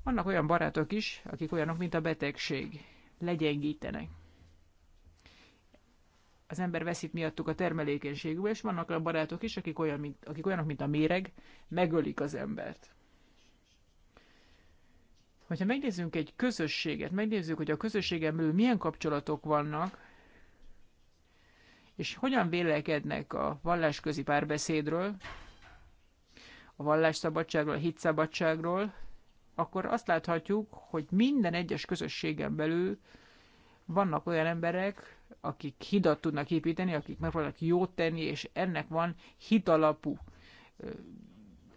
Vannak olyan barátok is, akik olyanok, mint a betegség, legyengítenek. Az ember veszít miattuk a termelékenységből, és vannak olyan barátok is, akik, olyan, mint, akik olyanok, mint a méreg, megölik az embert. Hogyha megnézzünk egy közösséget, megnézzük, hogy a közösségem belül milyen kapcsolatok vannak, és hogyan vélekednek a vallásközi párbeszédről, a vallásszabadságról, a hitszabadságról, akkor azt láthatjuk, hogy minden egyes közösségen belül vannak olyan emberek, akik hidat tudnak építeni, akik megpróbálnak jót tenni, és ennek van hitalapú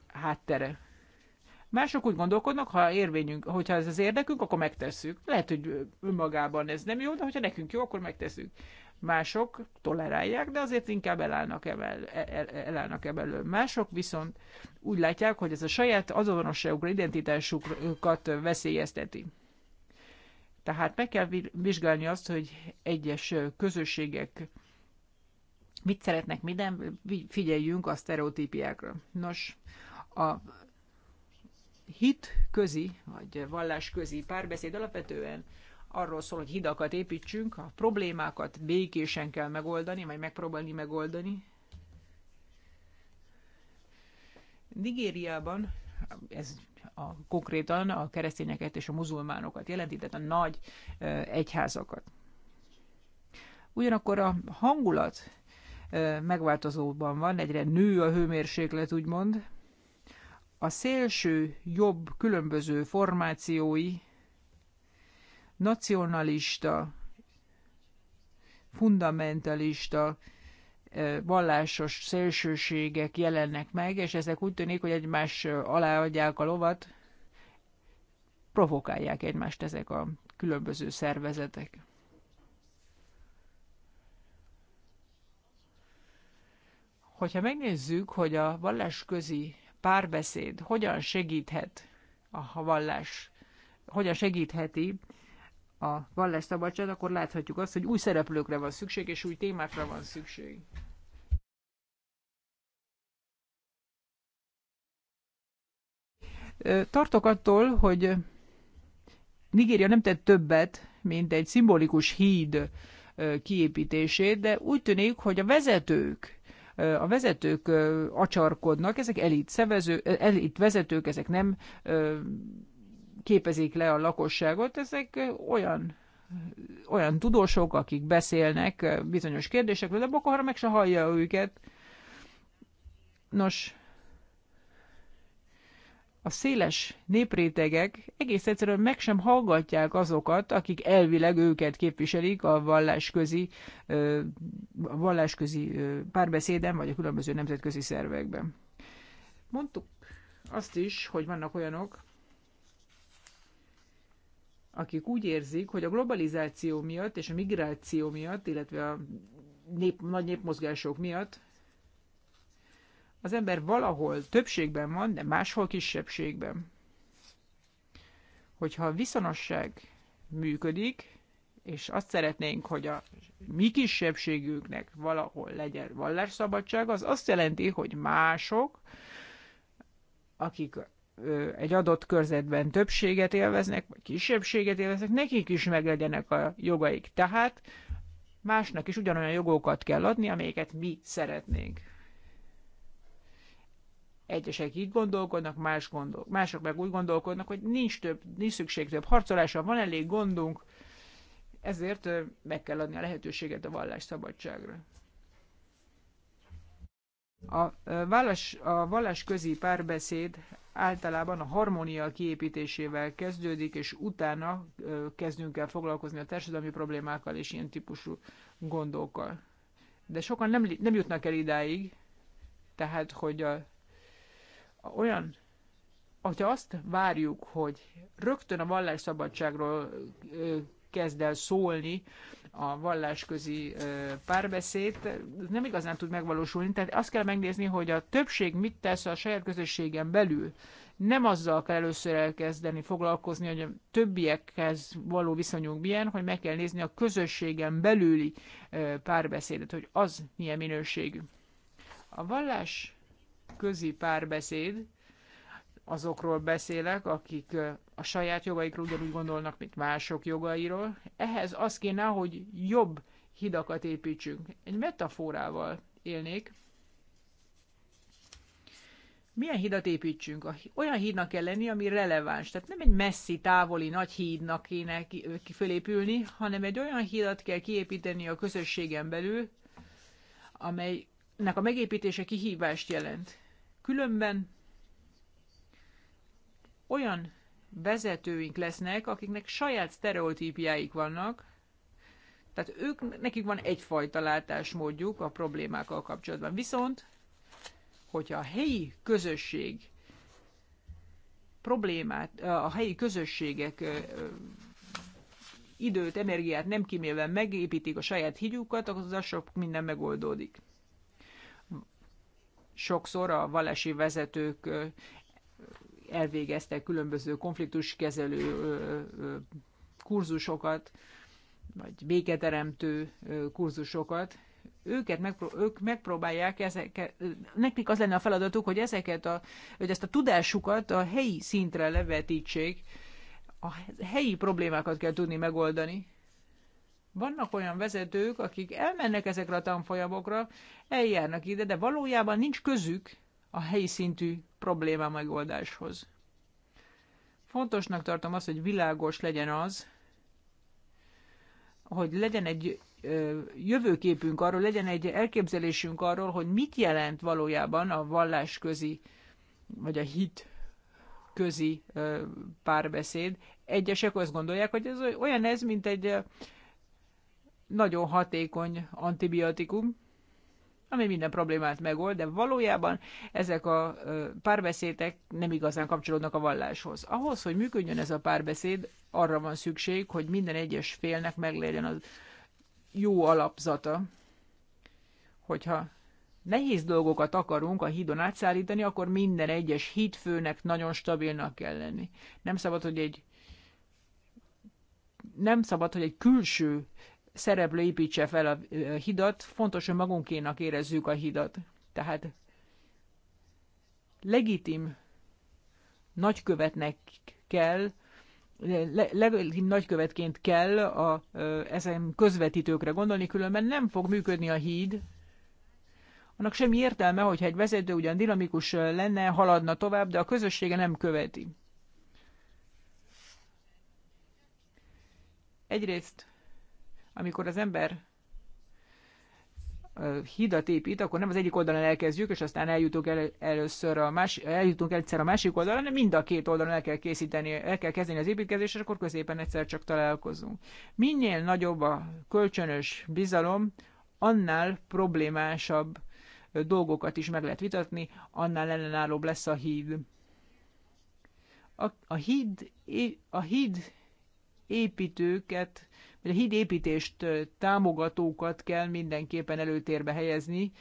háttere. Mások úgy gondolkodnak, ha érvényünk, hogyha ez az érdekünk, akkor megtesszük. Lehet, hogy önmagában ez nem jó, de hogyha nekünk jó, akkor megtesszük. Mások tolerálják, de azért inkább elállnak, ebből, el, e- elállnak emelő. Mások viszont úgy látják, hogy ez a saját azonosságukra, identitásukat veszélyezteti. Tehát meg kell vizsgálni azt, hogy egyes közösségek mit szeretnek minden, figyeljünk a sztereotípiákra. Nos, a hit közi, vagy vallás közi párbeszéd alapvetően arról szól, hogy hidakat építsünk, a problémákat békésen kell megoldani, vagy megpróbálni megoldani. Nigériában, ez a, konkrétan a keresztényeket és a muzulmánokat jelenti, tehát a nagy egyházakat. Ugyanakkor a hangulat megváltozóban van, egyre nő a hőmérséklet, úgymond. A szélső jobb különböző formációi nacionalista, fundamentalista, eh, vallásos szélsőségek jelennek meg, és ezek úgy tűnik, hogy egymás eh, aláadják a lovat, provokálják egymást ezek a különböző szervezetek. Hogyha megnézzük, hogy a vallásközi párbeszéd hogyan segíthet a vallás, hogyan segítheti a szabadság, akkor láthatjuk azt, hogy új szereplőkre van szükség, és új témákra van szükség. Tartok attól, hogy Nigéria nem tett többet, mint egy szimbolikus híd kiépítését, de úgy tűnik, hogy a vezetők a vezetők acsarkodnak, ezek elit, szevező, elit vezetők, ezek nem képezik le a lakosságot, ezek olyan olyan tudósok, akik beszélnek bizonyos kérdésekről, de Boko Haram meg se hallja őket. Nos, a széles néprétegek egész egyszerűen meg sem hallgatják azokat, akik elvileg őket képviselik a vallásközi, a vallásközi párbeszéden, vagy a különböző nemzetközi szervekben. Mondtuk azt is, hogy vannak olyanok, akik úgy érzik, hogy a globalizáció miatt és a migráció miatt, illetve a nép, nagy népmozgások miatt az ember valahol többségben van, de máshol kisebbségben. Hogyha a viszonosság működik, és azt szeretnénk, hogy a mi kisebbségünknek valahol legyen vallásszabadság, az azt jelenti, hogy mások, akik egy adott körzetben többséget élveznek, vagy kisebbséget élveznek, nekik is meglegyenek a jogaik. Tehát másnak is ugyanolyan jogokat kell adni, amelyeket mi szeretnénk. Egyesek így gondolkodnak, más gondol, mások meg úgy gondolkodnak, hogy nincs több, nincs szükség több harcolásra, van elég gondunk, ezért meg kell adni a lehetőséget a szabadságra. A, vallás, a közi párbeszéd általában a harmónia kiépítésével kezdődik, és utána kezdünk el foglalkozni a társadalmi problémákkal és ilyen típusú gondokkal. De sokan nem, nem jutnak el idáig, tehát, hogy a, a olyan, hogyha azt várjuk, hogy rögtön a vallásszabadságról kezd el szólni a vallásközi párbeszéd, nem igazán tud megvalósulni. Tehát azt kell megnézni, hogy a többség mit tesz a saját közösségen belül. Nem azzal kell először elkezdeni foglalkozni, hogy a többiekhez való viszonyunk milyen, hogy meg kell nézni a közösségen belüli párbeszédet, hogy az milyen minőségű. A vallás közi párbeszéd azokról beszélek, akik a saját jogaikról ugyanúgy gondolnak, mint mások jogairól. Ehhez az kéne, hogy jobb hidakat építsünk. Egy metaforával élnék. Milyen hidat építsünk? Olyan hídnak kell lenni, ami releváns. Tehát nem egy messzi, távoli nagy hídnak kéne fölépülni, hanem egy olyan hídat kell kiépíteni a közösségen belül, amelynek a megépítése kihívást jelent. Különben olyan vezetőink lesznek, akiknek saját sztereotípiáik vannak, tehát ők, nekik van egyfajta látásmódjuk a problémákkal kapcsolatban. Viszont, hogyha a helyi közösség problémát, a helyi közösségek időt, energiát nem kimélve megépítik a saját higgyukat, az sok minden megoldódik. Sokszor a valási vezetők elvégeztek különböző konfliktuskezelő kurzusokat, vagy béketeremtő kurzusokat, őket megpró- ők megpróbálják, ezeket, nekik az lenne a feladatuk, hogy ezeket a, hogy ezt a tudásukat a helyi szintre levetítsék, a helyi problémákat kell tudni megoldani. Vannak olyan vezetők, akik elmennek ezekre a tanfolyamokra, eljárnak ide, de valójában nincs közük a helyi szintű probléma megoldáshoz. Fontosnak tartom azt, hogy világos legyen az, hogy legyen egy jövőképünk arról, legyen egy elképzelésünk arról, hogy mit jelent valójában a vallás közi, vagy a hit közi párbeszéd. Egyesek azt gondolják, hogy ez olyan ez, mint egy nagyon hatékony antibiotikum, ami minden problémát megold, de valójában ezek a párbeszédek nem igazán kapcsolódnak a valláshoz. Ahhoz, hogy működjön ez a párbeszéd, arra van szükség, hogy minden egyes félnek meglegyen az jó alapzata. Hogyha nehéz dolgokat akarunk a hídon átszállítani, akkor minden egyes hídfőnek nagyon stabilnak kell lenni. Nem szabad, hogy egy nem szabad, hogy egy külső szereplő építse fel a hidat, fontos, hogy magunkénak érezzük a hidat. Tehát legitim nagykövetnek kell, legitim nagykövetként kell a, ezen közvetítőkre gondolni, különben nem fog működni a híd, annak semmi értelme, hogyha egy vezető ugyan dinamikus lenne, haladna tovább, de a közössége nem követi. Egyrészt amikor az ember hidat épít, akkor nem az egyik oldalon elkezdjük, és aztán eljutunk el, először a másik, eljutunk egyszer a másik oldalon, hanem mind a két oldalon el kell készíteni, el kell kezdeni az építkezést, és akkor középen egyszer csak találkozunk. Minél nagyobb a kölcsönös bizalom, annál problémásabb dolgokat is meg lehet vitatni, annál ellenállóbb lesz a híd. A, a híd, a híd építőket vagy a hídépítést támogatókat kell mindenképpen előtérbe helyezni.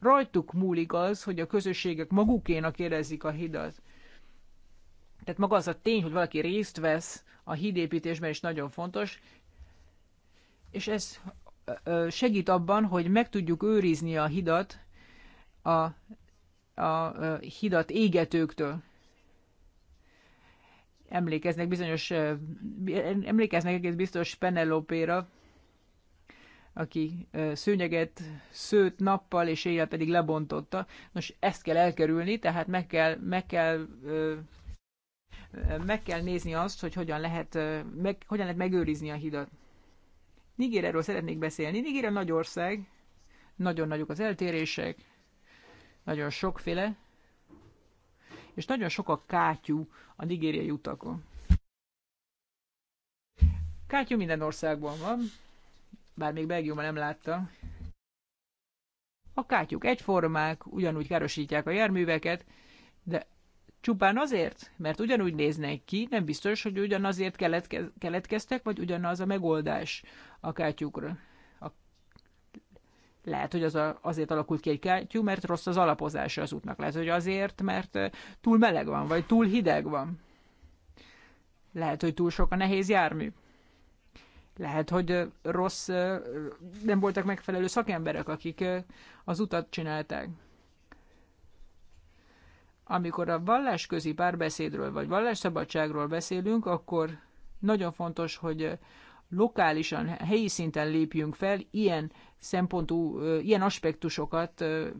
Rajtuk múlik az, hogy a közösségek magukénak érezzük a hidat. Tehát maga az a tény, hogy valaki részt vesz a hídépítésben is nagyon fontos, és ez segít abban, hogy meg tudjuk őrizni a hidat a, a hidat égetőktől emlékeznek bizonyos, emlékeznek egész biztos Penelopéra, aki szőnyeget szőtt nappal, és éjjel pedig lebontotta. Nos, ezt kell elkerülni, tehát meg kell, meg kell meg kell nézni azt, hogy hogyan lehet, meg, hogyan lehet megőrizni a hidat. Nigéráról szeretnék beszélni. Nigéria nagy ország, nagyon nagyok az eltérések, nagyon sokféle, és nagyon sok a kátyú a nigériai utakon. Kátyú minden országban van, bár még Belgiumban nem láttam. A kátyúk egyformák, ugyanúgy károsítják a járműveket, de csupán azért, mert ugyanúgy néznek ki, nem biztos, hogy ugyanazért keletkeztek, vagy ugyanaz a megoldás a kátyúkra. Lehet, hogy az a, azért alakult ki egy kátyú, mert rossz az alapozása az útnak. Lehet, hogy azért, mert túl meleg van, vagy túl hideg van. Lehet, hogy túl sok a nehéz jármű. Lehet, hogy rossz, nem voltak megfelelő szakemberek, akik az utat csinálták. Amikor a vallásközi párbeszédről vagy vallásszabadságról beszélünk, akkor nagyon fontos, hogy lokálisan, helyi szinten lépjünk fel, ilyen szempontú, ilyen aspektusokat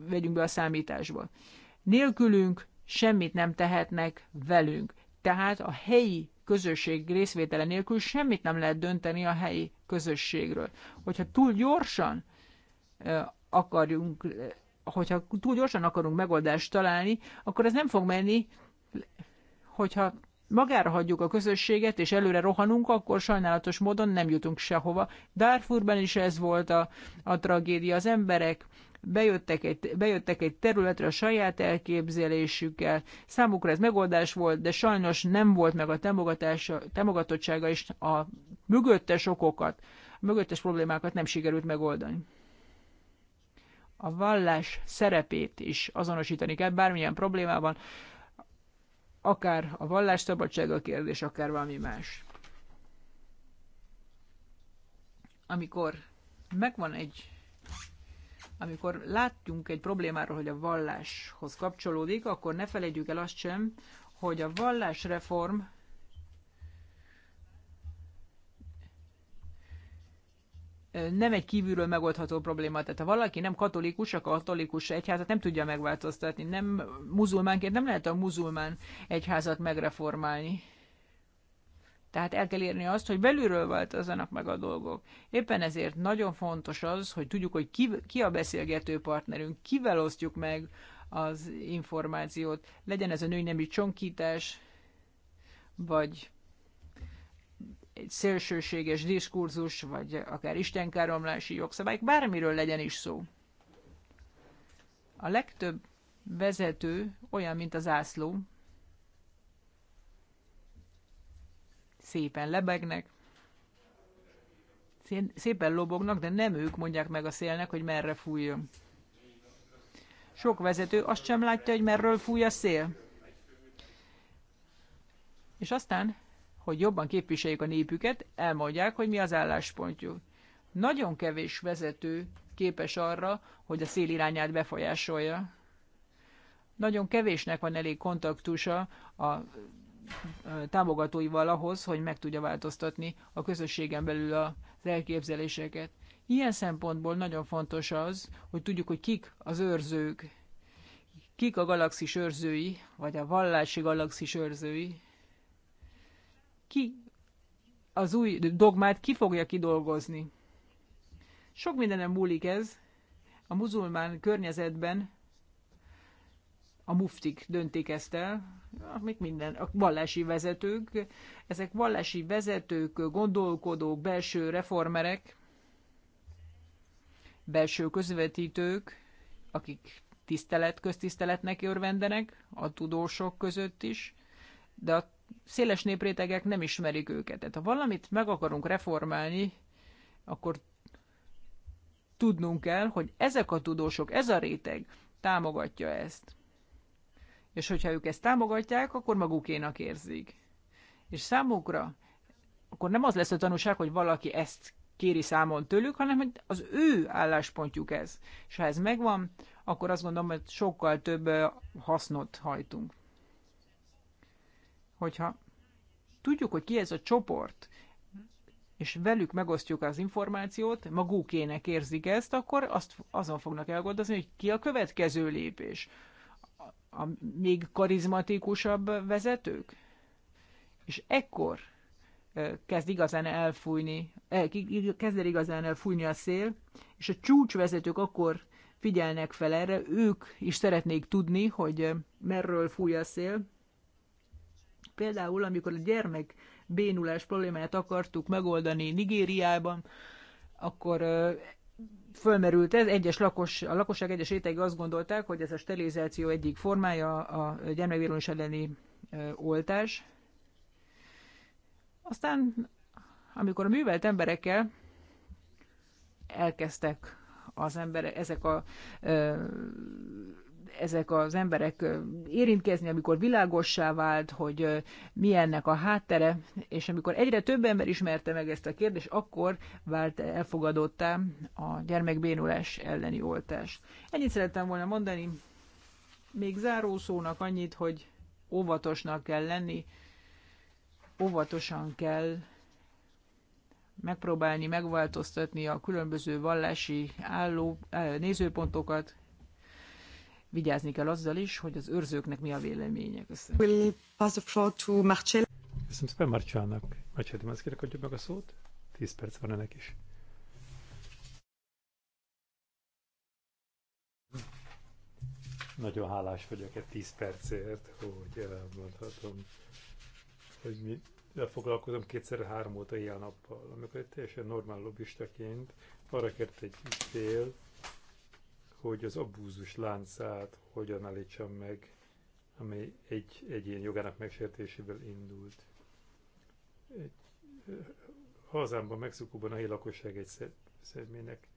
vegyünk be a számításba. Nélkülünk semmit nem tehetnek velünk. Tehát a helyi közösség részvétele nélkül semmit nem lehet dönteni a helyi közösségről. Hogyha túl gyorsan akarjunk, hogyha túl gyorsan akarunk megoldást találni, akkor ez nem fog menni, hogyha magára hagyjuk a közösséget, és előre rohanunk, akkor sajnálatos módon nem jutunk sehova. Darfurban is ez volt a, a tragédia. Az emberek bejöttek egy, bejöttek egy területre a saját elképzelésükkel. Számukra ez megoldás volt, de sajnos nem volt meg a támogatottsága és a mögöttes okokat, a mögöttes problémákat nem sikerült megoldani. A vallás szerepét is azonosítani kell bármilyen problémában akár a a kérdés, akár valami más. Amikor megvan egy amikor látjunk egy problémáról, hogy a valláshoz kapcsolódik, akkor ne felejtjük el azt sem, hogy a vallásreform nem egy kívülről megoldható probléma. Tehát ha valaki nem katolikus, a katolikus egyházat nem tudja megváltoztatni. Nem muzulmánként nem lehet a muzulmán egyházat megreformálni. Tehát el kell érni azt, hogy belülről változzanak meg a dolgok. Éppen ezért nagyon fontos az, hogy tudjuk, hogy ki, ki a beszélgető partnerünk, kivel osztjuk meg az információt, legyen ez a női nemi csonkítás, vagy egy szélsőséges diskurzus, vagy akár istenkáromlási jogszabályok, bármiről legyen is szó. A legtöbb vezető olyan, mint az ászló. Szépen lebegnek, szépen lobognak, de nem ők mondják meg a szélnek, hogy merre fújjon. Sok vezető azt sem látja, hogy merről fúj a szél. És aztán hogy jobban képviseljék a népüket, elmondják, hogy mi az álláspontjuk. Nagyon kevés vezető képes arra, hogy a szél irányát befolyásolja. Nagyon kevésnek van elég kontaktusa a támogatóival ahhoz, hogy meg tudja változtatni a közösségen belül az elképzeléseket. Ilyen szempontból nagyon fontos az, hogy tudjuk, hogy kik az őrzők, kik a galaxis őrzői, vagy a vallási galaxis őrzői ki az új dogmát ki fogja kidolgozni. Sok mindenem múlik ez. A muzulmán környezetben a muftik döntik ezt el, amik minden, a vallási vezetők, ezek vallási vezetők, gondolkodók, belső reformerek, belső közvetítők, akik tisztelet, köztiszteletnek örvendenek, a tudósok között is, de a széles néprétegek nem ismerik őket. Tehát ha valamit meg akarunk reformálni, akkor tudnunk kell, hogy ezek a tudósok, ez a réteg támogatja ezt. És hogyha ők ezt támogatják, akkor magukénak érzik. És számukra akkor nem az lesz a tanúság, hogy valaki ezt kéri számon tőlük, hanem hogy az ő álláspontjuk ez. És ha ez megvan, akkor azt gondolom, hogy sokkal több hasznot hajtunk hogyha tudjuk, hogy ki ez a csoport, és velük megosztjuk az információt, magukének érzik ezt, akkor azt, azon fognak elgondolni, hogy ki a következő lépés. A, a még karizmatikusabb vezetők? És ekkor kezd igazán elfújni, kezd el igazán elfújni a szél, és a csúcsvezetők akkor figyelnek fel erre, ők is szeretnék tudni, hogy merről fúj a szél, Például, amikor a gyermek bénulás problémáját akartuk megoldani Nigériában, akkor fölmerült ez, egyes lakos, a lakosság egyes rétegi azt gondolták, hogy ez a sterilizáció egyik formája a gyermekvérülés elleni oltás. Aztán, amikor a művelt emberekkel elkezdtek az emberek, ezek a ö, ezek az emberek érintkezni, amikor világossá vált, hogy milyennek a háttere, és amikor egyre több ember ismerte meg ezt a kérdést, akkor vált elfogadottá a gyermekbénulás elleni oltás. Ennyit szerettem volna mondani, még zárószónak annyit, hogy óvatosnak kell lenni, óvatosan kell megpróbálni megváltoztatni a különböző vallási álló, nézőpontokat, vigyázni kell azzal is, hogy az őrzőknek mi a véleménye. Köszönöm. We'll pass the floor to Marcella. Köszönöm szépen Marcellának. Marcella Dimaszkinek adja meg a szót. Tíz perc van ennek is. Nagyon hálás vagyok e 10 percért, hogy elmondhatom, hogy mi foglalkozom kétszer-három óta ilyen nappal, amikor teljesen normál lobbistaként arra kért egy fél, hogy az abúzus láncát hogyan állítsam meg, amely egy egyén jogának megsértéséből indult. Egy, hazámban, Mexikóban a helyi lakosság egy szemének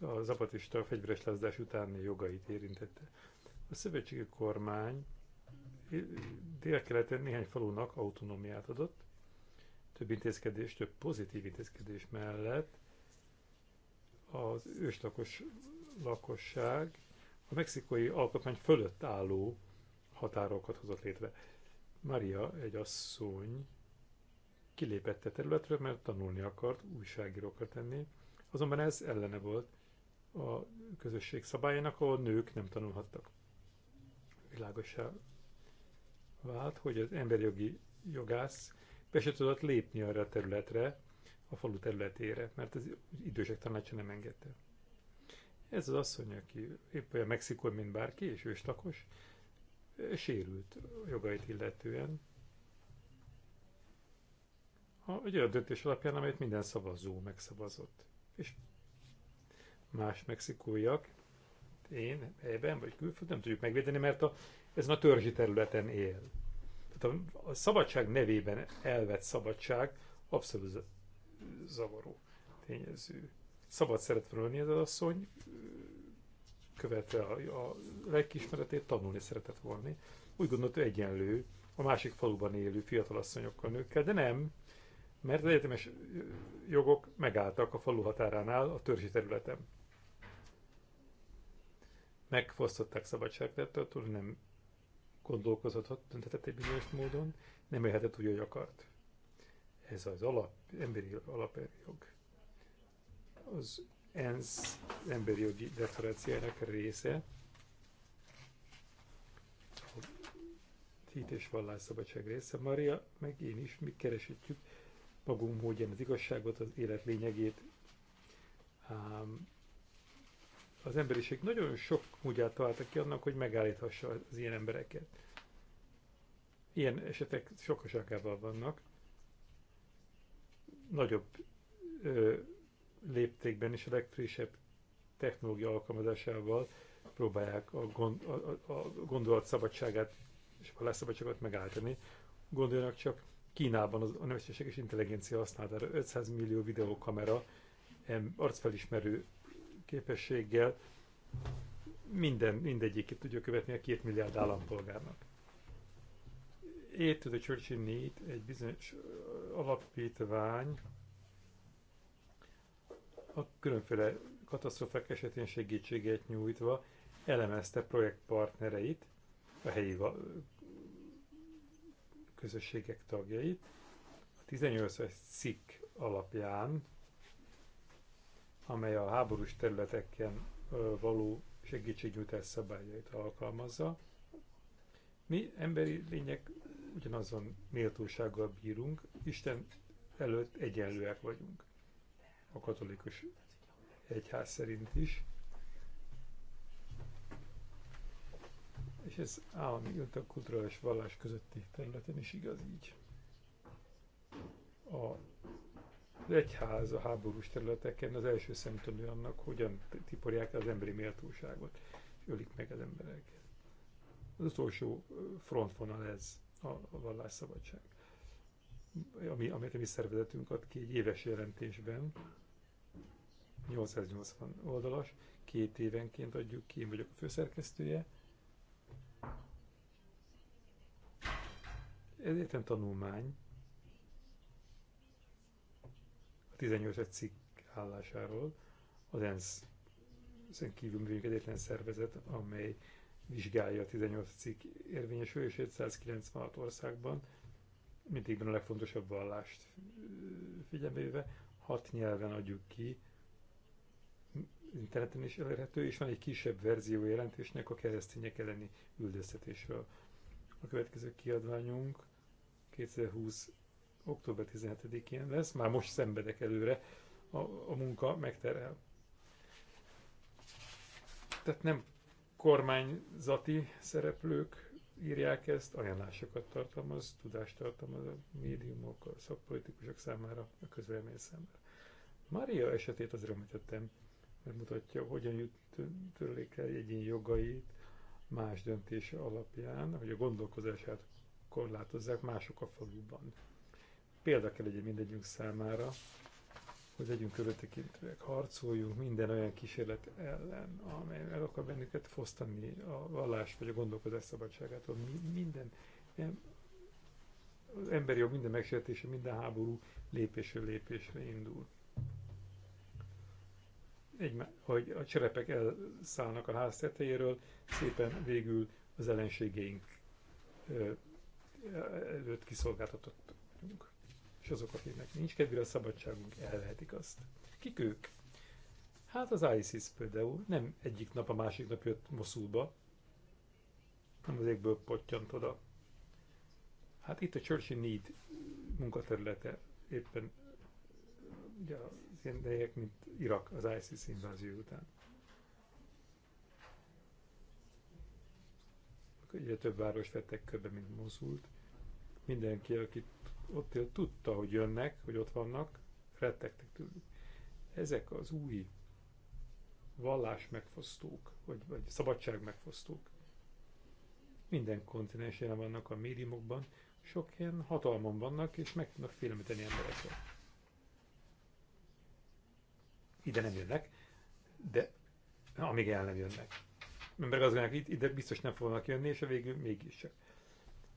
a zapatista fegyveres lázadás utáni jogait érintette. A szövetségi kormány délkeleten néhány falunak autonómiát adott, több intézkedés, több pozitív intézkedés mellett az őslakos lakosság a mexikói alkotmány fölött álló határokat hozott létre. Maria, egy asszony, kilépett a e területről, mert tanulni akart, újságírókat tenni, azonban ez ellene volt a közösség szabályának, ahol nők nem tanulhattak. Világosá vált, hogy az emberjogi jogász be se tudott lépni arra a területre, a falu területére, mert az idősek tanácsa nem engedte. Ez az asszony, aki épp olyan Mexikon, mint bárki, és őslakos, sérült jogait illetően. A, egy olyan döntés alapján, amelyet minden szavazó megszavazott. És más mexikóiak, én, ebben vagy külföldön nem tudjuk megvédeni, mert a, ezen a törzsi területen él. Tehát a, a szabadság nevében elvett szabadság abszolút zavaró tényező. Szabad szeretve ölni ez az asszony, követve a, a lelkiismeretét tanulni szeretett volna. Úgy gondolt, ő egyenlő a másik faluban élő fiatalasszonyokkal, nőkkel, de nem, mert az egyetemes jogok megálltak a falu határánál a törzsi területen. Megfosztották attól nem gondolkozhatott, döntetett egy bizonyos módon, nem élhetett úgy, hogy akart. Ez az alap, emberi alapjog az ENSZ emberi jogi deklarációjának része, a hit és vallásszabadság része. Maria, meg én is, mi keresítjük magunk módján az igazságot, az élet lényegét. Ám az emberiség nagyon sok módját találtak, ki annak, hogy megállíthassa az ilyen embereket. Ilyen esetek sokaságával vannak. Nagyobb ö, léptékben és a legfrissebb technológia alkalmazásával próbálják a, gond, a, a gondolat szabadságát és a leszabadságot megállítani. Gondoljanak csak Kínában az, a és intelligencia használatára 500 millió videókamera arcfelismerő képességgel minden, mindegyikét tudja követni a két milliárd állampolgárnak. Aid to the Church in Need, egy bizonyos alapítvány, a különféle katasztrofák esetén segítséget nyújtva elemezte projektpartnereit, a helyi közösségek tagjait. A 18-as cikk alapján, amely a háborús területeken való segítségnyújtás szabályait alkalmazza, mi emberi lények ugyanazon méltósággal bírunk, Isten előtt egyenlőek vagyunk a katolikus egyház szerint is. És ez állami a és vallás közötti területen is igaz így. A az egyház a háborús területeken az első szemtanú annak, hogyan tiporják az emberi méltóságot, és ölik meg az embereket. Az utolsó frontvonal ez a vallásszabadság ami, amit mi szervezetünk ad ki egy éves jelentésben, 880 oldalas, két évenként adjuk ki, én vagyok a főszerkesztője. Ez egyetlen tanulmány a 18 cikk állásáról. Az ENSZ szerint kívül vagyunk egyetlen szervezet, amely vizsgálja a 18 cikk érvényesülését 196 országban mindig a legfontosabb vallást figyelmébe, hat nyelven adjuk ki, interneten is elérhető, és van egy kisebb verzió jelentésnek a keresztények elleni üldöztetésről. A következő kiadványunk 2020. október 17-én lesz, már most szenvedek előre, a, a munka megterel. Tehát nem kormányzati szereplők írják ezt, ajánlásokat tartalmaz, tudást tartalmaz a médiumok, a szakpolitikusok számára, a közvélemény számára. Maria esetét az említettem, mert mutatja, hogyan jut törlék el egyén jogait más döntése alapján, hogy a gondolkozását korlátozzák mások a faluban. Példa kell legyen mindegyünk számára, hogy legyünk körültekintőek, harcoljunk minden olyan kísérlet ellen, amely el akar bennünket fosztani a vallás vagy a gondolkodás szabadságától. Mi, minden, nem, az emberi jog minden megsértése, minden háború lépésről lépésre indul. Egy, hogy a cserepek elszállnak a ház tetejéről, szépen végül az ellenségeink előtt kiszolgáltatottunk és azok, akiknek nincs kedvére a szabadságunk, elvehetik azt. Kik ők? Hát az ISIS például nem egyik nap a másik nap jött Moszulba, hanem az égből pottyant oda. Hát itt a Church in Need munkaterülete éppen ugye az ilyen helyek, mint Irak az ISIS invázió után. Ugye több város vettek körbe, mint Moszult. Mindenki, akit ott él, tudta, hogy jönnek, hogy ott vannak, rettegtek tőlük. Ezek az új vallás megfosztók, vagy, vagy szabadság megfosztók. Minden kontinens jelen vannak a médiumokban, sok ilyen hatalmon vannak, és meg tudnak félemíteni embereket. Ide nem jönnek, de amíg el nem jönnek. Emberek azt gondolják, ide biztos nem fognak jönni, és a végül mégiscsak.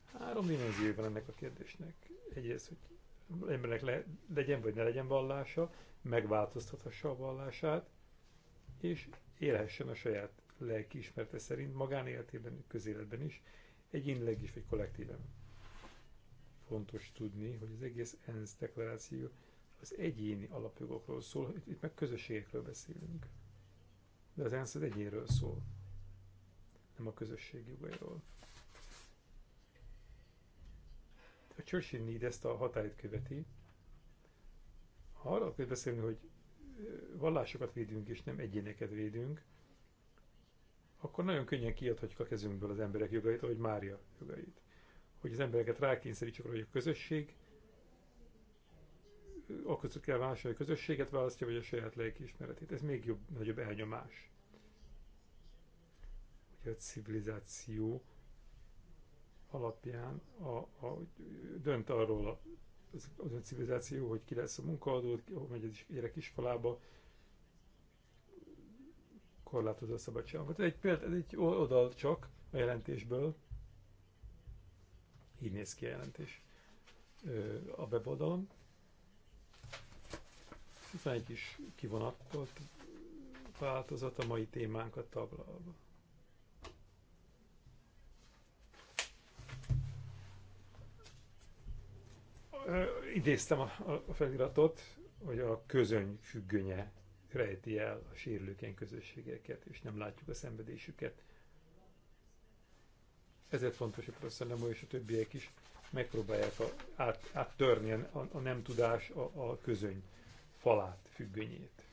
Három dimenzió van ennek a kérdésnek egyrészt, hogy embernek le, legyen vagy ne legyen vallása, megváltoztathassa a vallását, és élhessen a saját lelki ismerte szerint magánéletében, közéletben is, egyénileg is, vagy kollektíven. Fontos tudni, hogy az egész ENSZ deklaráció az egyéni alapjogokról szól, itt, itt meg közösségekről beszélünk. De az ENSZ az egyénről szól, nem a közösség jogairól. A Churchill Need ezt a hatályt követi. Ha arra kell beszélni, hogy vallásokat védünk és nem egyéneket védünk, akkor nagyon könnyen kiadhatjuk a kezünkből az emberek jogait, ahogy Mária jogait. Hogy az embereket rákényszerítsük arra, hogy a közösség, akkor kell válaszolni, hogy a közösséget választja, vagy a saját lelkiismeretét. Ez még jobb, nagyobb elnyomás. Ugye a civilizáció alapján a, a, dönt arról az, az civilizáció, hogy ki lesz a munkaadó, megy egy gyerek iskolába, korlátozza a szabadságot. Egy példa, ez egy oldal csak a jelentésből, így néz ki a jelentés a weboldalon. Itt van egy kis kivonatot változat a mai témánkat taglalva. idéztem a, a feliratot, hogy a közöny függönye rejti el a sérülőkén közösségeket, és nem látjuk a szenvedésüket. Ezért fontos, hogy Prosztanemo és a többiek is megpróbálják a, át, áttörni a, a nem tudás a, a közöny falát, függönyét.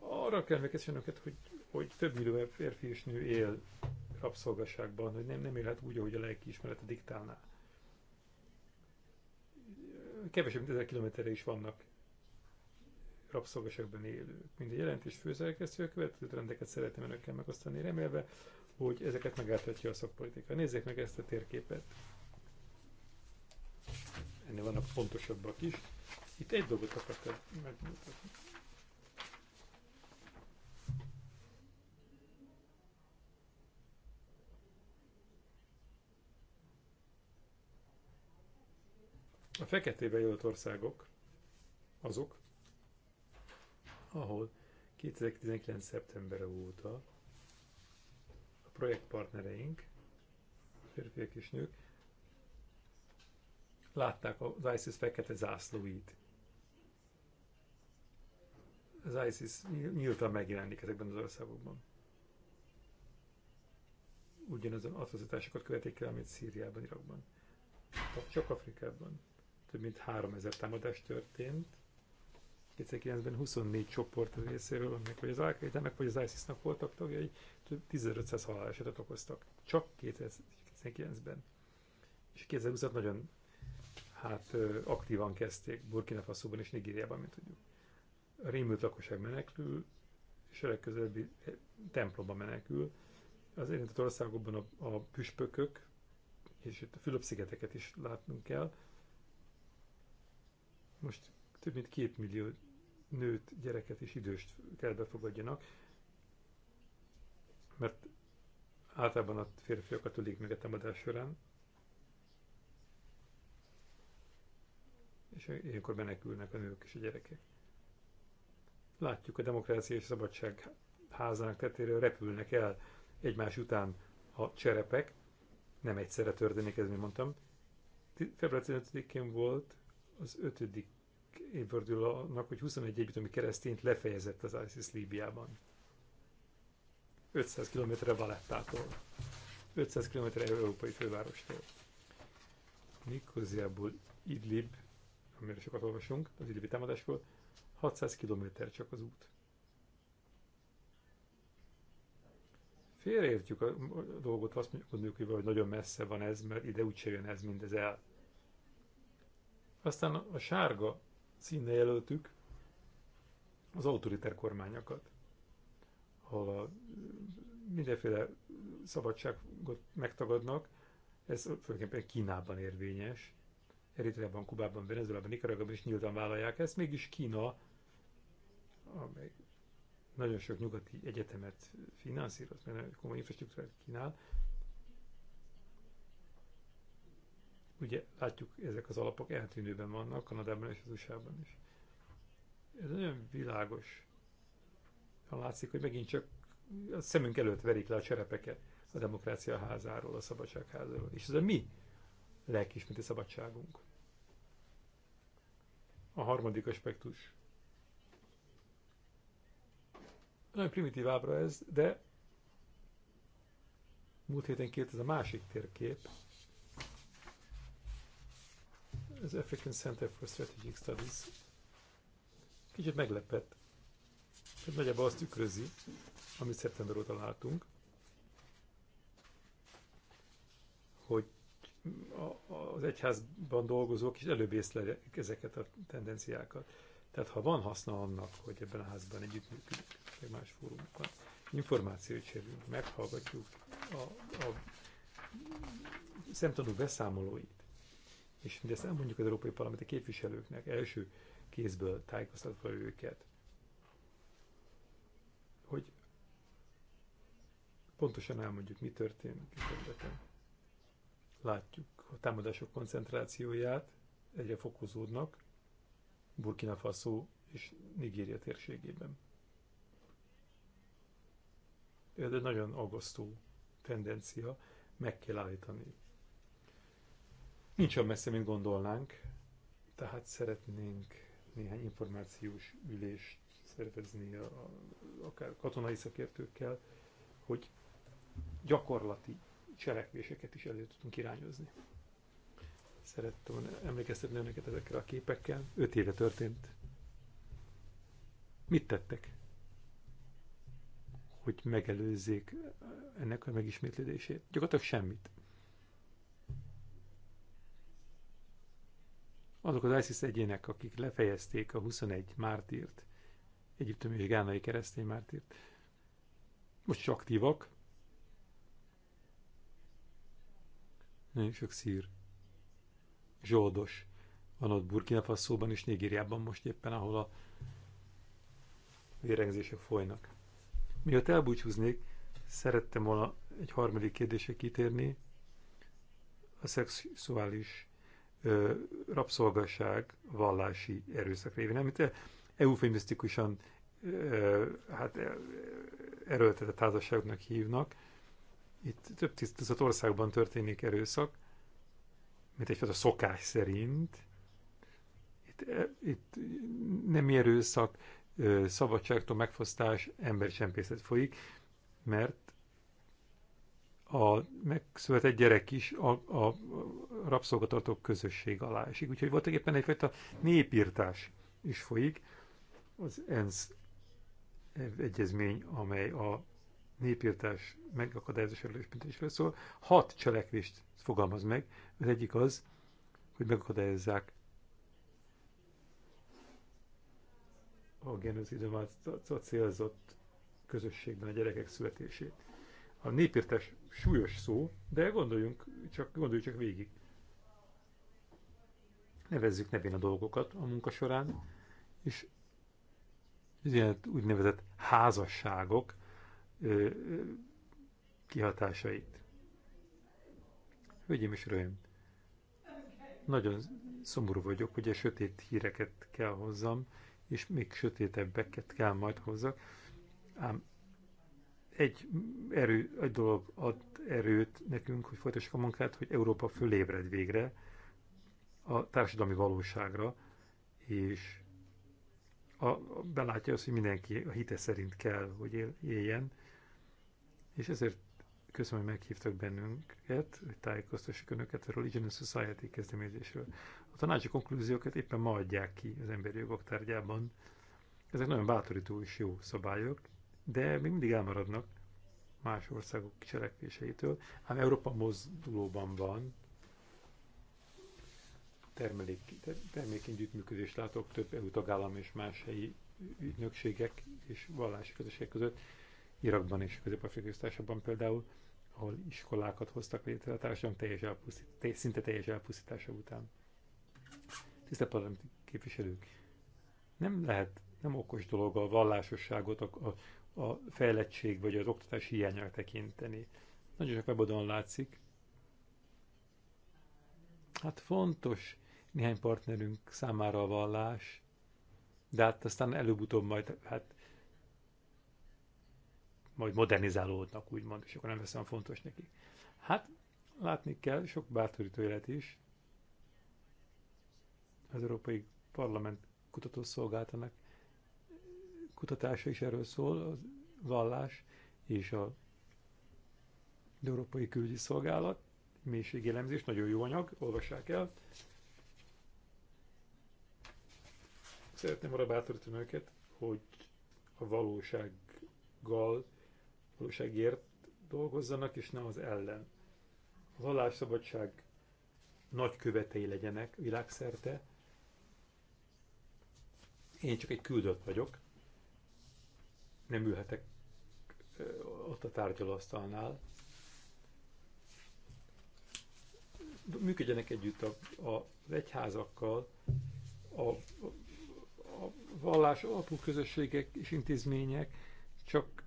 Arra kell megkezdeni őket, hogy, hogy több millió férfi és nő él rabszolgaságban, hogy nem, nem élhet úgy, ahogy a lelki ismerete diktálná kevesebb, mint ezer kilométerre is vannak rabszolgaságban élők. Mint a jelentős főszerkesztő, a következő rendeket szeretném önökkel megosztani, remélve, hogy ezeket megállhatja a szakpolitika. Nézzék meg ezt a térképet. Ennél vannak pontosabbak is. Itt egy dolgot akartam megmutatni. A feketébe jött országok azok, ahol 2019. szeptember óta a projektpartnereink, férfiak és nők, látták az ISIS fekete zászlóit. Az ISIS nyíltan megjelenik ezekben az országokban. Ugyanazon atrocitásokat követik el, amit Szíriában, Irakban, csak Afrikában több mint 3000 támadás történt. 2009-ben 24 csoport részéről, amik vagy az al vagy az ISIS-nak voltak tagjai, több 1500 halálesetet okoztak. Csak 2019-ben. És 2020 nagyon hát aktívan kezdték Burkina Faso-ban és Nigériában, mint tudjuk. A rémült lakosság menekül, és a legközelebbi eh, templomba menekül. Az érintett országokban a, a püspökök, és itt a Fülöp-szigeteket is látnunk kell, most több mint két millió nőt, gyereket és időst kell befogadjanak, mert általában a férfiakat ölik meg a temadás során, és ilyenkor menekülnek a nők és a gyerekek. Látjuk a demokrácia és szabadság házának tetéről repülnek el egymás után a cserepek, nem egyszerre történik ez, mint mondtam. Február 15-én volt az ötödik évfordulónak, hogy 21 egyiptomi keresztényt lefejezett az ISIS Líbiában. 500 km Valettától. 500 km európai fővárostól. Nikoziából Idlib, amire sokat olvasunk, az idlibi támadásról, 600 km csak az út. Félreértjük a dolgot, azt mondjuk, hogy nagyon messze van ez, mert ide úgy jön ez mindez el. Aztán a sárga színnel jelöltük az autoriter kormányokat, ahol a mindenféle szabadságot megtagadnak, ez főként Kínában érvényes, Eritreában, Kubában, Venezuelában, Nicaragában is nyíltan vállalják ezt, mégis Kína, amely nagyon sok nyugati egyetemet finanszíroz, mert nagyon komoly infrastruktúrát kínál, Ugye látjuk, ezek az alapok eltűnőben vannak, Kanadában és az USA-ban is. Ez nagyon világos. Ha látszik, hogy megint csak a szemünk előtt verik le a cserepeket a demokrácia házáról, a szabadság házáról. És ez a mi lelkismeti szabadságunk. A harmadik aspektus. Nagyon primitív ábra ez, de múlt héten kélt ez a másik térkép, az African Center for Strategic Studies kicsit meglepett, hogy nagyjából azt tükrözi, amit szeptember óta látunk, hogy az egyházban dolgozók is előbb észlelik ezeket a tendenciákat. Tehát ha van haszna annak, hogy ebben a házban együttműködünk, meg más fórumokban, információt cserélünk, meghallgatjuk a, a szemtanú beszámolóit, és ezt elmondjuk az Európai Parlamenti képviselőknek, első kézből tájékoztatva őket, hogy pontosan elmondjuk, mi történik a területen. Látjuk a támadások koncentrációját, egyre fokozódnak Burkina Faso és Nigéria térségében. Ez egy nagyon agasztó tendencia, meg kell állítani Nincs olyan messze, mint gondolnánk, tehát szeretnénk néhány információs ülést szervezni a, a, akár katonai szakértőkkel, hogy gyakorlati cselekvéseket is elő tudunk irányozni. Szerettem emlékeztetni önöket ezekre a képekkel. Öt éve történt. Mit tettek? Hogy megelőzzék ennek a megismétlődését? Gyakorlatilag semmit. Azok az ISIS egyének, akik lefejezték a 21 mártírt, egyiptomi és gánai keresztény mártírt, most is aktívak. Nagyon sok szír. Zsoldos. Van ott Burkina Faszóban és Nigériában most éppen, ahol a vérengzések folynak. Miatt elbúcsúznék, szerettem volna egy harmadik kérdésre kitérni, a szexuális rabszolgaság vallási erőszak révén, amit eufemisztikusan hát erőltetett házasságoknak hívnak. Itt több tisztizat országban történik erőszak, mint egyfajta szokás szerint. Itt, e, itt nem erőszak, szabadságtól megfosztás, embercsempészet folyik, mert a megszületett gyerek is a, a rabszolgatartók közösség alá esik. Úgyhogy volt éppen egyfajta népírtás is folyik. Az ENSZ egyezmény, amely a népírtás megakadályozás erősbítésről szól, hat cselekvést fogalmaz meg. Az egyik az, hogy megakadályozzák a genocidomát célzott közösségben a gyerekek születését. A népírtás súlyos szó, de gondoljunk csak, gondoljunk csak végig. Nevezzük nevén a dolgokat a munka során, és ilyen úgynevezett házasságok ö, ö, kihatásait. Hölgyeim és Uraim, nagyon szomorú vagyok, ugye sötét híreket kell hozzam, és még sötétebbeket kell majd hozzak, ám egy, erő, egy dolog ad erőt nekünk, hogy folytassuk a munkát, hogy Európa fölébred végre a társadalmi valóságra, és a, a belátja azt, hogy mindenki a hite szerint kell, hogy él, éljen, és ezért köszönöm, hogy meghívtak bennünket, hogy tájékoztassuk önöket erről a Religion Society kezdeményezésről. A tanácsi konklúziókat éppen ma adják ki az emberi jogok tárgyában. Ezek nagyon bátorító és jó szabályok, de még mindig elmaradnak más országok cselekvéseitől, ám Európa mozdulóban van, termelék, termékegyüttműködést látok több EU tagállam és más helyi ügynökségek és vallási közösségek között, Irakban és Közép-Afrikai például, ahol iskolákat hoztak létre a társadalom teljes elpusztítása, szinte teljes elpusztítása után. Tisztelt parlamenti képviselők, nem lehet, nem okos dolog a vallásosságot, a, a a fejlettség vagy az oktatás hiányára tekinteni. Nagyon sok webadon látszik. Hát fontos néhány partnerünk számára a vallás, de hát aztán előbb-utóbb majd, hát, majd modernizálódnak, úgymond, és akkor nem veszem fontos neki. Hát látni kell, sok bátorító élet is. Az Európai Parlament kutatószolgáltanak kutatása is erről szól, a vallás és a Európai Külügyi Szolgálat, mélységélemzés, nagyon jó anyag, olvassák el. Szeretném arra bátorítani őket, hogy a valósággal, valóságért dolgozzanak, és nem az ellen. A vallásszabadság nagy követei legyenek világszerte. Én csak egy küldött vagyok, nem ülhetek ott a tárgyalóasztalnál. Működjenek együtt a, a, az egyházakkal, a, a, a vallás alapú közösségek és intézmények, csak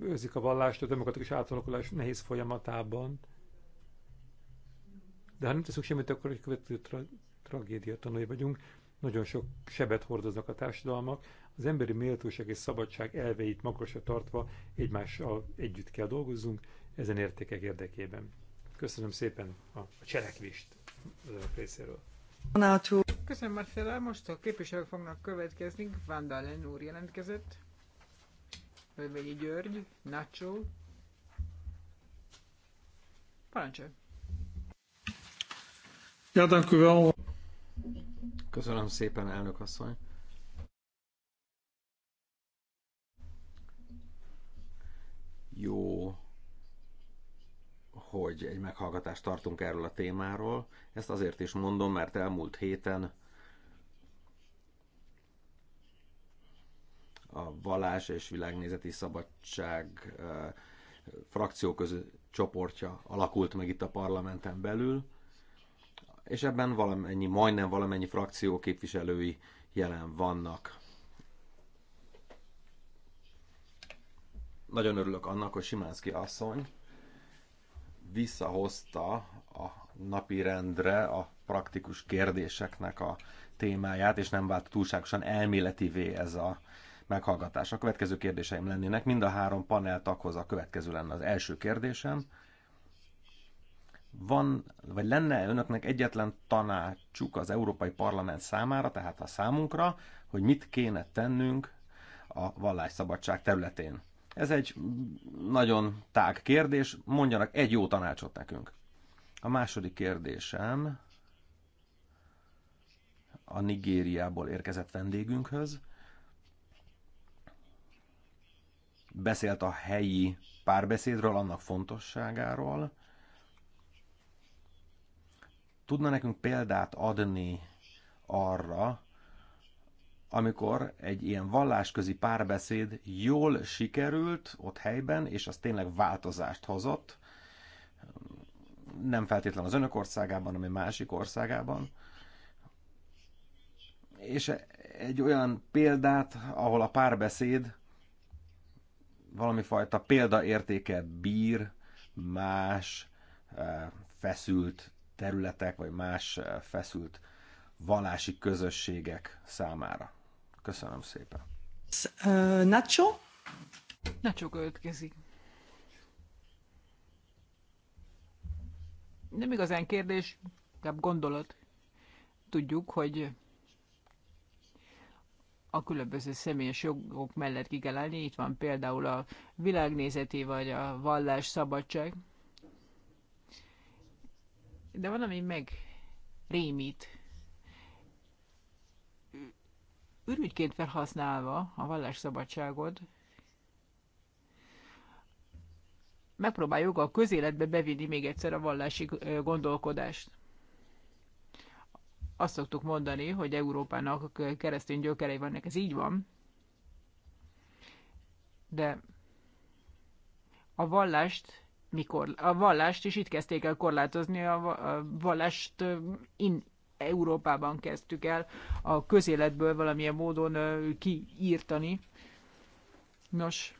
őrzik a vallást a demokratikus átalakulás nehéz folyamatában. De ha nem teszünk semmit, akkor egy következő tra- tragédia tanulja vagyunk. Nagyon sok sebet hordoznak a társadalmak, az emberi méltóság és szabadság elveit magasra tartva egymással együtt kell dolgozzunk ezen értékek érdekében. Köszönöm szépen a, a cselekvést az önök részéről. Köszönöm Marcella, most a képviselők fognak következni. Vandalen úr jelentkezett. Völvegyi György, Nacho. Parancsolj! Ja, Köszönöm szépen, elnök asszony. jó, hogy egy meghallgatást tartunk erről a témáról. Ezt azért is mondom, mert elmúlt héten a Valás és világnézeti szabadság frakció csoportja alakult meg itt a parlamenten belül, és ebben valamennyi, majdnem valamennyi frakció képviselői jelen vannak. Nagyon örülök annak, hogy Simánszki asszony visszahozta a napi rendre a praktikus kérdéseknek a témáját, és nem vált túlságosan elméletivé ez a meghallgatás. A következő kérdéseim lennének, mind a három panel taghoz a következő lenne az első kérdésem. Van, vagy lenne önöknek egyetlen tanácsuk az Európai Parlament számára, tehát a számunkra, hogy mit kéne tennünk a vallásszabadság területén? Ez egy nagyon tág kérdés, mondjanak egy jó tanácsot nekünk. A második kérdésem a Nigériából érkezett vendégünkhöz. Beszélt a helyi párbeszédről, annak fontosságáról. Tudna nekünk példát adni arra, amikor egy ilyen vallásközi párbeszéd jól sikerült ott helyben, és az tényleg változást hozott, nem feltétlen az önök országában, hanem másik országában. És egy olyan példát, ahol a párbeszéd valami fajta példaértéke bír más eh, feszült területek, vagy más eh, feszült vallási közösségek számára. Köszönöm szépen. Uh, Nacho? Nacho következik. Nem igazán kérdés, inkább gondolat. Tudjuk, hogy a különböző személyes jogok mellett ki kell állni. Itt van például a világnézeti vagy a vallás szabadság. De van, ami meg rémít ürügyként felhasználva a vallásszabadságot, megpróbáljuk a közéletbe bevinni még egyszer a vallási gondolkodást. Azt szoktuk mondani, hogy Európának keresztény gyökerei vannak, ez így van, de a vallást mikor? A vallást is itt kezdték el korlátozni, a vallást in, Európában kezdtük el a közéletből valamilyen módon kiírtani. Nos,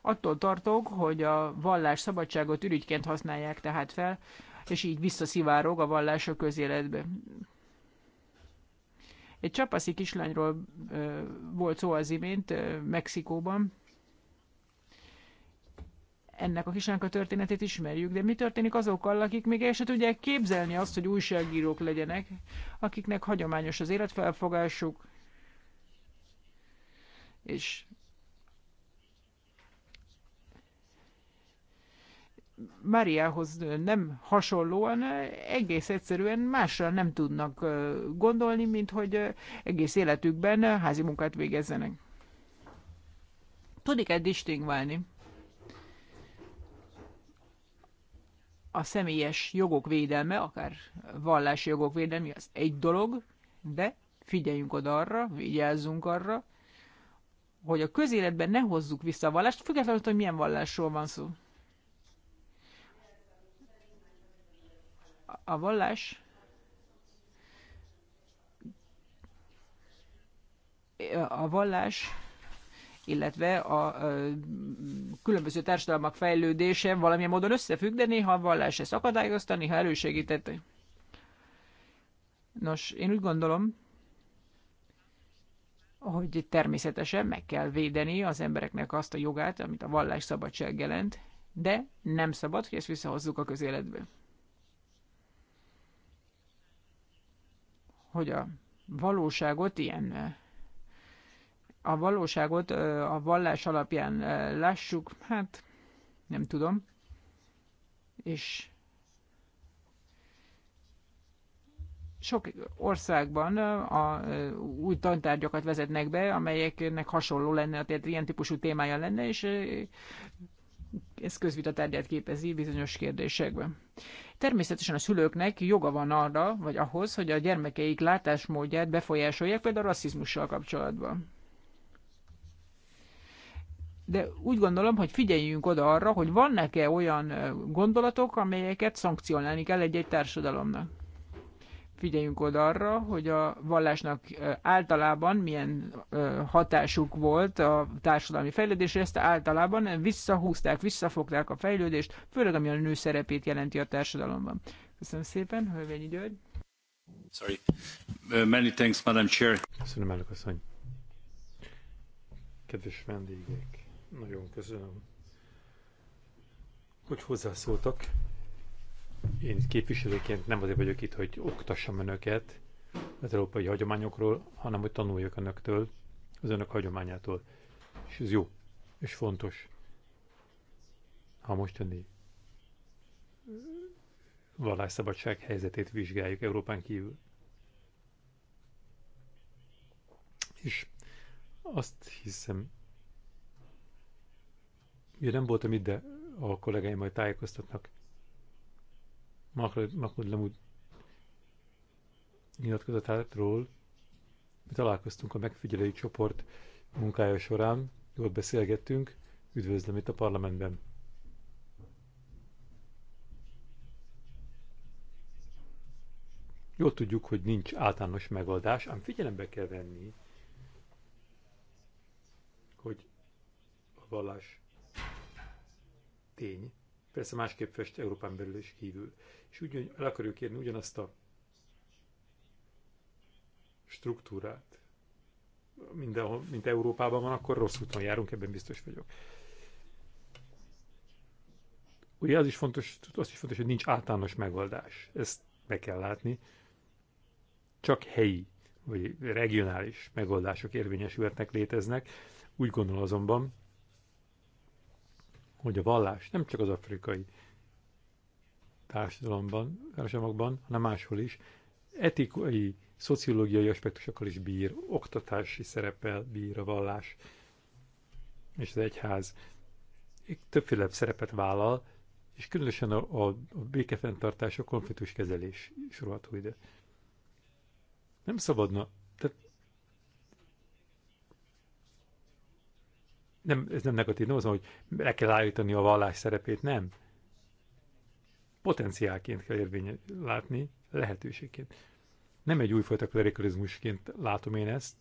attól tartok, hogy a vallás szabadságot ürügyként használják tehát fel, és így visszaszivárog a vallás a közéletbe. Egy csapaszi kislányról ö, volt szó az imént ö, Mexikóban, ennek a kislánynak a történetét ismerjük, de mi történik azokkal, akik még el se tudják képzelni azt, hogy újságírók legyenek, akiknek hagyományos az életfelfogásuk, és Máriához nem hasonlóan, egész egyszerűen másra nem tudnak gondolni, mint hogy egész életükben házi munkát végezzenek. Tudik-e distingválni a személyes jogok védelme, akár vallási jogok védelme, az egy dolog, de figyeljünk oda arra, vigyázzunk arra, hogy a közéletben ne hozzuk vissza a vallást, függetlenül, hogy milyen vallásról van szó. A vallás a vallás illetve a különböző társadalmak fejlődése valamilyen módon összefügg, de néha a vallás ezt akadályozta, néha elősegítette. Nos, én úgy gondolom, hogy természetesen meg kell védeni az embereknek azt a jogát, amit a vallás szabadság jelent, de nem szabad, hogy ezt visszahozzuk a közéletbe. Hogy a valóságot ilyen a valóságot a vallás alapján lássuk, hát nem tudom. És sok országban a, új tantárgyakat vezetnek be, amelyeknek hasonló lenne, tehát ilyen típusú témája lenne, és ez közvita tárgyát képezi bizonyos kérdésekben. Természetesen a szülőknek joga van arra, vagy ahhoz, hogy a gyermekeik látásmódját befolyásolják, például a rasszizmussal kapcsolatban de úgy gondolom, hogy figyeljünk oda arra, hogy vannak-e olyan gondolatok, amelyeket szankcionálni kell egy-egy társadalomnak. Figyeljünk oda arra, hogy a vallásnak általában milyen hatásuk volt a társadalmi fejlődésre, ezt általában visszahúzták, visszafogták a fejlődést, főleg ami a nő szerepét jelenti a társadalomban. Köszönöm szépen, Hölvényi György. Sorry. Uh, many thanks, Madam Chair. Köszönöm, elnök asszony. Kedves vendégek, nagyon köszönöm, hogy hozzászóltak. Én képviselőként nem azért vagyok itt, hogy oktassam önöket az európai hagyományokról, hanem hogy tanuljak önöktől, az önök hagyományától. És ez jó, és fontos. Ha mostani vallásszabadság helyzetét vizsgáljuk Európán kívül. És azt hiszem, Ugye nem voltam itt, de a kollégáim majd tájékoztatnak. Mahmoud Lemud nyilatkozatáról mi találkoztunk a megfigyelői csoport munkája során, jól beszélgettünk, üdvözlöm itt a parlamentben. Jól tudjuk, hogy nincs általános megoldás, ám figyelembe kell venni, hogy a vallás tény. Persze másképp fest Európán belül és kívül. És úgy el akarjuk érni ugyanazt a struktúrát. Mindenhol, mint Európában van, akkor rossz úton járunk, ebben biztos vagyok. Ugye az is fontos, az is fontos, hogy nincs általános megoldás. Ezt be kell látni. Csak helyi vagy regionális megoldások érvényesülhetnek, léteznek. Úgy gondolom azonban, hogy a vallás nem csak az afrikai társadalomban, társadalomban, hanem máshol is, etikai, szociológiai aspektusokkal is bír, oktatási szerepel bír a vallás és az egyház. Többféle szerepet vállal, és különösen a, a, a békefenntartás, a konfliktus kezelés sorolható ide. Nem szabadna nem, ez nem negatív, nem az, hogy le kell állítani a vallás szerepét, nem. Potenciálként kell érvény látni, lehetőségként. Nem egy újfajta klerikalizmusként látom én ezt,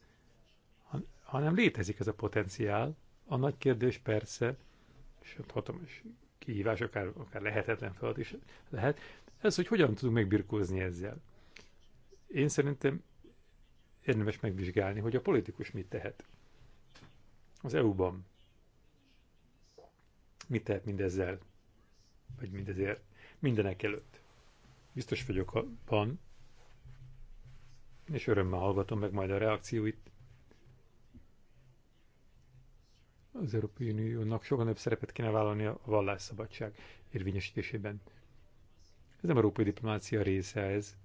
hanem létezik ez a potenciál. A nagy kérdés persze, és hatalmas kihívás, akár, akár lehetetlen feladat is lehet, ez, hogy hogyan tudunk megbirkózni ezzel. Én szerintem érdemes megvizsgálni, hogy a politikus mit tehet az EU-ban. Mit tehet mindezzel? Vagy mindezért? Mindenek előtt. Biztos vagyok abban, és örömmel hallgatom meg majd a reakcióit. Az Európai Uniónak sokkal nagyobb szerepet kéne vállalni a vallásszabadság érvényesítésében. Ez nem európai diplomácia része ez,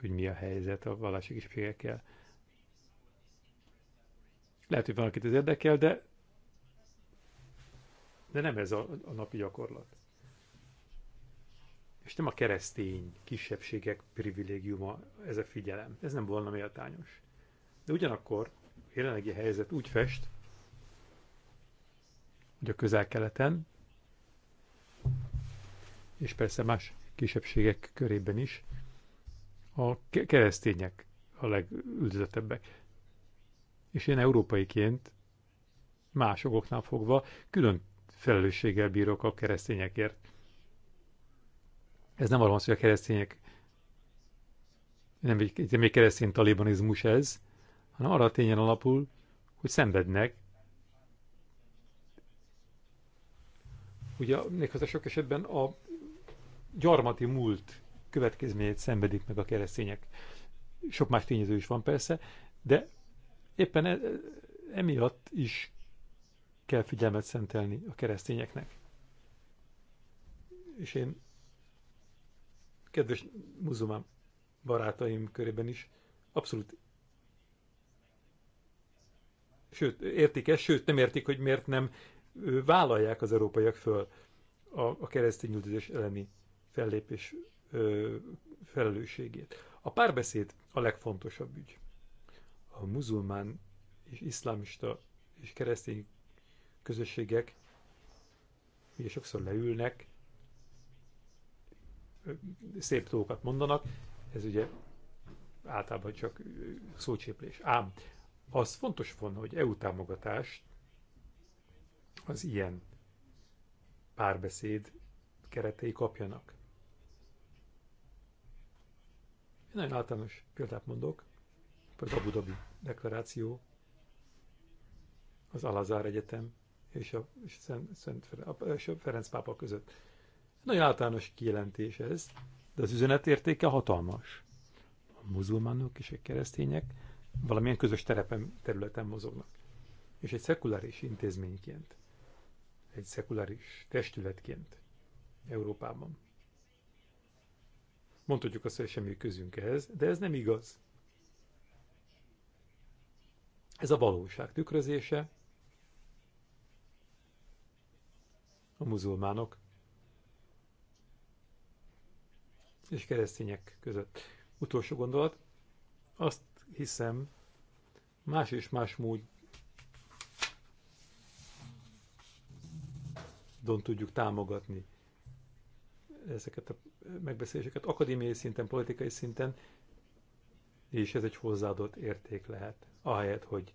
hogy mi a helyzet a vallási kisebbségekkel lehet, hogy valakit ez érdekel, de, de nem ez a, a napi gyakorlat. És nem a keresztény kisebbségek privilégiuma ez a figyelem. Ez nem volna méltányos. De ugyanakkor jelenlegi helyzet úgy fest, hogy a közel-keleten, és persze más kisebbségek körében is, a keresztények a legüldözettebbek és én európaiként másokoknál fogva külön felelősséggel bírok a keresztényekért. Ez nem arról hogy a keresztények nem egy, nem egy keresztény talibanizmus ez, hanem arra a tényen alapul, hogy szenvednek. Ugye méghozzá sok esetben a gyarmati múlt következményét szenvedik meg a keresztények. Sok más tényező is van persze, de Éppen e, emiatt is kell figyelmet szentelni a keresztényeknek. És én, kedves muzulmán barátaim körében is, abszolút sőt, értik ezt, sőt, nem értik, hogy miért nem vállalják az európaiak föl a, a keresztény üldözés elleni fellépés ö, felelősségét. A párbeszéd a legfontosabb ügy a muzulmán és iszlámista és keresztény közösségek ugye sokszor leülnek, szép dolgokat mondanak, ez ugye általában csak szócséplés. Ám az fontos volna, hogy EU támogatást az ilyen párbeszéd keretei kapjanak. Én nagyon általános példát mondok az Abu Dhabi deklaráció, az Alazár Egyetem és a, és Szent, Szent Ferenc, és a Ferenc pápa között. Nagyon általános kijelentés ez, de az üzenet értéke hatalmas. A muzulmánok és a keresztények valamilyen közös terepen, területen mozognak. És egy szekuláris intézményként, egy szekuláris testületként Európában. Mondhatjuk azt, hogy semmi közünk ehhez, de ez nem igaz. Ez a valóság tükrözése. A muzulmánok és keresztények között. Utolsó gondolat. Azt hiszem, más és más mód don tudjuk támogatni ezeket a megbeszéléseket akadémiai szinten, politikai szinten, és ez egy hozzáadott érték lehet, ahelyett, hogy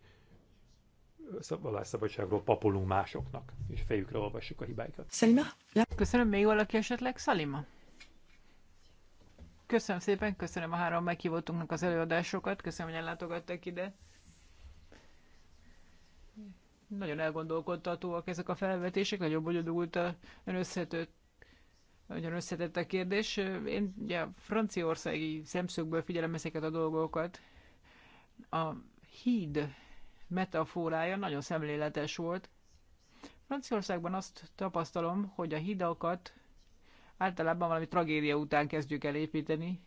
vallásszabadságról papolunk másoknak, és fejükre olvassuk a hibáikat. Szalima? Köszönöm, még valaki esetleg? Szalima? Köszönöm szépen, köszönöm a három meghívottunknak az előadásokat, köszönöm, hogy ellátogattak ide. Nagyon elgondolkodtatóak ezek a felvetések, nagyon bonyolult a összetett nagyon összetett a kérdés. Én ugye a franciaországi szemszögből figyelem ezeket a dolgokat. A híd metaforája nagyon szemléletes volt. Franciaországban azt tapasztalom, hogy a hidakat általában valami tragédia után kezdjük el építeni,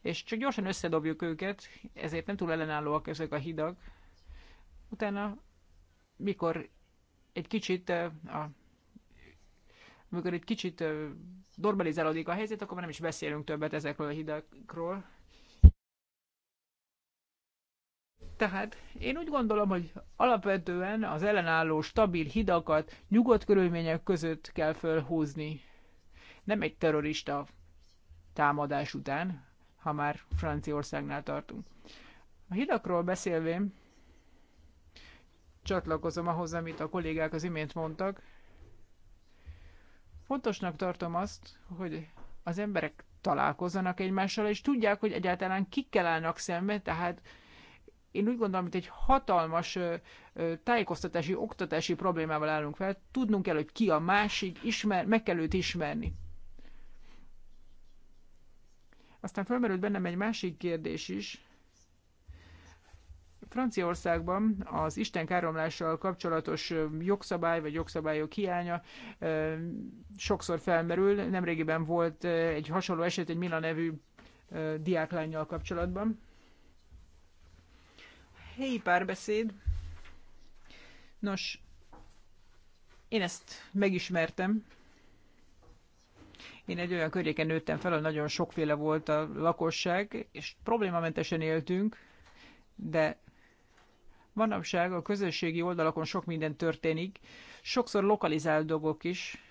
és csak gyorsan összedobjuk őket, ezért nem túl ellenállóak ezek a hidak. Utána, mikor egy kicsit eh, a amikor egy kicsit normalizálódik a helyzet, akkor már nem is beszélünk többet ezekről a hidakról. Tehát én úgy gondolom, hogy alapvetően az ellenálló, stabil hidakat nyugodt körülmények között kell fölhúzni. Nem egy terrorista támadás után, ha már Franciaországnál tartunk. A hidakról beszélvén csatlakozom ahhoz, amit a kollégák az imént mondtak, Fontosnak tartom azt, hogy az emberek találkozzanak egymással, és tudják, hogy egyáltalán kikkel állnak szembe, tehát én úgy gondolom, hogy egy hatalmas tájékoztatási, oktatási problémával állunk fel. Tudnunk kell, hogy ki a másik, ismer, meg kell őt ismerni. Aztán felmerült bennem egy másik kérdés is, Franciaországban az Isten káromlással kapcsolatos jogszabály vagy jogszabályok hiánya sokszor felmerül. Nemrégiben volt egy hasonló eset egy Mila nevű diáklányjal kapcsolatban. Helyi párbeszéd. Nos, én ezt megismertem. Én egy olyan környéken nőttem fel, hogy nagyon sokféle volt a lakosság, és problémamentesen éltünk, de Manapság a közösségi oldalakon sok minden történik, sokszor lokalizált dolgok is,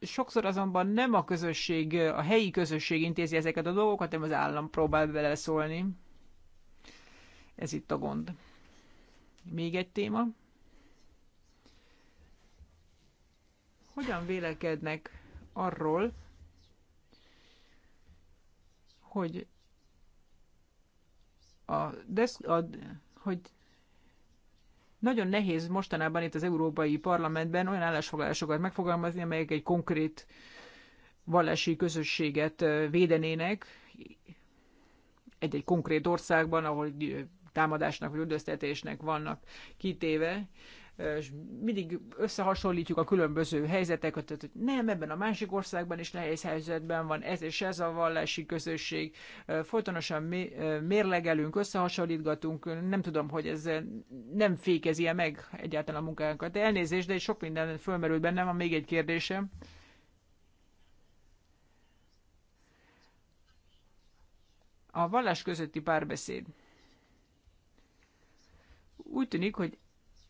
sokszor azonban nem a közösség, a helyi közösség intézi ezeket a dolgokat, hanem az állam próbál beleszólni. Ez itt a gond. Még egy téma. Hogyan vélekednek arról, hogy a, desz, a, hogy nagyon nehéz mostanában itt az Európai Parlamentben olyan állásfoglalásokat megfogalmazni, amelyek egy konkrét vallási közösséget védenének egy-egy konkrét országban, ahol támadásnak vagy üldöztetésnek vannak kitéve és mindig összehasonlítjuk a különböző helyzeteket, tehát nem ebben a másik országban is nehéz helyzetben van, ez és ez a vallási közösség, folytonosan mérlegelünk, összehasonlítgatunk, nem tudom, hogy ez nem fékezi -e meg egyáltalán a munkánkat. De elnézést, de sok minden fölmerült bennem, van még egy kérdésem. A vallás közötti párbeszéd. Úgy tűnik, hogy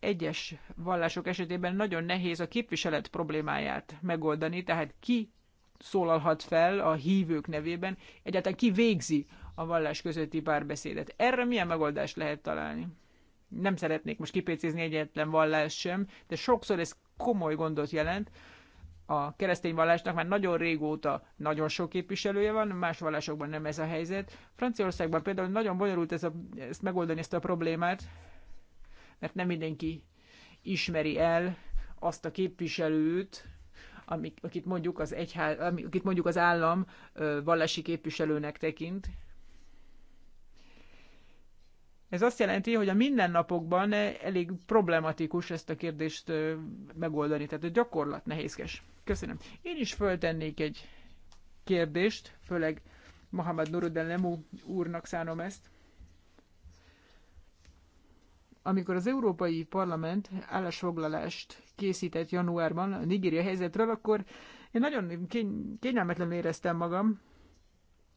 egyes vallások esetében nagyon nehéz a képviselet problémáját megoldani, tehát ki szólalhat fel a hívők nevében, egyáltalán ki végzi a vallás közötti párbeszédet. Erre milyen megoldást lehet találni? Nem szeretnék most kipécézni egyetlen vallás sem, de sokszor ez komoly gondot jelent. A keresztény vallásnak már nagyon régóta nagyon sok képviselője van, más vallásokban nem ez a helyzet. Franciaországban például nagyon bonyolult ez a, ezt megoldani ezt a problémát, mert nem mindenki ismeri el azt a képviselőt, amik, akit, mondjuk az egyház, akit mondjuk az állam vallási képviselőnek tekint. Ez azt jelenti, hogy a mindennapokban elég problematikus ezt a kérdést megoldani, tehát a gyakorlat nehézkes. Köszönöm. Én is föltennék egy kérdést, főleg Mohamed Nuruddin Lemu úrnak szánom ezt amikor az Európai Parlament állásfoglalást készített januárban a Nigéria helyzetről, akkor én nagyon kény- kényelmetlenül éreztem magam,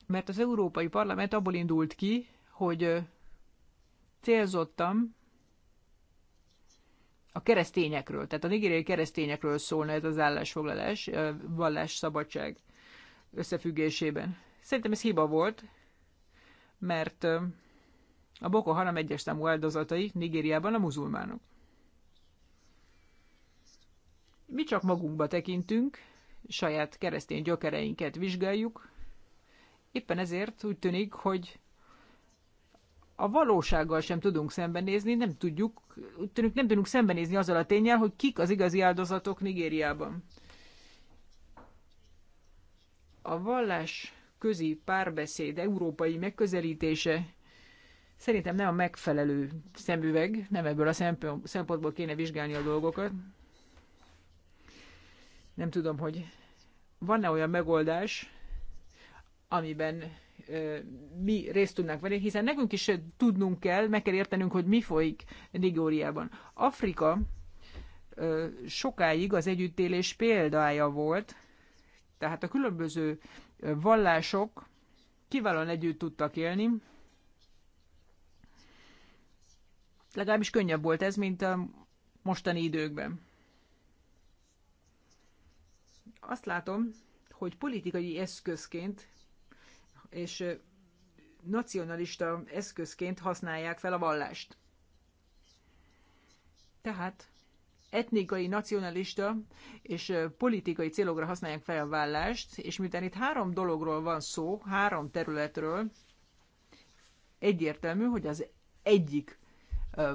mert az Európai Parlament abból indult ki, hogy célzottam a keresztényekről, tehát a nigériai keresztényekről szólna ez az állásfoglalás, vallás szabadság összefüggésében. Szerintem ez hiba volt, mert a Boko Haram egyes számú áldozatai Nigériában a muzulmánok. Mi csak magunkba tekintünk, saját keresztény gyökereinket vizsgáljuk, éppen ezért úgy tűnik, hogy a valósággal sem tudunk szembenézni, nem tudjuk, úgy tűnik, nem tudunk szembenézni azzal a tényel, hogy kik az igazi áldozatok Nigériában. A vallás közi párbeszéd európai megközelítése Szerintem nem a megfelelő szemüveg, nem ebből a szempontból kéne vizsgálni a dolgokat. Nem tudom, hogy van-e olyan megoldás, amiben mi részt tudnánk venni, hiszen nekünk is tudnunk kell, meg kell értenünk, hogy mi folyik Nigóriában. Afrika sokáig az együttélés példája volt, tehát a különböző vallások kiválóan együtt tudtak élni, legalábbis könnyebb volt ez, mint a mostani időkben. Azt látom, hogy politikai eszközként és nacionalista eszközként használják fel a vallást. Tehát etnikai, nacionalista és politikai célokra használják fel a vállást, és miután itt három dologról van szó, három területről, egyértelmű, hogy az egyik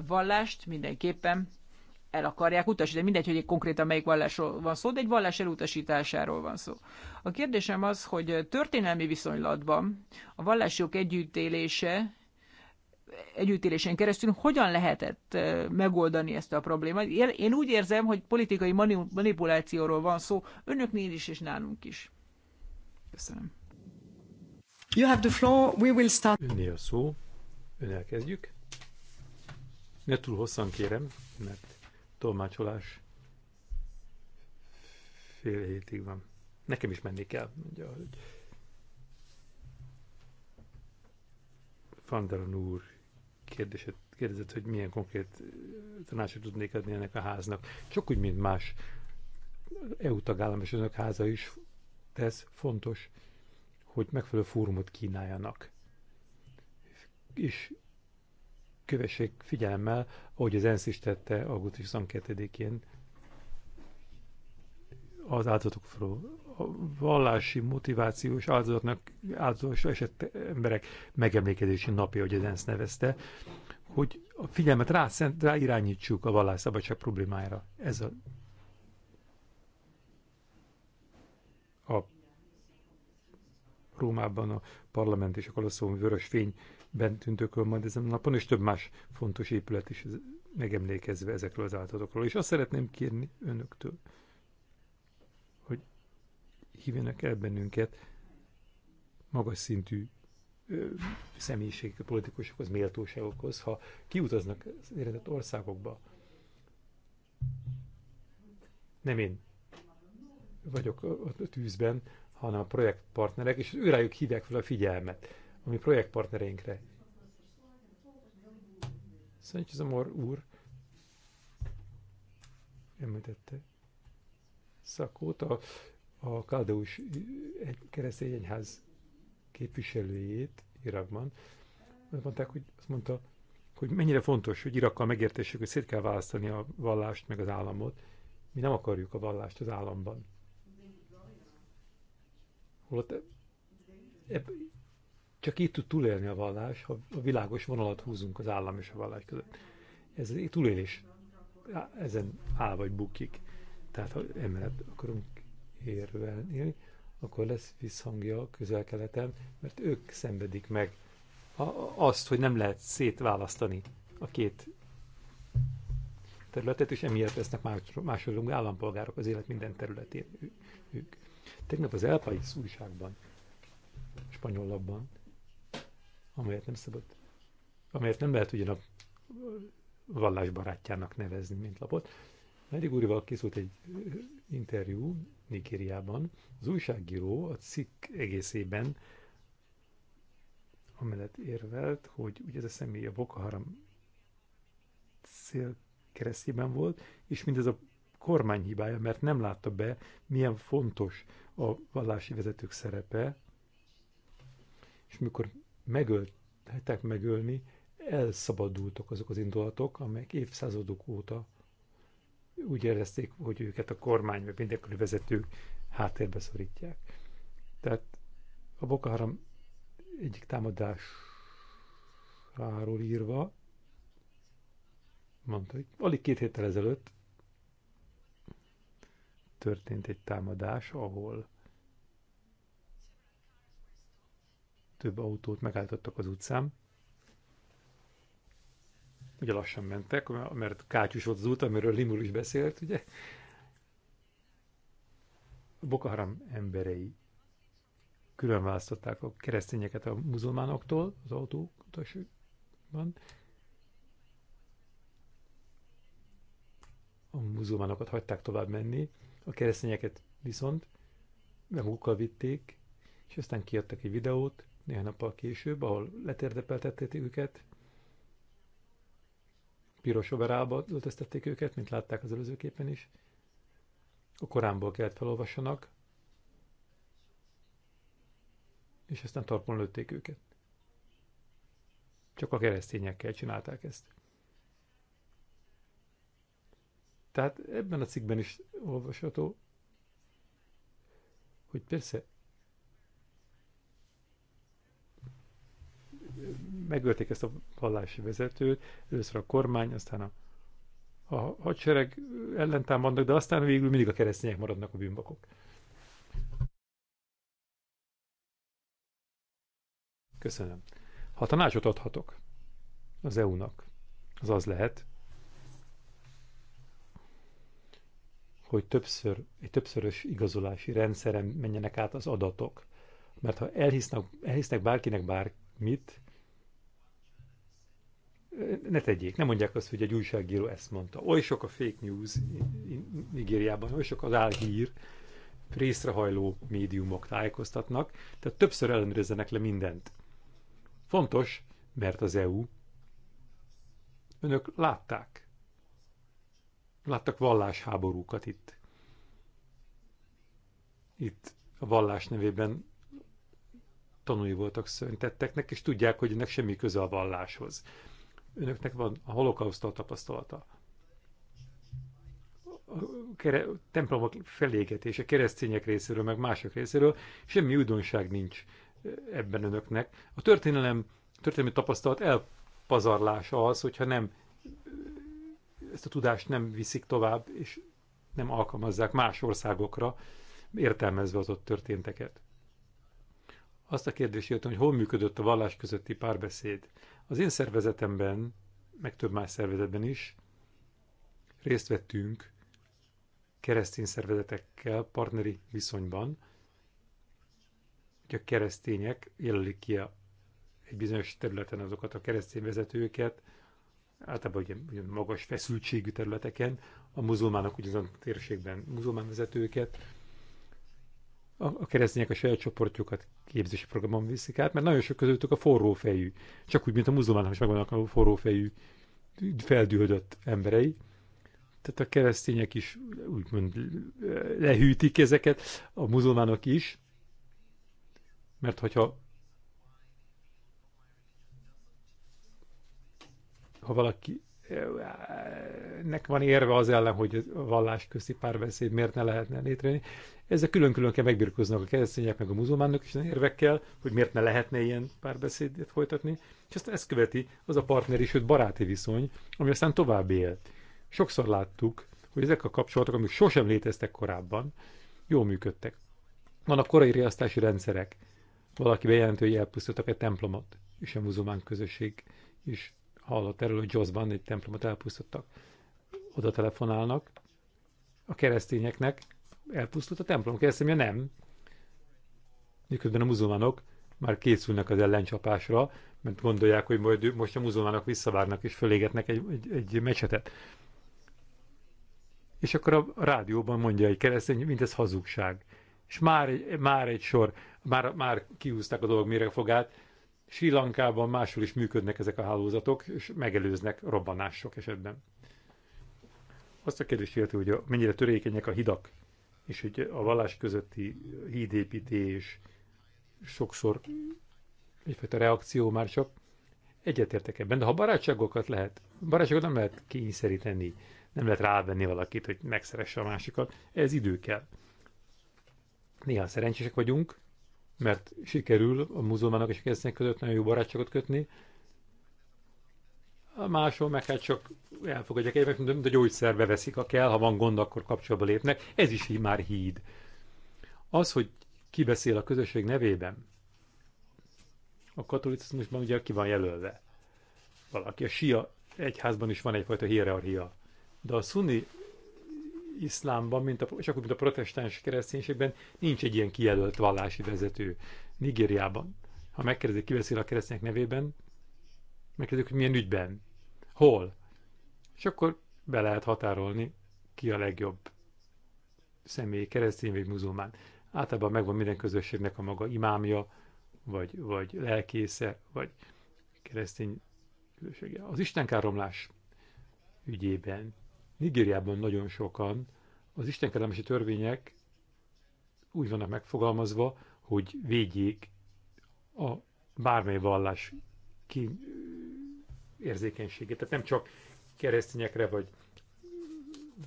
vallást mindenképpen el akarják utasítani. Mindegy, hogy egy konkrétan melyik vallásról van szó, de egy vallás elutasításáról van szó. A kérdésem az, hogy történelmi viszonylatban a vallások együttélése együttélésen keresztül hogyan lehetett megoldani ezt a problémát. Én úgy érzem, hogy politikai manipulációról van szó önöknél is és nálunk is. Köszönöm. You have the floor, we will start. Önnél a szó, ön elkezdjük. Ne túl hosszan kérem, mert tolmácsolás fél hétig van. Nekem is menni kell, mondja, hogy Fandalan úr kérdését, kérdezett, hogy milyen konkrét tanácsot tudnék adni ennek a háznak. Csak úgy, mint más EU tagállam és önök háza is tesz, fontos, hogy megfelelő fórumot kínáljanak. És kövessék figyelemmel, ahogy az ENSZ is tette augusztus 22-én az áldozatokról. A vallási motivációs áldozatnak áldozatosra esett emberek megemlékezési napja, hogy az ENSZ nevezte, hogy a figyelmet rá, szent rá irányítsuk a vallásszabadság problémájára. Ez a, a Rómában a parlament és a Kolosseum vörös fény bentüntőkről majd ezen a napon, és több más fontos épület is megemlékezve ezekről az állatokról. És azt szeretném kérni önöktől, hogy hívjanak el bennünket magas szintű személyiség, politikusokhoz, méltóságokhoz, ha kiutaznak az érintett országokba. Nem én vagyok a tűzben, hanem a projektpartnerek, és őrájuk hívják fel a figyelmet a mi projektpartnereinkre. Szent Zamor úr említette szakóta a, kádeus Kaldeus egy keresztény egyház képviselőjét Irakban. Azt, mondták, hogy, azt mondta, hogy mennyire fontos, hogy Irakkal megértessük, hogy szét kell választani a vallást meg az államot. Mi nem akarjuk a vallást az államban. Holott e- e- csak itt tud túlélni a vallás, ha a világos vonalat húzunk az állam és a vallás között. Ez egy túlélés. Ezen áll vagy bukik. Tehát ha emellett akarunk érvelni, akkor lesz visszhangja a közel-keleten, mert ők szenvedik meg azt, hogy nem lehet szétválasztani a két területet, és emiatt lesznek második állampolgárok az élet minden területén ők. Tegnap az El País újságban, spanyol labban amelyet nem szabad, amelyet nem lehet ugyan a vallásbarátjának nevezni, mint lapot. Meri úrival készült egy interjú Nigériában. Az újságíró a cikk egészében amellett érvelt, hogy ugye ez a személy a Boko Haram keresztében volt, és mindez a kormány hibája, mert nem látta be, milyen fontos a vallási vezetők szerepe, és mikor megöltek megölni, elszabadultak azok az indulatok, amelyek évszázadok óta úgy érezték, hogy őket a kormány, vagy mindenkori vezetők háttérbe szorítják. Tehát a Boko Haram egyik támadásáról írva mondta, hogy alig két héttel ezelőtt történt egy támadás, ahol több autót megálltottak az utcán. Ugye lassan mentek, mert kátyus volt az út, amiről Limul is beszélt, ugye. A Boko Haram emberei külön választották a keresztényeket a muzulmánoktól az autók utasokban. A muzulmánokat hagyták tovább menni, a keresztényeket viszont magukkal vitték, és aztán kiadtak egy videót, néhány nappal később, ahol letérdepeltették őket, piros overába öltöztették őket, mint látták az előző képen is. A Koránból kellett felolvassanak, és aztán tarpon lőtték őket. Csak a keresztényekkel csinálták ezt. Tehát ebben a cikkben is olvasható, hogy persze megölték ezt a vallási vezetőt, először a kormány, aztán a, a hadsereg ellentámadnak, de aztán végül mindig a keresztények maradnak a bűnbakok. Köszönöm. Ha tanácsot adhatok az EU-nak, az az lehet, hogy többször, egy többszörös igazolási rendszeren menjenek át az adatok. Mert ha elhisznek, elhisznek bárkinek bármit, ne tegyék, nem mondják azt, hogy egy újságíró ezt mondta. Oly sok a fake news Nigériában, oly sok az álhír, részrehajló médiumok tájékoztatnak, tehát többször ellenőrizzenek le mindent. Fontos, mert az EU önök látták. Láttak vallásháborúkat itt. Itt a vallás nevében tanulni voltak szöntetteknek, és tudják, hogy ennek semmi köze a valláshoz önöknek van a holokausztal tapasztalata. A kere, templomok felégetése keresztények részéről, meg mások részéről semmi újdonság nincs ebben önöknek. A történelem, történelmi tapasztalat elpazarlása az, hogyha nem ezt a tudást nem viszik tovább, és nem alkalmazzák más országokra, értelmezve az ott történteket. Azt a kérdést jöttem, hogy hol működött a vallás közötti párbeszéd az én szervezetemben, meg több más szervezetben is részt vettünk keresztény szervezetekkel partneri viszonyban, hogy a keresztények jelölik ki a, egy bizonyos területen azokat a keresztény vezetőket, általában ugye, ugye magas feszültségű területeken, a muzulmánok ugyanazon térségben muzulmán vezetőket, a keresztények a saját csoportjukat képzési programon viszik át, mert nagyon sok közöttük a fejű, csak úgy, mint a muzulmánok is megvannak a fejű, feldühödött emberei. Tehát a keresztények is úgymond lehűtik ezeket, a muzulmánok is, mert hogyha ha valaki nek van érve az ellen, hogy a vallás közti párbeszéd miért ne lehetne létrejönni. Ezzel külön-külön kell megbirkóznak a keresztények meg a muzulmánok is érvekkel, hogy miért ne lehetne ilyen párbeszédet folytatni. És ezt, ezt követi az a partner is, sőt baráti viszony, ami aztán tovább él. Sokszor láttuk, hogy ezek a kapcsolatok, amik sosem léteztek korábban, jól működtek. Vannak korai riasztási rendszerek. Valaki bejelentő, hogy elpusztultak egy templomot, és a muzulmán közösség is hallott erről, hogy Joszban egy templomot elpusztottak. Oda telefonálnak a keresztényeknek, elpusztult a templom, hogy nem. Miközben a muzulmánok már készülnek az ellencsapásra, mert gondolják, hogy majd most a muzulmánok visszavárnak és fölégetnek egy, egy, egy mecsetet. És akkor a rádióban mondja egy keresztény, mint ez hazugság. És már, már egy sor, már, már kiúzták a dolog mire fogát, Sri Lankában máshol is működnek ezek a hálózatok, és megelőznek robbanások esetben. Azt a kérdést illeti, hogy mennyire törékenyek a hidak, és hogy a vallás közötti hídépítés sokszor egyfajta reakció már csak egyetértek ebben, de ha barátságokat lehet, barátságot nem lehet kényszeríteni, nem lehet rávenni valakit, hogy megszeresse a másikat, ez idő kell. Néha szerencsések vagyunk, mert sikerül a muzulmánok és a keresztények között nagyon jó barátságot kötni. A máshol meg hát csak elfogadják egymást, mint a gyógyszerbe veszik, ha kell, ha van gond, akkor kapcsolatba lépnek. Ez is így már híd. Az, hogy ki beszél a közösség nevében, a katolicizmusban ugye ki van jelölve. Valaki a sia egyházban is van egyfajta hierarchia. De a szunni iszlámban, mint a, és akkor, mint a protestáns kereszténységben nincs egy ilyen kijelölt vallási vezető. Nigériában, ha megkérdezik, ki beszél a keresztények nevében, megkérdezik, hogy milyen ügyben, hol, és akkor be lehet határolni, ki a legjobb személy, keresztény vagy muzulmán. Általában megvan minden közösségnek a maga imámja, vagy, vagy lelkésze, vagy keresztény közössége. Az istenkáromlás ügyében Nigériában nagyon sokan az istenkedelmesi törvények úgy vannak megfogalmazva, hogy védjék a bármely vallás ki érzékenységét. Tehát nem csak keresztényekre vagy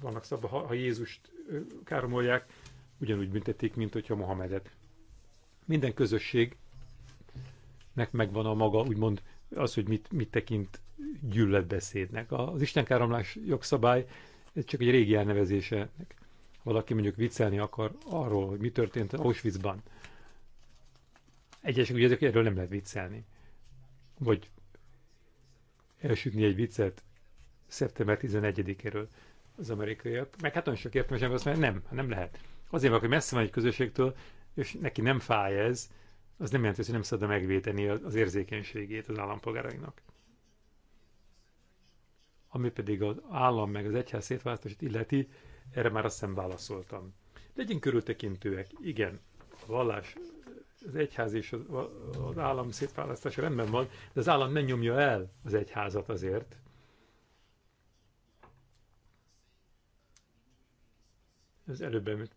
vannak szabva, ha, ha Jézust káromolják, ugyanúgy büntetik, mint hogyha Mohamedet. Minden közösségnek megvan a maga, úgymond az, hogy mit, mit tekint gyűlöletbeszédnek. Az Istenkáromlás jogszabály ez csak egy régi elnevezése. Valaki mondjuk viccelni akar arról, hogy mi történt Auschwitzban. Egyesek ugye ezek, erről nem lehet viccelni. Vagy elsütni egy viccet szeptember 11-éről az amerikaiak. Meg hát olyan sok nem, azt mondja, nem, nem lehet. Azért, mert hogy messze van egy közösségtől, és neki nem fáj ez, az nem jelenti, hogy nem szabad megvéteni az érzékenységét az állampolgárainak. Ami pedig az állam meg az egyház szétválasztását illeti, erre már azt hiszem válaszoltam. Legyünk körültekintőek. Igen, a vallás, az egyház és az, az állam szétválasztása rendben van, de az állam nem nyomja el az egyházat azért. Ez előbb,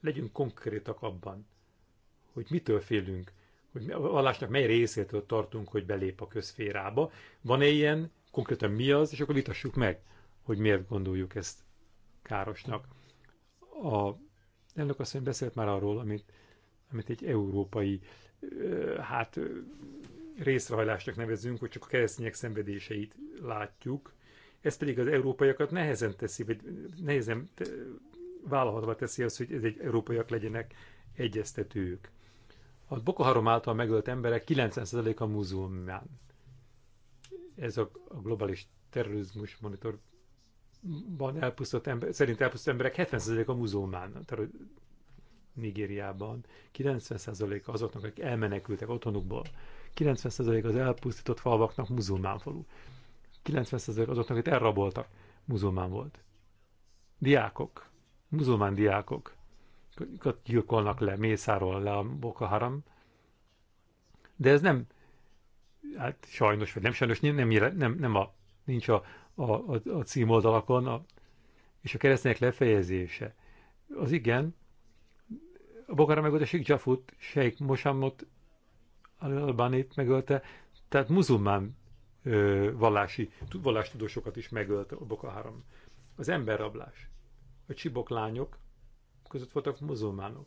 legyünk konkrétak abban, hogy mitől félünk, hogy a vallásnak mely részétől tartunk, hogy belép a közférába. Van-e ilyen konkrétan mi az, és akkor vitassuk meg, hogy miért gondoljuk ezt károsnak. A elnök asszony beszélt már arról, amit, amit egy európai hát részrehajlásnak nevezünk, hogy csak a keresztények szenvedéseit látjuk, ez pedig az európaiakat nehezen teszi, vagy nehezen vállalhatva teszi azt, hogy ez egy európaiak legyenek egyeztetők. A Boko Haram által megölt emberek 90%-a muzulmán ez a, a globális terrorizmus monitorban elpusztott ember, szerint elpusztott emberek 70%-a muzulmán tehát Nigériában, 90%-a azoknak, akik elmenekültek otthonukból, 90% az elpusztított falvaknak muzulmán falu, 90% azoknak, akik elraboltak, muzulmán volt. Diákok, muzulmán diákok, gyilkolnak le, mészárol le a Boko Haram, de ez nem hát sajnos, vagy nem sajnos, nem, nem, nem a, nincs a, a, a, a címoldalakon, a, és a keresztények lefejezése. Az igen, a Bokara megölte Sheikh Jafut, Sheikh Mosamot, Al-Banit megölte, tehát muzulmán ö, vallási, vallástudósokat is megölte a Boko Haram. Az emberrablás. A csibok lányok között voltak muzulmánok.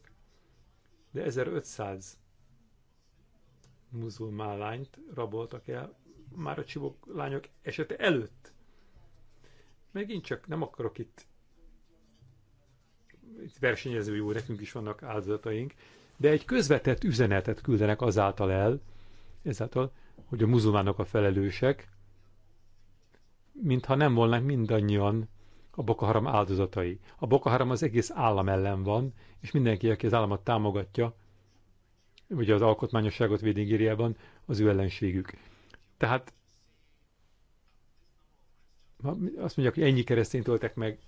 De 1500 muzulmán lányt raboltak el, már a csibok lányok esete előtt. Megint csak nem akarok itt, itt versenyező jó, nekünk is vannak áldozataink, de egy közvetett üzenetet küldenek azáltal el, ezáltal, hogy a muzulmánok a felelősek, mintha nem volnánk mindannyian a Boko Haram áldozatai. A Boko Haram az egész állam ellen van, és mindenki, aki az államot támogatja, vagy az alkotmányosságot Védingériában az ő ellenségük. Tehát ha azt mondják, hogy ennyi keresztényt öltek meg,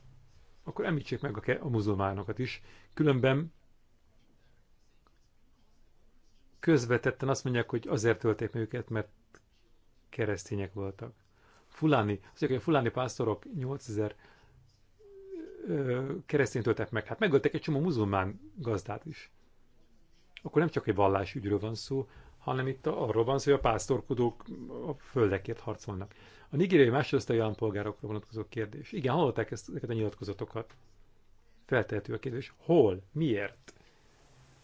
akkor említsék meg a, a muzulmánokat is. Különben közvetetten azt mondják, hogy azért ölték meg őket, mert keresztények voltak. azt mondják, hogy a fulani pásztorok 8000 keresztényt öltek meg. Hát megöltek egy csomó muzulmán gazdát is akkor nem csak egy vallásügyről van szó, hanem itt arról van szó, hogy a pásztorkodók a földekért harcolnak. A nigériai másodosztályú állampolgárokra vonatkozó kérdés. Igen, hallották ezt, ezeket a nyilatkozatokat. Feltehető a kérdés, hol, miért?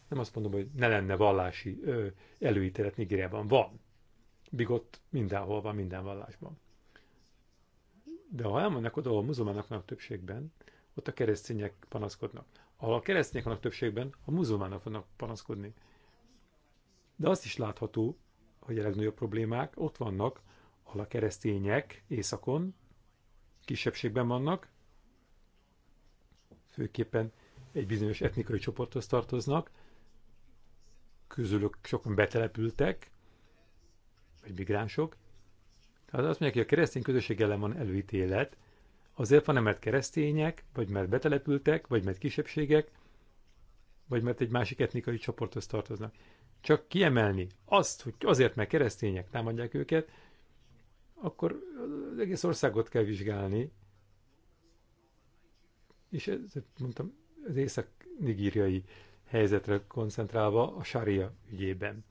Nem azt mondom, hogy ne lenne vallási ö, előítélet Nigériában. Van. Bigott mindenhol van, minden vallásban. De ha elmennek oda, ahol muzulmánok a többségben, ott a keresztények panaszkodnak ahol a keresztények vannak többségben, a muzulmánok vannak panaszkodni. De azt is látható, hogy a legnagyobb problémák ott vannak, ahol a keresztények északon kisebbségben vannak, főképpen egy bizonyos etnikai csoporthoz tartoznak, közülök sokan betelepültek, vagy migránsok. Tehát azt mondják, hogy a keresztény közösség ellen van előítélet, Azért van, mert keresztények, vagy mert betelepültek, vagy mert kisebbségek, vagy mert egy másik etnikai csoporthoz tartoznak. Csak kiemelni azt, hogy azért, mert keresztények támadják őket, akkor az egész országot kell vizsgálni. És ez, mondtam, az észak nigíriai helyzetre koncentrálva a sária ügyében.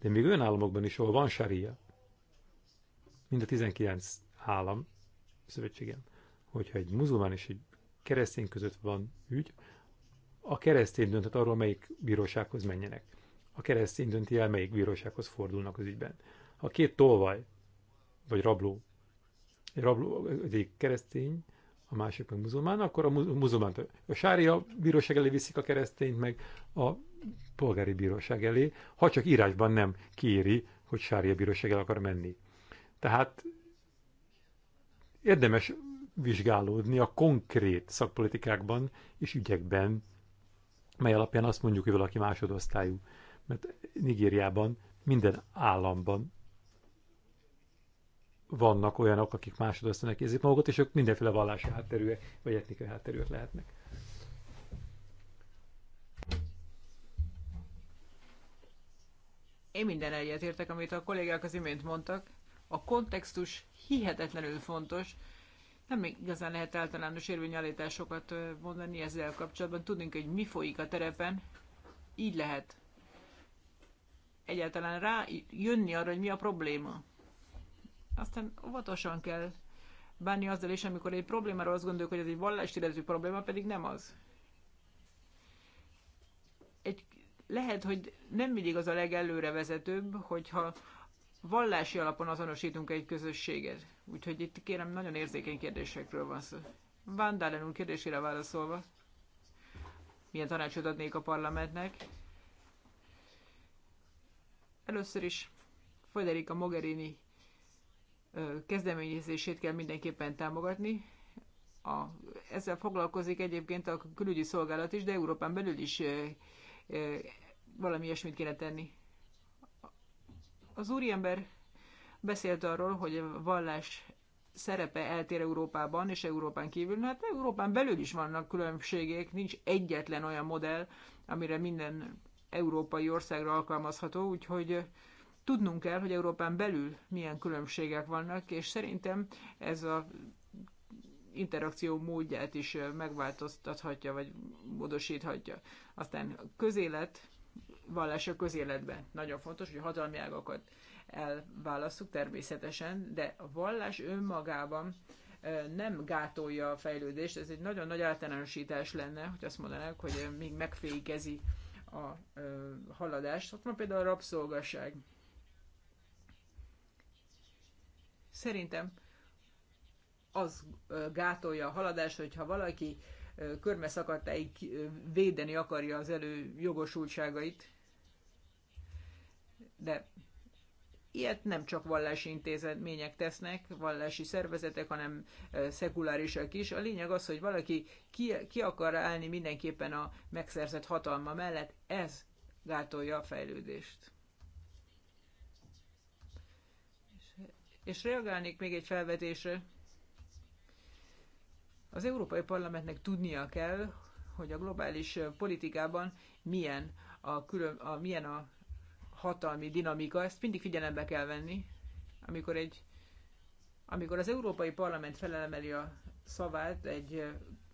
De még olyan államokban is, ahol van sária, mind a 19 állam szövetségen, hogyha egy muzulmán és egy keresztény között van ügy, a keresztény dönthet arról, melyik bírósághoz menjenek. A keresztény dönti el, melyik bírósághoz fordulnak az ügyben. Ha két tolvaj, vagy rabló, egy, rabló, egy keresztény, a másik meg muzulmán, akkor a muzulmán, a sária bíróság elé viszik a keresztényt, meg a polgári bíróság elé, ha csak írásban nem kéri, hogy sária bíróság el akar menni. Tehát érdemes vizsgálódni a konkrét szakpolitikákban és ügyekben, mely alapján azt mondjuk, hogy valaki másodosztályú. Mert Nigériában minden államban vannak olyanok, akik másodosztálynak érzik magukat, és ők mindenféle vallási hátterűek, vagy etnikai hátterűek lehetnek. Én minden egyetértek, amit a kollégák az imént mondtak. A kontextus hihetetlenül fontos, nem igazán lehet általános érvényállításokat mondani ezzel kapcsolatban. Tudnunk, hogy mi folyik a terepen, így lehet egyáltalán rá jönni arra, hogy mi a probléma. Aztán óvatosan kell bánni azzal is, amikor egy problémáról azt gondoljuk, hogy ez egy vallást illető probléma, pedig nem az. Egy, lehet, hogy nem mindig az a legelőre vezetőbb, hogyha vallási alapon azonosítunk egy közösséget Úgyhogy itt kérem, nagyon érzékeny kérdésekről van szó. Van úr kérdésére válaszolva, milyen tanácsot adnék a parlamentnek? Először is Federica Mogherini kezdeményezését kell mindenképpen támogatni. A, ezzel foglalkozik egyébként a külügyi szolgálat is, de Európán belül is e, e, valami ilyesmit kéne tenni. Az úriember Beszélt arról, hogy a vallás szerepe eltér Európában és Európán kívül. Na, Hát Európán belül is vannak különbségek, nincs egyetlen olyan modell, amire minden európai országra alkalmazható, úgyhogy tudnunk kell, hogy Európán belül milyen különbségek vannak, és szerintem ez a interakció módját is megváltoztathatja, vagy módosíthatja. Aztán közélet, vallás a közéletben. Nagyon fontos, hogy a hatalmi ágakat elválasztjuk természetesen, de a vallás önmagában nem gátolja a fejlődést, ez egy nagyon nagy általánosítás lenne, hogy azt mondanák, hogy még megfékezi a haladást. Ott van például a rabszolgasság. Szerintem az gátolja a haladást, hogyha valaki körme szakadtáig védeni akarja az elő jogosultságait, de Ilyet nem csak vallási intézmények tesznek, vallási szervezetek, hanem szekulárisak is. A lényeg az, hogy valaki ki, ki akar állni mindenképpen a megszerzett hatalma mellett, ez gátolja a fejlődést. És reagálnék még egy felvetésre. Az Európai Parlamentnek tudnia kell, hogy a globális politikában milyen a, külön, a, milyen a hatalmi dinamika, ezt mindig figyelembe kell venni, amikor egy amikor az Európai Parlament felelemeli a szavát egy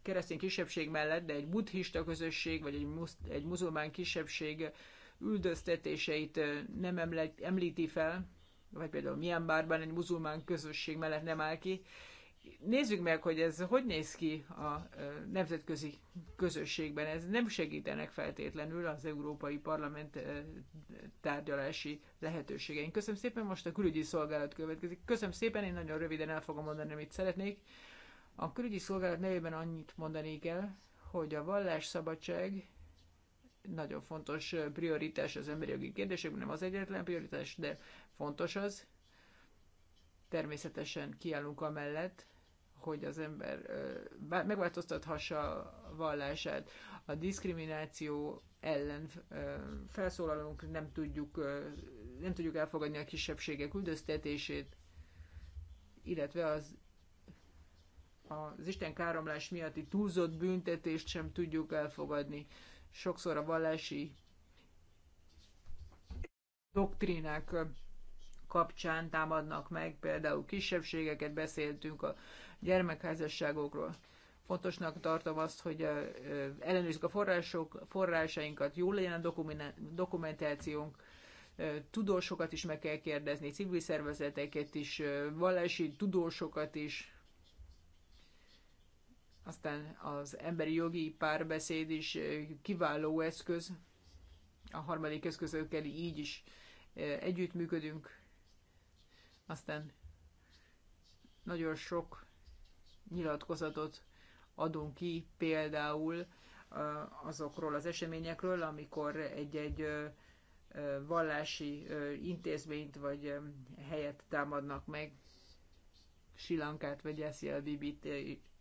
keresztény kisebbség mellett, de egy buddhista közösség, vagy egy, musz, egy muzulmán kisebbség üldöztetéseit nem említi fel, vagy például Myanmarban egy muzulmán közösség mellett nem áll ki, nézzük meg, hogy ez hogy néz ki a nemzetközi közösségben. Ez nem segítenek feltétlenül az Európai Parlament tárgyalási lehetőségeink. Köszönöm szépen, most a külügyi szolgálat következik. Köszönöm szépen, én nagyon röviden el fogom mondani, amit szeretnék. A külügyi szolgálat nevében annyit mondani kell, hogy a vallásszabadság nagyon fontos prioritás az emberi jogi kérdésekben, nem az egyetlen prioritás, de fontos az. Természetesen kiállunk amellett, hogy az ember megváltoztathassa a vallását. A diszkrimináció ellen felszólalunk, nem tudjuk, nem tudjuk elfogadni a kisebbségek üldöztetését, illetve az az Isten káromlás miatti túlzott büntetést sem tudjuk elfogadni. Sokszor a vallási doktrínák kapcsán támadnak meg, például kisebbségeket beszéltünk, a gyermekházasságokról. Fontosnak tartom azt, hogy ellenőrizzük a források, forrásainkat, jól legyen a dokumentációnk, tudósokat is meg kell kérdezni, civil szervezeteket is, vallási tudósokat is, aztán az emberi jogi párbeszéd is kiváló eszköz, a harmadik eszközökkel így is együttműködünk, aztán nagyon sok nyilatkozatot adunk ki például azokról az eseményekről, amikor egy-egy vallási intézményt vagy helyet támadnak meg. Silankát vagy a Bibit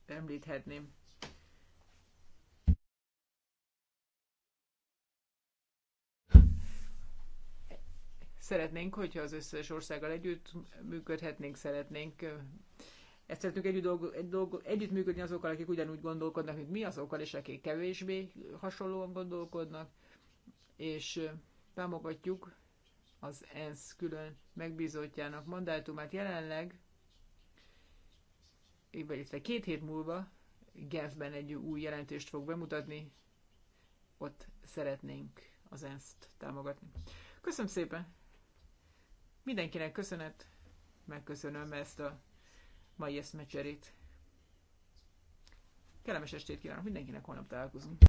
említhetném. Szeretnénk, hogyha az összes országgal együtt működhetnénk, szeretnénk ezt szeretünk együtt dolgo, egy dolgo, együttműködni azokkal, akik ugyanúgy gondolkodnak, mint mi, azokkal is, akik kevésbé hasonlóan gondolkodnak, és támogatjuk az ENSZ külön megbízottjának mandátumát jelenleg, illetve két hét múlva Genfben egy új jelentést fog bemutatni, ott szeretnénk az ENSZ-t támogatni. Köszönöm szépen! Mindenkinek köszönet, megköszönöm ezt a mai eszmecserét. Kellemes estét kívánok mindenkinek, holnap találkozunk.